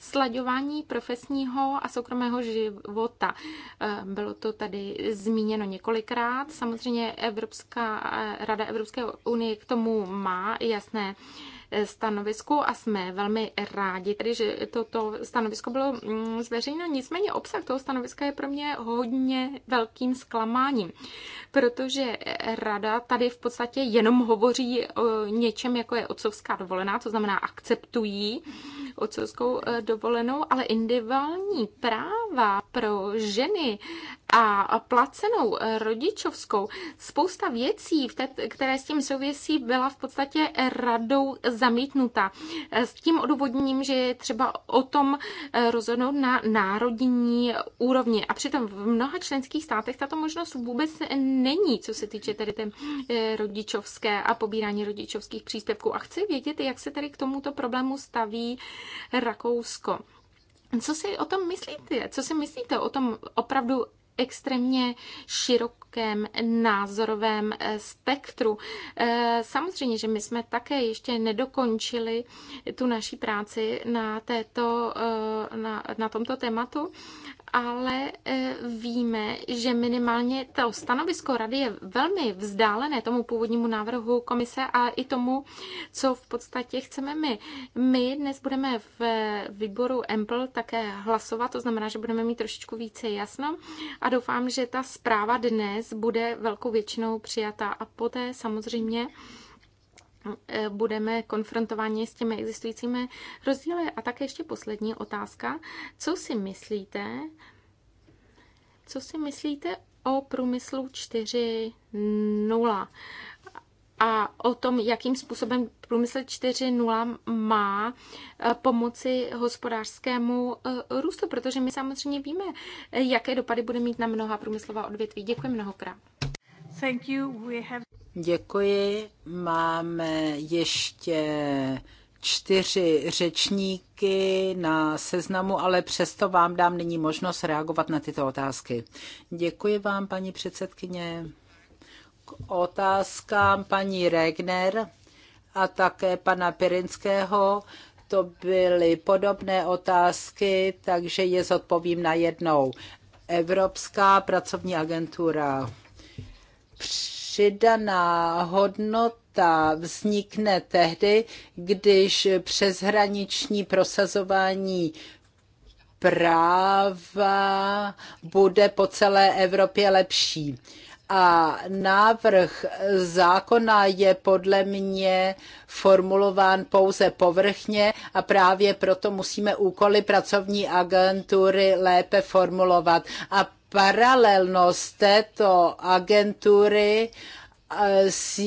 slaďování profesního a soukromého života, eh, bylo to tady zmíněno několikrát. Samozřejmě Evropská rada Evropské unie k tomu má jasné eh, stanovisko a jsme velmi rádi, tedy, že toto stanovisko bylo mm, zveřejněno. Nicméně obsah toho stanoviska je pro mě hodně velkým zklamáním, protože rada tady v podstatě jenom hovoří o něčem, jako je otcovská dovolená, to znamená akceptují otcovskou eh, dovolenou, ale individuální práva pro ženy a placenou eh, rodičovskou. Spousta věcí, které s tím souvisí, byla v podstatě radou zamítnuta. Eh, s tím odůvodněním, že je třeba o tom rozhodnout na národní úrovni. A přitom v mnoha členských státech tato možnost vůbec není, co se týče tedy té rodičovské a pobírání rodičovských příspěvků. A chci vědět, jak se tedy k tomuto problému staví Rakousko. Co si o tom myslíte? Co si myslíte o tom opravdu extrémně širokém názorovém eh, spektru. Eh, samozřejmě, že my jsme také ještě nedokončili tu naší práci na, této, eh, na, na tomto tématu, ale eh, víme, že minimálně to stanovisko rady je velmi vzdálené tomu původnímu návrhu komise a i tomu, co v podstatě chceme my. My dnes budeme v výboru Ample také hlasovat, to znamená, že budeme mít trošičku více jasno a doufám, že ta zpráva dnes bude velkou většinou přijatá a poté samozřejmě E, budeme konfrontováni s těmi existujícími rozdíly. A také ještě poslední otázka. Co si myslíte, co si myslíte o průmyslu 4.0 a o tom, jakým způsobem průmysl 4.0 má e, pomoci hospodářskému e, růstu, protože my samozřejmě víme, jaké dopady bude mít na mnoha průmyslová odvětví. Děkuji mnohokrát. Děkuji. Máme ještě čtyři řečníky na seznamu, ale přesto vám dám nyní možnost reagovat na tyto otázky. Děkuji vám, paní předsedkyně. K otázkám paní Regner a také pana Pirinského to byly podobné otázky, takže je zodpovím na jednou. Evropská pracovní agentura přidaná hodnota vznikne tehdy, když přeshraniční prosazování práva bude po celé Evropě lepší. A návrh zákona je podle mě formulován pouze povrchně a právě proto musíme úkoly pracovní agentury lépe formulovat. A paralelnost této agentury eh, s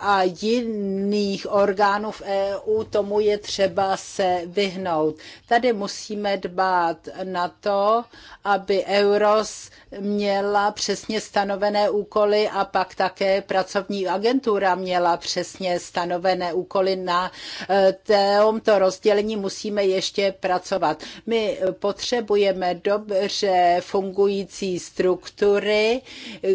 a jiných orgánů v EU, tomu je třeba se vyhnout. Tady musíme dbát na to, aby EUROS měla přesně stanovené úkoly a pak také pracovní agentura měla přesně stanovené úkoly. Na eh, tomto rozdělení musíme ještě pracovat. My potřebujeme dobře fungující struktury,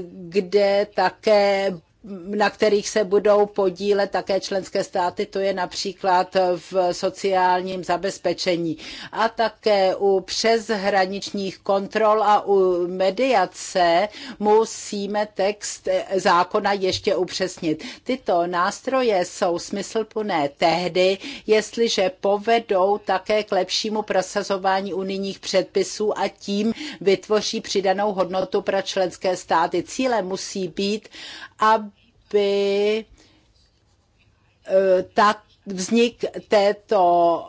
kde také na kterých se budou podílet také členské státy, to je například v sociálním zabezpečení a také u přeshraničních kontrol a u mediace musíme text zákona ještě upřesnit. Tyto nástroje jsou smysluplné tehdy, jestliže povedou také k lepšímu prosazování unijních předpisů a tím vytvoří přidanou hodnotu pro členské státy. Cílem musí být, aby eh, tak vznik této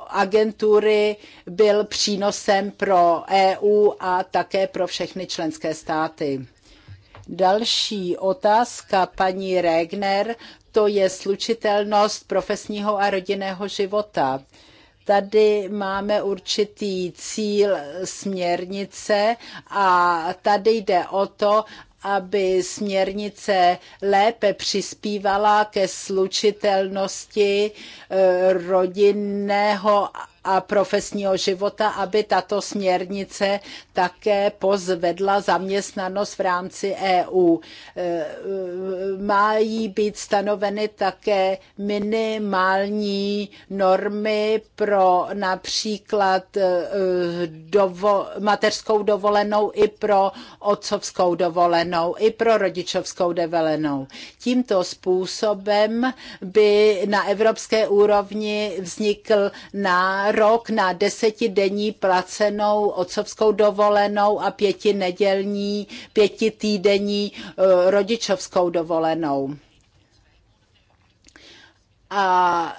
agentury byl přínosem pro EU a také pro všechny členské státy. Další otázka paní Regner, to je slučitelnost profesního a rodinného života. Tady máme určitý cíl směrnice a tady jde o to, aby směrnice lépe přispívala ke slučitelnosti eh, rodinného a profesního života, aby tato směrnice také pozvedla zaměstnanost v rámci EU. E, mají být stanoveny také minimální normy pro například e, dovo- mateřskou dovolenou i pro otcovskou dovolenou, i pro rodičovskou dovolenou. Tímto způsobem by na evropské úrovni vznikl národ rok na desetidenní placenou otcovskou dovolenou a pěti nedělní, pěti týdenní eh, rodičovskou dovolenou. A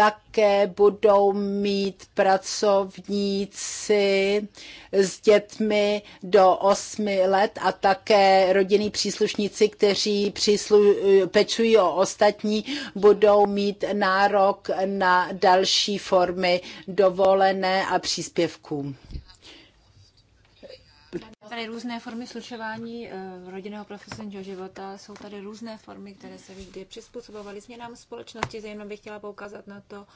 také budou mít pracovníci s dětmi do 8 let a také rodinní příslušníci, kteří příslu, pečují o ostatní, budou mít nárok na další formy dovolené a příspěvků. Tady různé formy slučování eh, rodinného profesionálního života, jsou tady různé formy, které se vždy přizpůsobovaly změnám společnosti, zejména bych chtěla poukázat na to,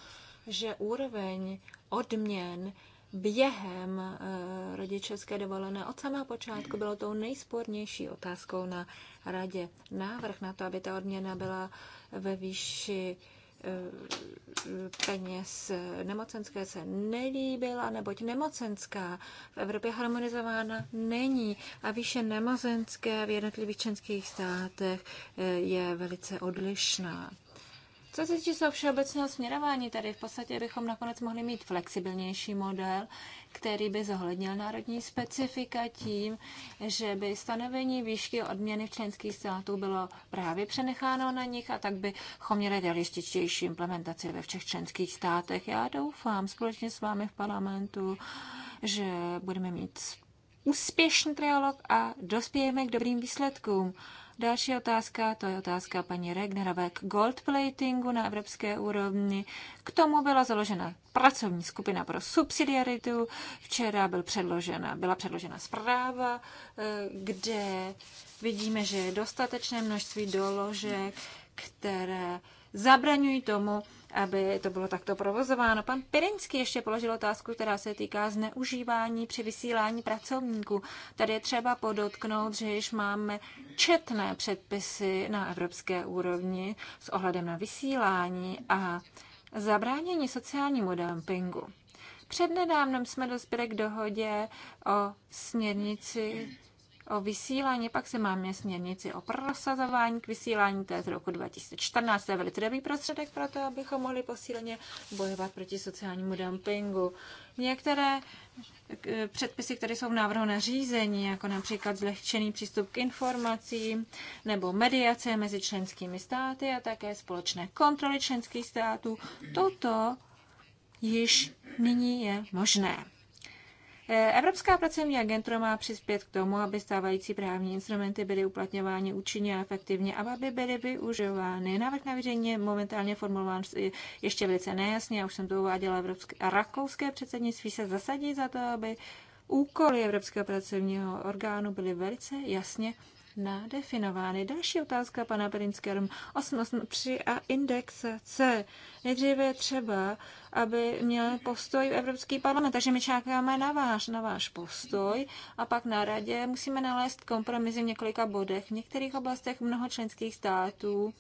že úroveň odměn během eh, rodičovské dovolené od samého počátku bylo tou nejspornější otázkou na radě. Návrh na to, aby ta odměna byla ve výši peněz nemocenské se nelíbila, neboť nemocenská v Evropě harmonizována není a výše nemocenské v jednotlivých členských státech eh, je velice odlišná. Co se týče toho všeobecného směrování, tady v podstatě bychom nakonec mohli mít flexibilnější model, který by zohlednil národní specifika tím, že by stanovení výšky odměny v členských států bylo právě přenecháno na nich a tak bychom měli realističtější implementaci ve všech členských státech. Já doufám společně s vámi v parlamentu, že budeme mít úspěšný trialog a dospějeme k dobrým výsledkům. Další otázka, to je otázka paní Regnerové k goldplatingu na evropské úrovni. K tomu byla založena pracovní skupina pro subsidiaritu. Včera byl předložena, byla předložena zpráva, eh, kde vidíme, že je dostatečné množství doložek, které zabraňují tomu, aby to bylo takto provozováno. Pan Pirinsky ještě položil otázku, která se týká zneužívání při vysílání pracovníků. Tady je třeba podotknout, že již máme četné předpisy na evropské úrovni s ohledem na vysílání a zabránění sociálnímu dumpingu. Přednedávnem jsme dospěli k dohodě o směrnici o vysílání, pak se máme směrnici o prosazování k vysílání, to je z roku 2014, to je velice dobrý prostředek pro to, abychom mohli posíleně bojovat proti sociálnímu dumpingu. Některé eh, předpisy, které jsou v návrhu na řízení, jako například zlehčený přístup k informacím nebo mediace mezi členskými státy a také společné kontroly členských států, toto již nyní je možné. Evropská pracovní agentura má přispět k tomu, aby stávající právní instrumenty byly uplatňovány účinně a efektivně a aby byly využívány. Návrh na věření momentálně formulován ještě velice nejasně, já už jsem to uváděla, Evropské a rakouské předsednictví se zasadí za to, aby úkoly Evropského pracovního orgánu byly velice jasně nadefinovány. Další otázka pana Perinskerum. 883 a indexace. Nejdříve třeba, aby měl postoj Evropský parlament, takže my čekáme na váš, na váš postoj a pak na radě musíme nalézt kompromisy v několika bodech. V některých oblastech mnoho členských států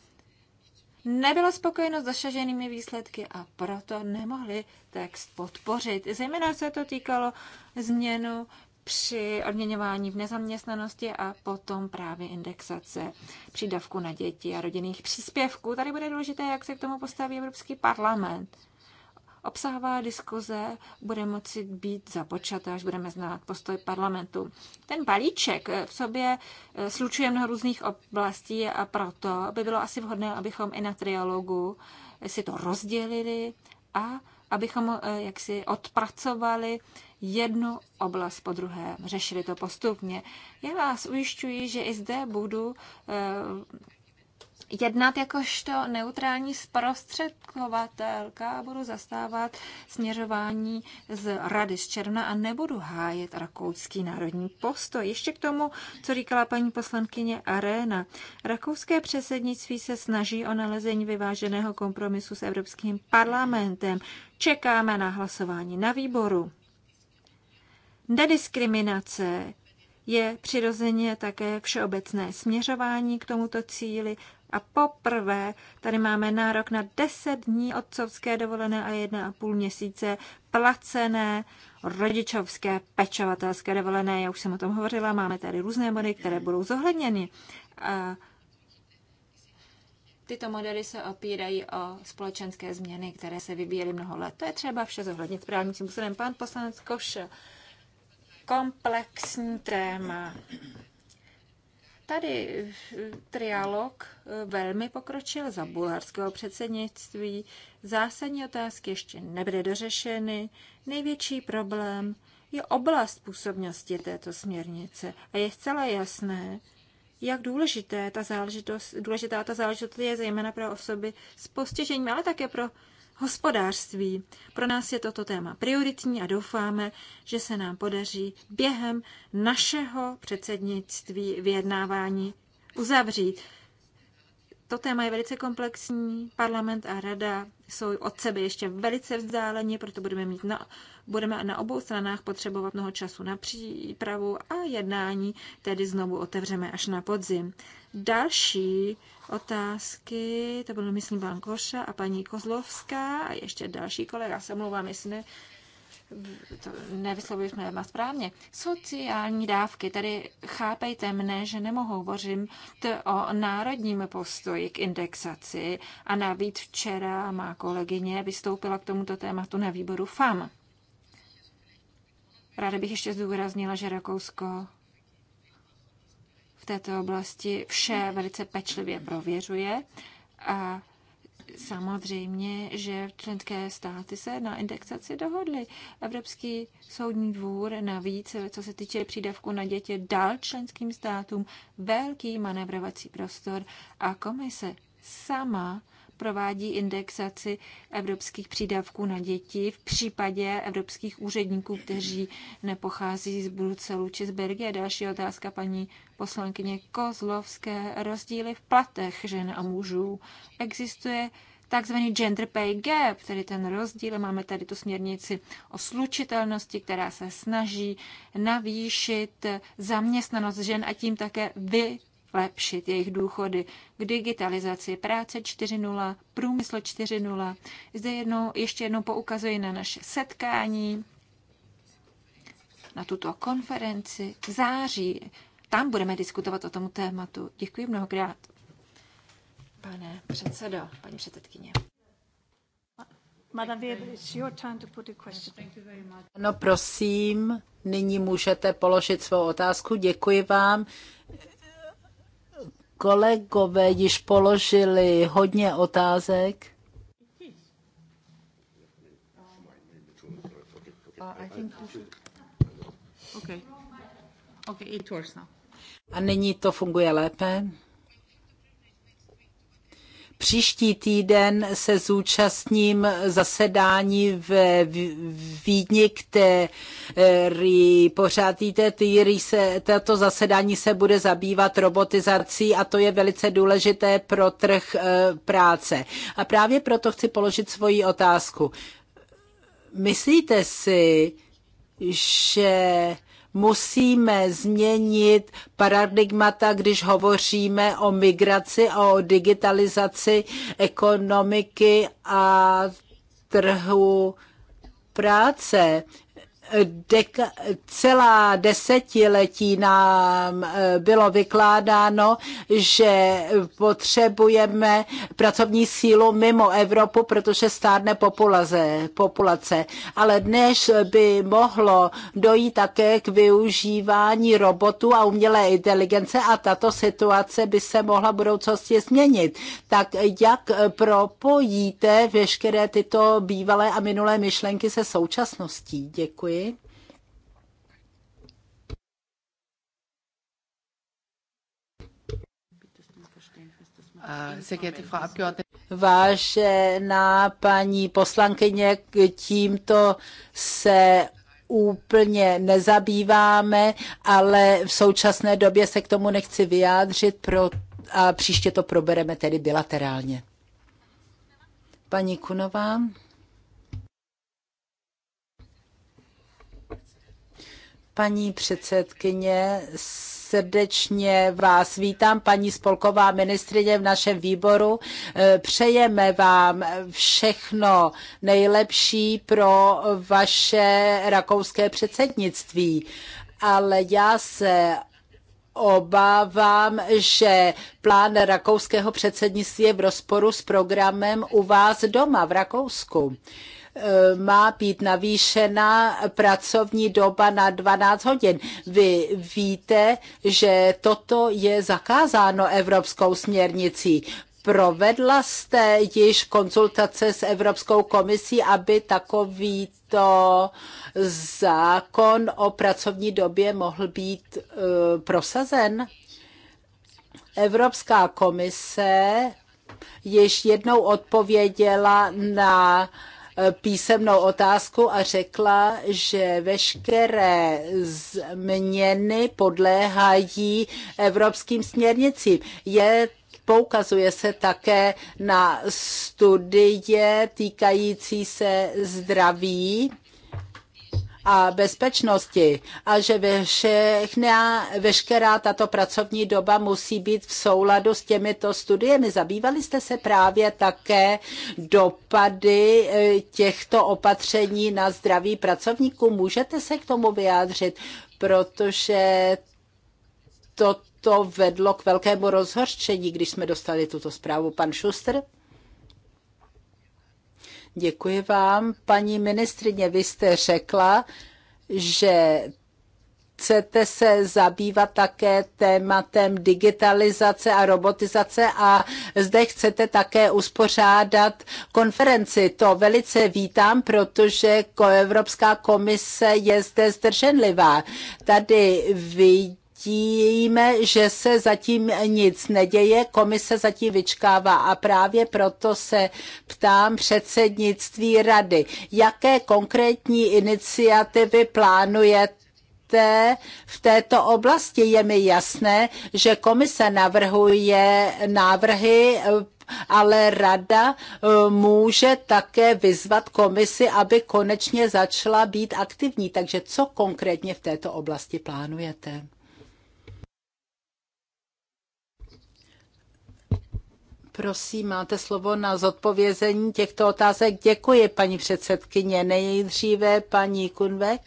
nebylo spokojeno s dosaženými výsledky a proto nemohli text podpořit. Zejména se to týkalo změnu při odměňování v nezaměstnanosti a potom právě indexace přídavku na děti a rodinných příspěvků. Tady bude důležité, jak se k tomu postaví Evropský parlament. Obsahová diskuze bude moci být započata, až budeme znát postoj parlamentu. Ten balíček v sobě eh, slučuje mnoho různých oblastí a proto by bylo asi vhodné, abychom i na triologu eh, si to rozdělili a abychom eh, jaksi odpracovali jednu oblast po druhé. Řešili to postupně. Já vás ujišťuji, že i zde budu eh, jednat jakožto neutrální zprostředkovatelka, budu zastávat směřování z Rady z června a nebudu hájit rakouský národní postoj. Ještě k tomu, co říkala paní poslankyně Arena. Rakouské předsednictví se snaží o nalezení vyváženého kompromisu s Evropským parlamentem. Čekáme na hlasování na výboru. Nediskriminace je přirozeně také všeobecné směřování k tomuto cíli a poprvé tady máme nárok na 10 dní otcovské dovolené a 1,5 měsíce placené rodičovské pečovatelské dovolené. Já už jsem o tom hovořila, máme tady různé body, které budou zohledněny. A tyto modely se opírají o společenské změny, které se vybíjely mnoho let. To je třeba vše zohlednit. Právníci úsledem. pan poslanec Koš komplexní téma. Tady trialog eh, velmi pokročil za bulharského předsednictví. Zásadní otázky ještě nebude dořešeny. Největší problém je oblast působnosti této směrnice. A je zcela jasné, jak důležité ta záležitost, důležitá ta záležitost je zejména pro osoby s postižením, ale také pro hospodářství. Pro nás je toto téma prioritní a doufáme, že se nám podaří během našeho předsednictví vyjednávání uzavřít. To téma je velice komplexní, parlament a rada jsou od sebe ještě velice vzdáleni, proto budeme mít na, budeme na obou stranách potřebovat mnoho času na přípravu a jednání, tedy znovu otevřeme až na podzim. Další otázky, to byl, myslím, pan Koša a paní Kozlovská a ještě další kolega, se mluvám, jestli ne, to nevyslovili jsme vás správně. Sociální dávky, tady chápejte mne, že nemohu hovořit o národním postoji k indexaci a navíc včera má kolegyně vystoupila k tomuto tématu na výboru FAM. Ráda bych ještě zdůraznila, že Rakousko v této oblasti vše velice pečlivě prověřuje a Samozřejmě, že členské státy se na indexaci dohodly. Evropský soudní dvůr navíc, co se týče přídavku na děti, dal členským státům velký manevrovací prostor a komise sama provádí indexaci evropských přídavků na děti v případě evropských úředníků, kteří nepochází z Bruselu či z Belgie. Další otázka paní poslankyně Kozlovské. Rozdíly v platech žen a mužů. Existuje takzvaný gender pay gap, tedy ten rozdíl. Máme tady tu směrnici o slučitelnosti, která se snaží navýšit zaměstnanost žen a tím také vy lepšit jejich důchody k digitalizaci práce 4.0, průmysl 4.0. Zde jednou, ještě jednou poukazuji na naše setkání, na tuto konferenci v září. Tam budeme diskutovat o tomu tématu. Děkuji mnohokrát. Pane předsedo, paní předsedkyně. No prosím, nyní můžete položit svou otázku. Děkuji vám. Kolegové již položili hodně otázek. Uh, A nyní to funguje lépe. Příští týden se zúčastním zasedání v Vídni, který pořádíte, který se, tato zasedání se bude zabývat robotizací a to je velice důležité pro trh eh, práce. A právě proto chci položit svoji otázku. Myslíte si, že musíme změnit paradigmata, když hovoříme o migraci, o digitalizaci ekonomiky a trhu práce deka, celá desetiletí nám eh, bylo vykládáno, že potřebujeme pracovní sílu mimo Evropu, protože stárne populace, populace. Ale dnes by mohlo dojít také k využívání robotů a umělé inteligence a tato situace by se mohla v budoucnosti změnit. Tak jak propojíte veškeré tyto bývalé a minulé myšlenky se současností? Děkuji. Vážená paní poslankyně, tímto se úplně nezabýváme, ale v současné době se k tomu nechci vyjádřit pro, a příště to probereme tedy bilaterálně. Paní Kunová. Paní předsedkyně, srdečně vás vítám, paní spolková ministrině v našem výboru. Eh, přejeme vám všechno nejlepší pro vaše rakouské předsednictví. Ale já se obávám, že plán rakouského předsednictví je v rozporu s programem u vás doma v Rakousku. Eh, má být navýšena pracovní doba na 12 hodin. Vy víte, že toto je zakázáno evropskou směrnicí. Provedla jste již konzultace s Evropskou komisí, aby takovýto zákon o pracovní době mohl být uh, prosazen? Evropská komise již jednou odpověděla na uh, Eh, písemnou otázku a řekla, že veškeré změny podléhají evropským směrnicím. Je Poukazuje se také na studie týkající se zdraví a bezpečnosti a že všechna, veškerá tato pracovní doba musí být v souladu s těmito studiemi. Zabývali jste se právě také dopady e, těchto opatření na zdraví pracovníků. Můžete se k tomu vyjádřit, protože toto vedlo k velkému rozhorčení, když jsme dostali tuto zprávu. Pan Šuster? Děkuji vám. Paní ministrině, vy jste řekla, že chcete se zabývat také tématem digitalizace a robotizace a zde chcete také uspořádat konferenci. To velice vítám, protože Evropská komise je zde zdrženlivá. Tady vidím, tím, že se zatím nic neděje, komise zatím vyčkává a právě proto se ptám předsednictví rady, jaké konkrétní iniciativy plánujete v této oblasti je mi jasné, že komise navrhuje návrhy, ale rada eh, může také vyzvat komisi, aby konečně začala být aktivní. Takže co konkrétně v této oblasti plánujete? Prosím, máte slovo na zodpovězení těchto otázek. Děkuji, paní předsedkyně. Nejdříve paní Kunvek.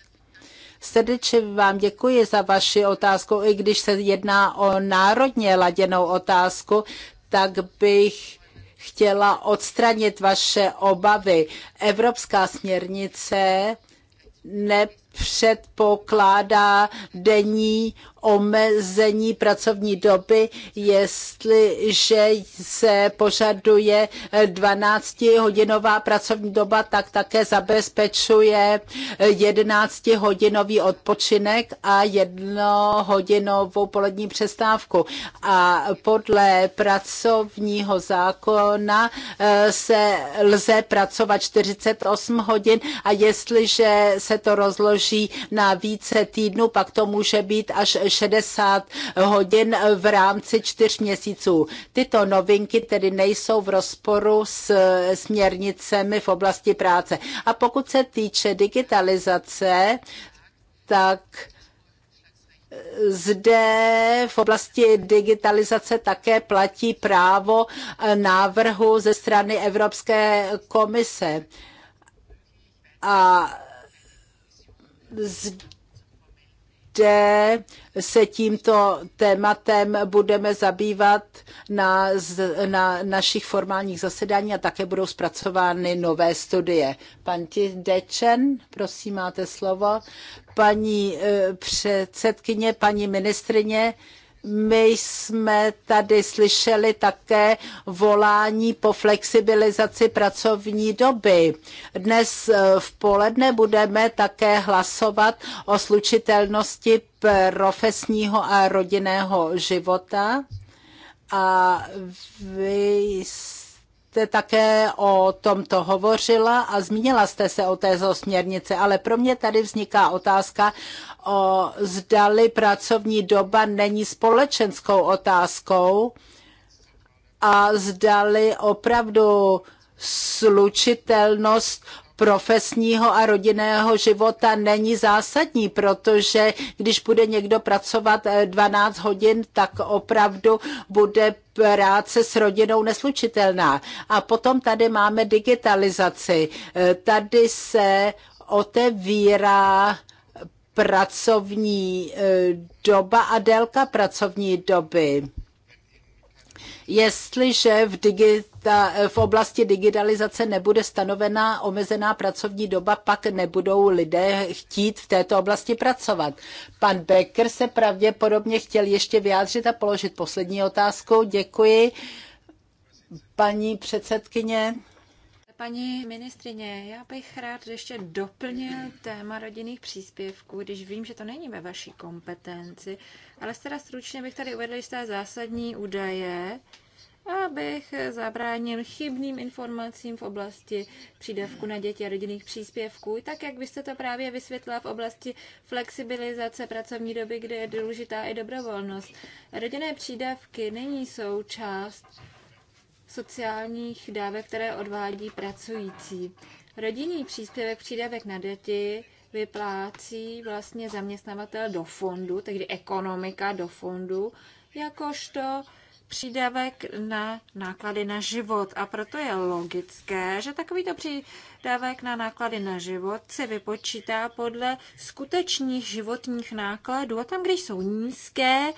Srdečně vám děkuji za vaši otázku. I když se jedná o národně laděnou otázku, tak bych chtěla odstranit vaše obavy. Evropská směrnice nepředpokládá denní omezení pracovní doby, jestliže se požaduje 12-hodinová pracovní doba, tak také zabezpečuje 11-hodinový odpočinek a jednohodinovou polední přestávku. A podle pracovního zákona eh, se lze pracovat 48 hodin a jestliže se to rozloží na více týdnů, pak to může být až 60 hodin v rámci čtyř měsíců. Tyto novinky tedy nejsou v rozporu s směrnicemi v oblasti práce. A pokud se týče digitalizace, tak zde v oblasti digitalizace také platí právo návrhu ze strany Evropské komise. A zde kde se tímto tématem budeme zabývat na, na našich formálních zasedání a také budou zpracovány nové studie. Pan Dečen, prosím, máte slovo. Paní eh, předsedkyně, paní ministrině, my jsme tady slyšeli také volání po flexibilizaci pracovní doby. Dnes eh, v poledne budeme také hlasovat o slučitelnosti profesního a rodinného života. A vy jste jste také o tomto hovořila a zmínila jste se o této směrnici, ale pro mě tady vzniká otázka, o zdali pracovní doba není společenskou otázkou a zdali opravdu slučitelnost profesního a rodinného života není zásadní, protože když bude někdo pracovat 12 eh, hodin, tak opravdu bude práce s rodinou neslučitelná. A potom tady máme digitalizaci. Eh, tady se otevírá pracovní eh, doba a délka pracovní doby. Jestliže v digitalizaci ta, eh, v oblasti digitalizace nebude stanovená omezená pracovní doba, pak nebudou lidé chtít v této oblasti pracovat. Pan Becker se pravděpodobně chtěl ještě vyjádřit a položit poslední otázku. Děkuji. Paní předsedkyně. Paní ministrině, já bych rád ještě doplnil téma rodinných příspěvků, když vím, že to není ve vaší kompetenci, ale teda stručně bych tady uvedl jisté zásadní údaje, abych zabránil chybným informacím v oblasti přídavku na děti a rodinných příspěvků, tak jak byste to právě vysvětlila v oblasti flexibilizace pracovní doby, kde je důležitá i dobrovolnost. Rodinné přídavky není součást sociálních dávek, které odvádí pracující. Rodinný příspěvek přídavek na děti vyplácí vlastně zaměstnavatel do fondu, tedy ekonomika do fondu, jakožto přídavek na náklady na život. A proto je logické, že takovýto přídavek na náklady na život se vypočítá podle skutečných životních nákladů. A tam, když jsou nízké,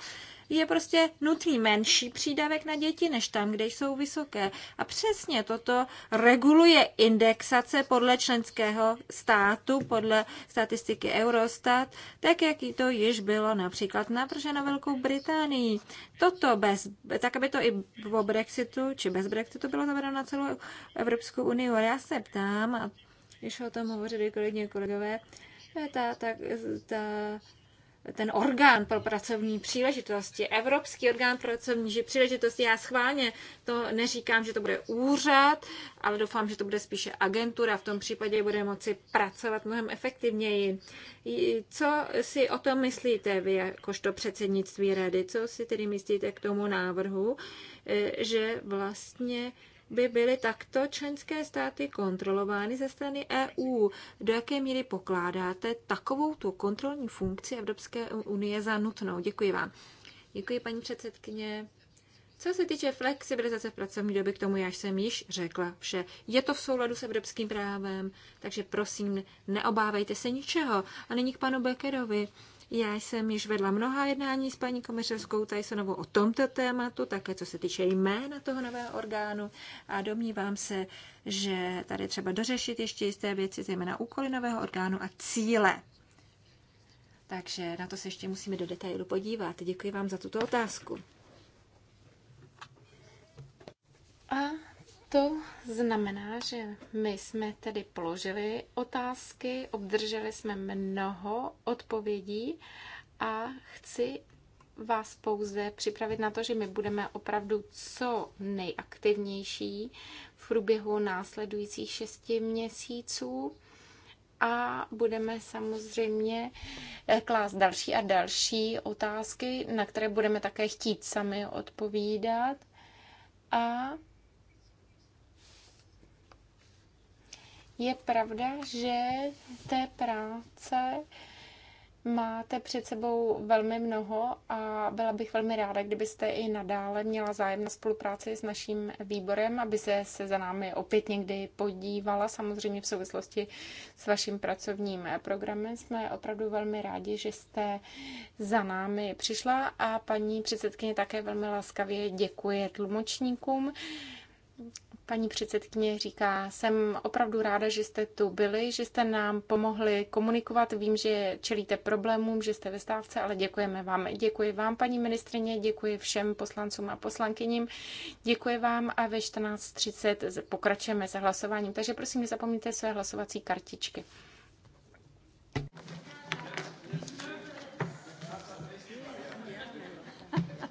je prostě nutný menší přídavek na děti, než tam, kde jsou vysoké. A přesně toto reguluje indexace podle členského státu, podle statistiky Eurostat, tak jak to již bylo například navrženo Velkou Británii. Toto bez, tak aby to i po Brexitu, či bez Brexitu bylo zavedeno na celou Evropskou unii. A já se ptám, a když o tom hovořili kolegyně kolegové, ta, ta, ta ten orgán pro pracovní příležitosti, Evropský orgán pro pracovní příležitosti. Já schválně to neříkám, že to bude úřad, ale doufám, že to bude spíše agentura. V tom případě bude moci pracovat mnohem efektivněji. Co si o tom myslíte vy jakožto předsednictví rady? Co si tedy myslíte k tomu návrhu, e, že vlastně by byly takto členské státy kontrolovány ze strany EU. Do jaké míry pokládáte takovou tu kontrolní funkci Evropské unie za nutnou? Děkuji vám. Děkuji, paní předsedkyně. Co se týče flexibilizace v pracovní době, k tomu já jsem již řekla vše. Je to v souladu s evropským právem, takže prosím, neobávejte se ničeho. A nyní k panu Beckerovi. Já jsem již vedla mnoha jednání s paní komisařskou Tysonovou o tomto tématu, také co se týče jména toho nového orgánu a domnívám se, že tady třeba dořešit ještě jisté věci, zejména úkoly nového orgánu a cíle. Takže na to se ještě musíme do detailu podívat. Děkuji vám za tuto otázku. A to znamená, že my jsme tedy položili otázky, obdrželi jsme mnoho odpovědí a chci vás pouze připravit na to, že my budeme opravdu co nejaktivnější v průběhu následujících šesti měsíců a budeme samozřejmě eh, klást další a další otázky, na které budeme také chtít sami odpovídat. A Je pravda, že té práce máte před sebou velmi mnoho a byla bych velmi ráda, kdybyste i nadále měla zájem na spolupráci s naším výborem, aby se, se za námi opět někdy podívala. Samozřejmě v souvislosti s vaším pracovním programem jsme opravdu velmi rádi, že jste za námi přišla a paní předsedkyně také velmi laskavě děkuje tlumočníkům Paní předsedkyně říká, jsem opravdu ráda, že jste tu byli, že jste nám pomohli komunikovat. Vím, že čelíte problémům, že jste ve stávce, ale děkujeme vám. Děkuji vám, paní ministrině, děkuji všem poslancům a poslankyním. Děkuji vám a ve 14.30 pokračujeme se hlasováním. Takže prosím, nezapomeňte své hlasovací kartičky.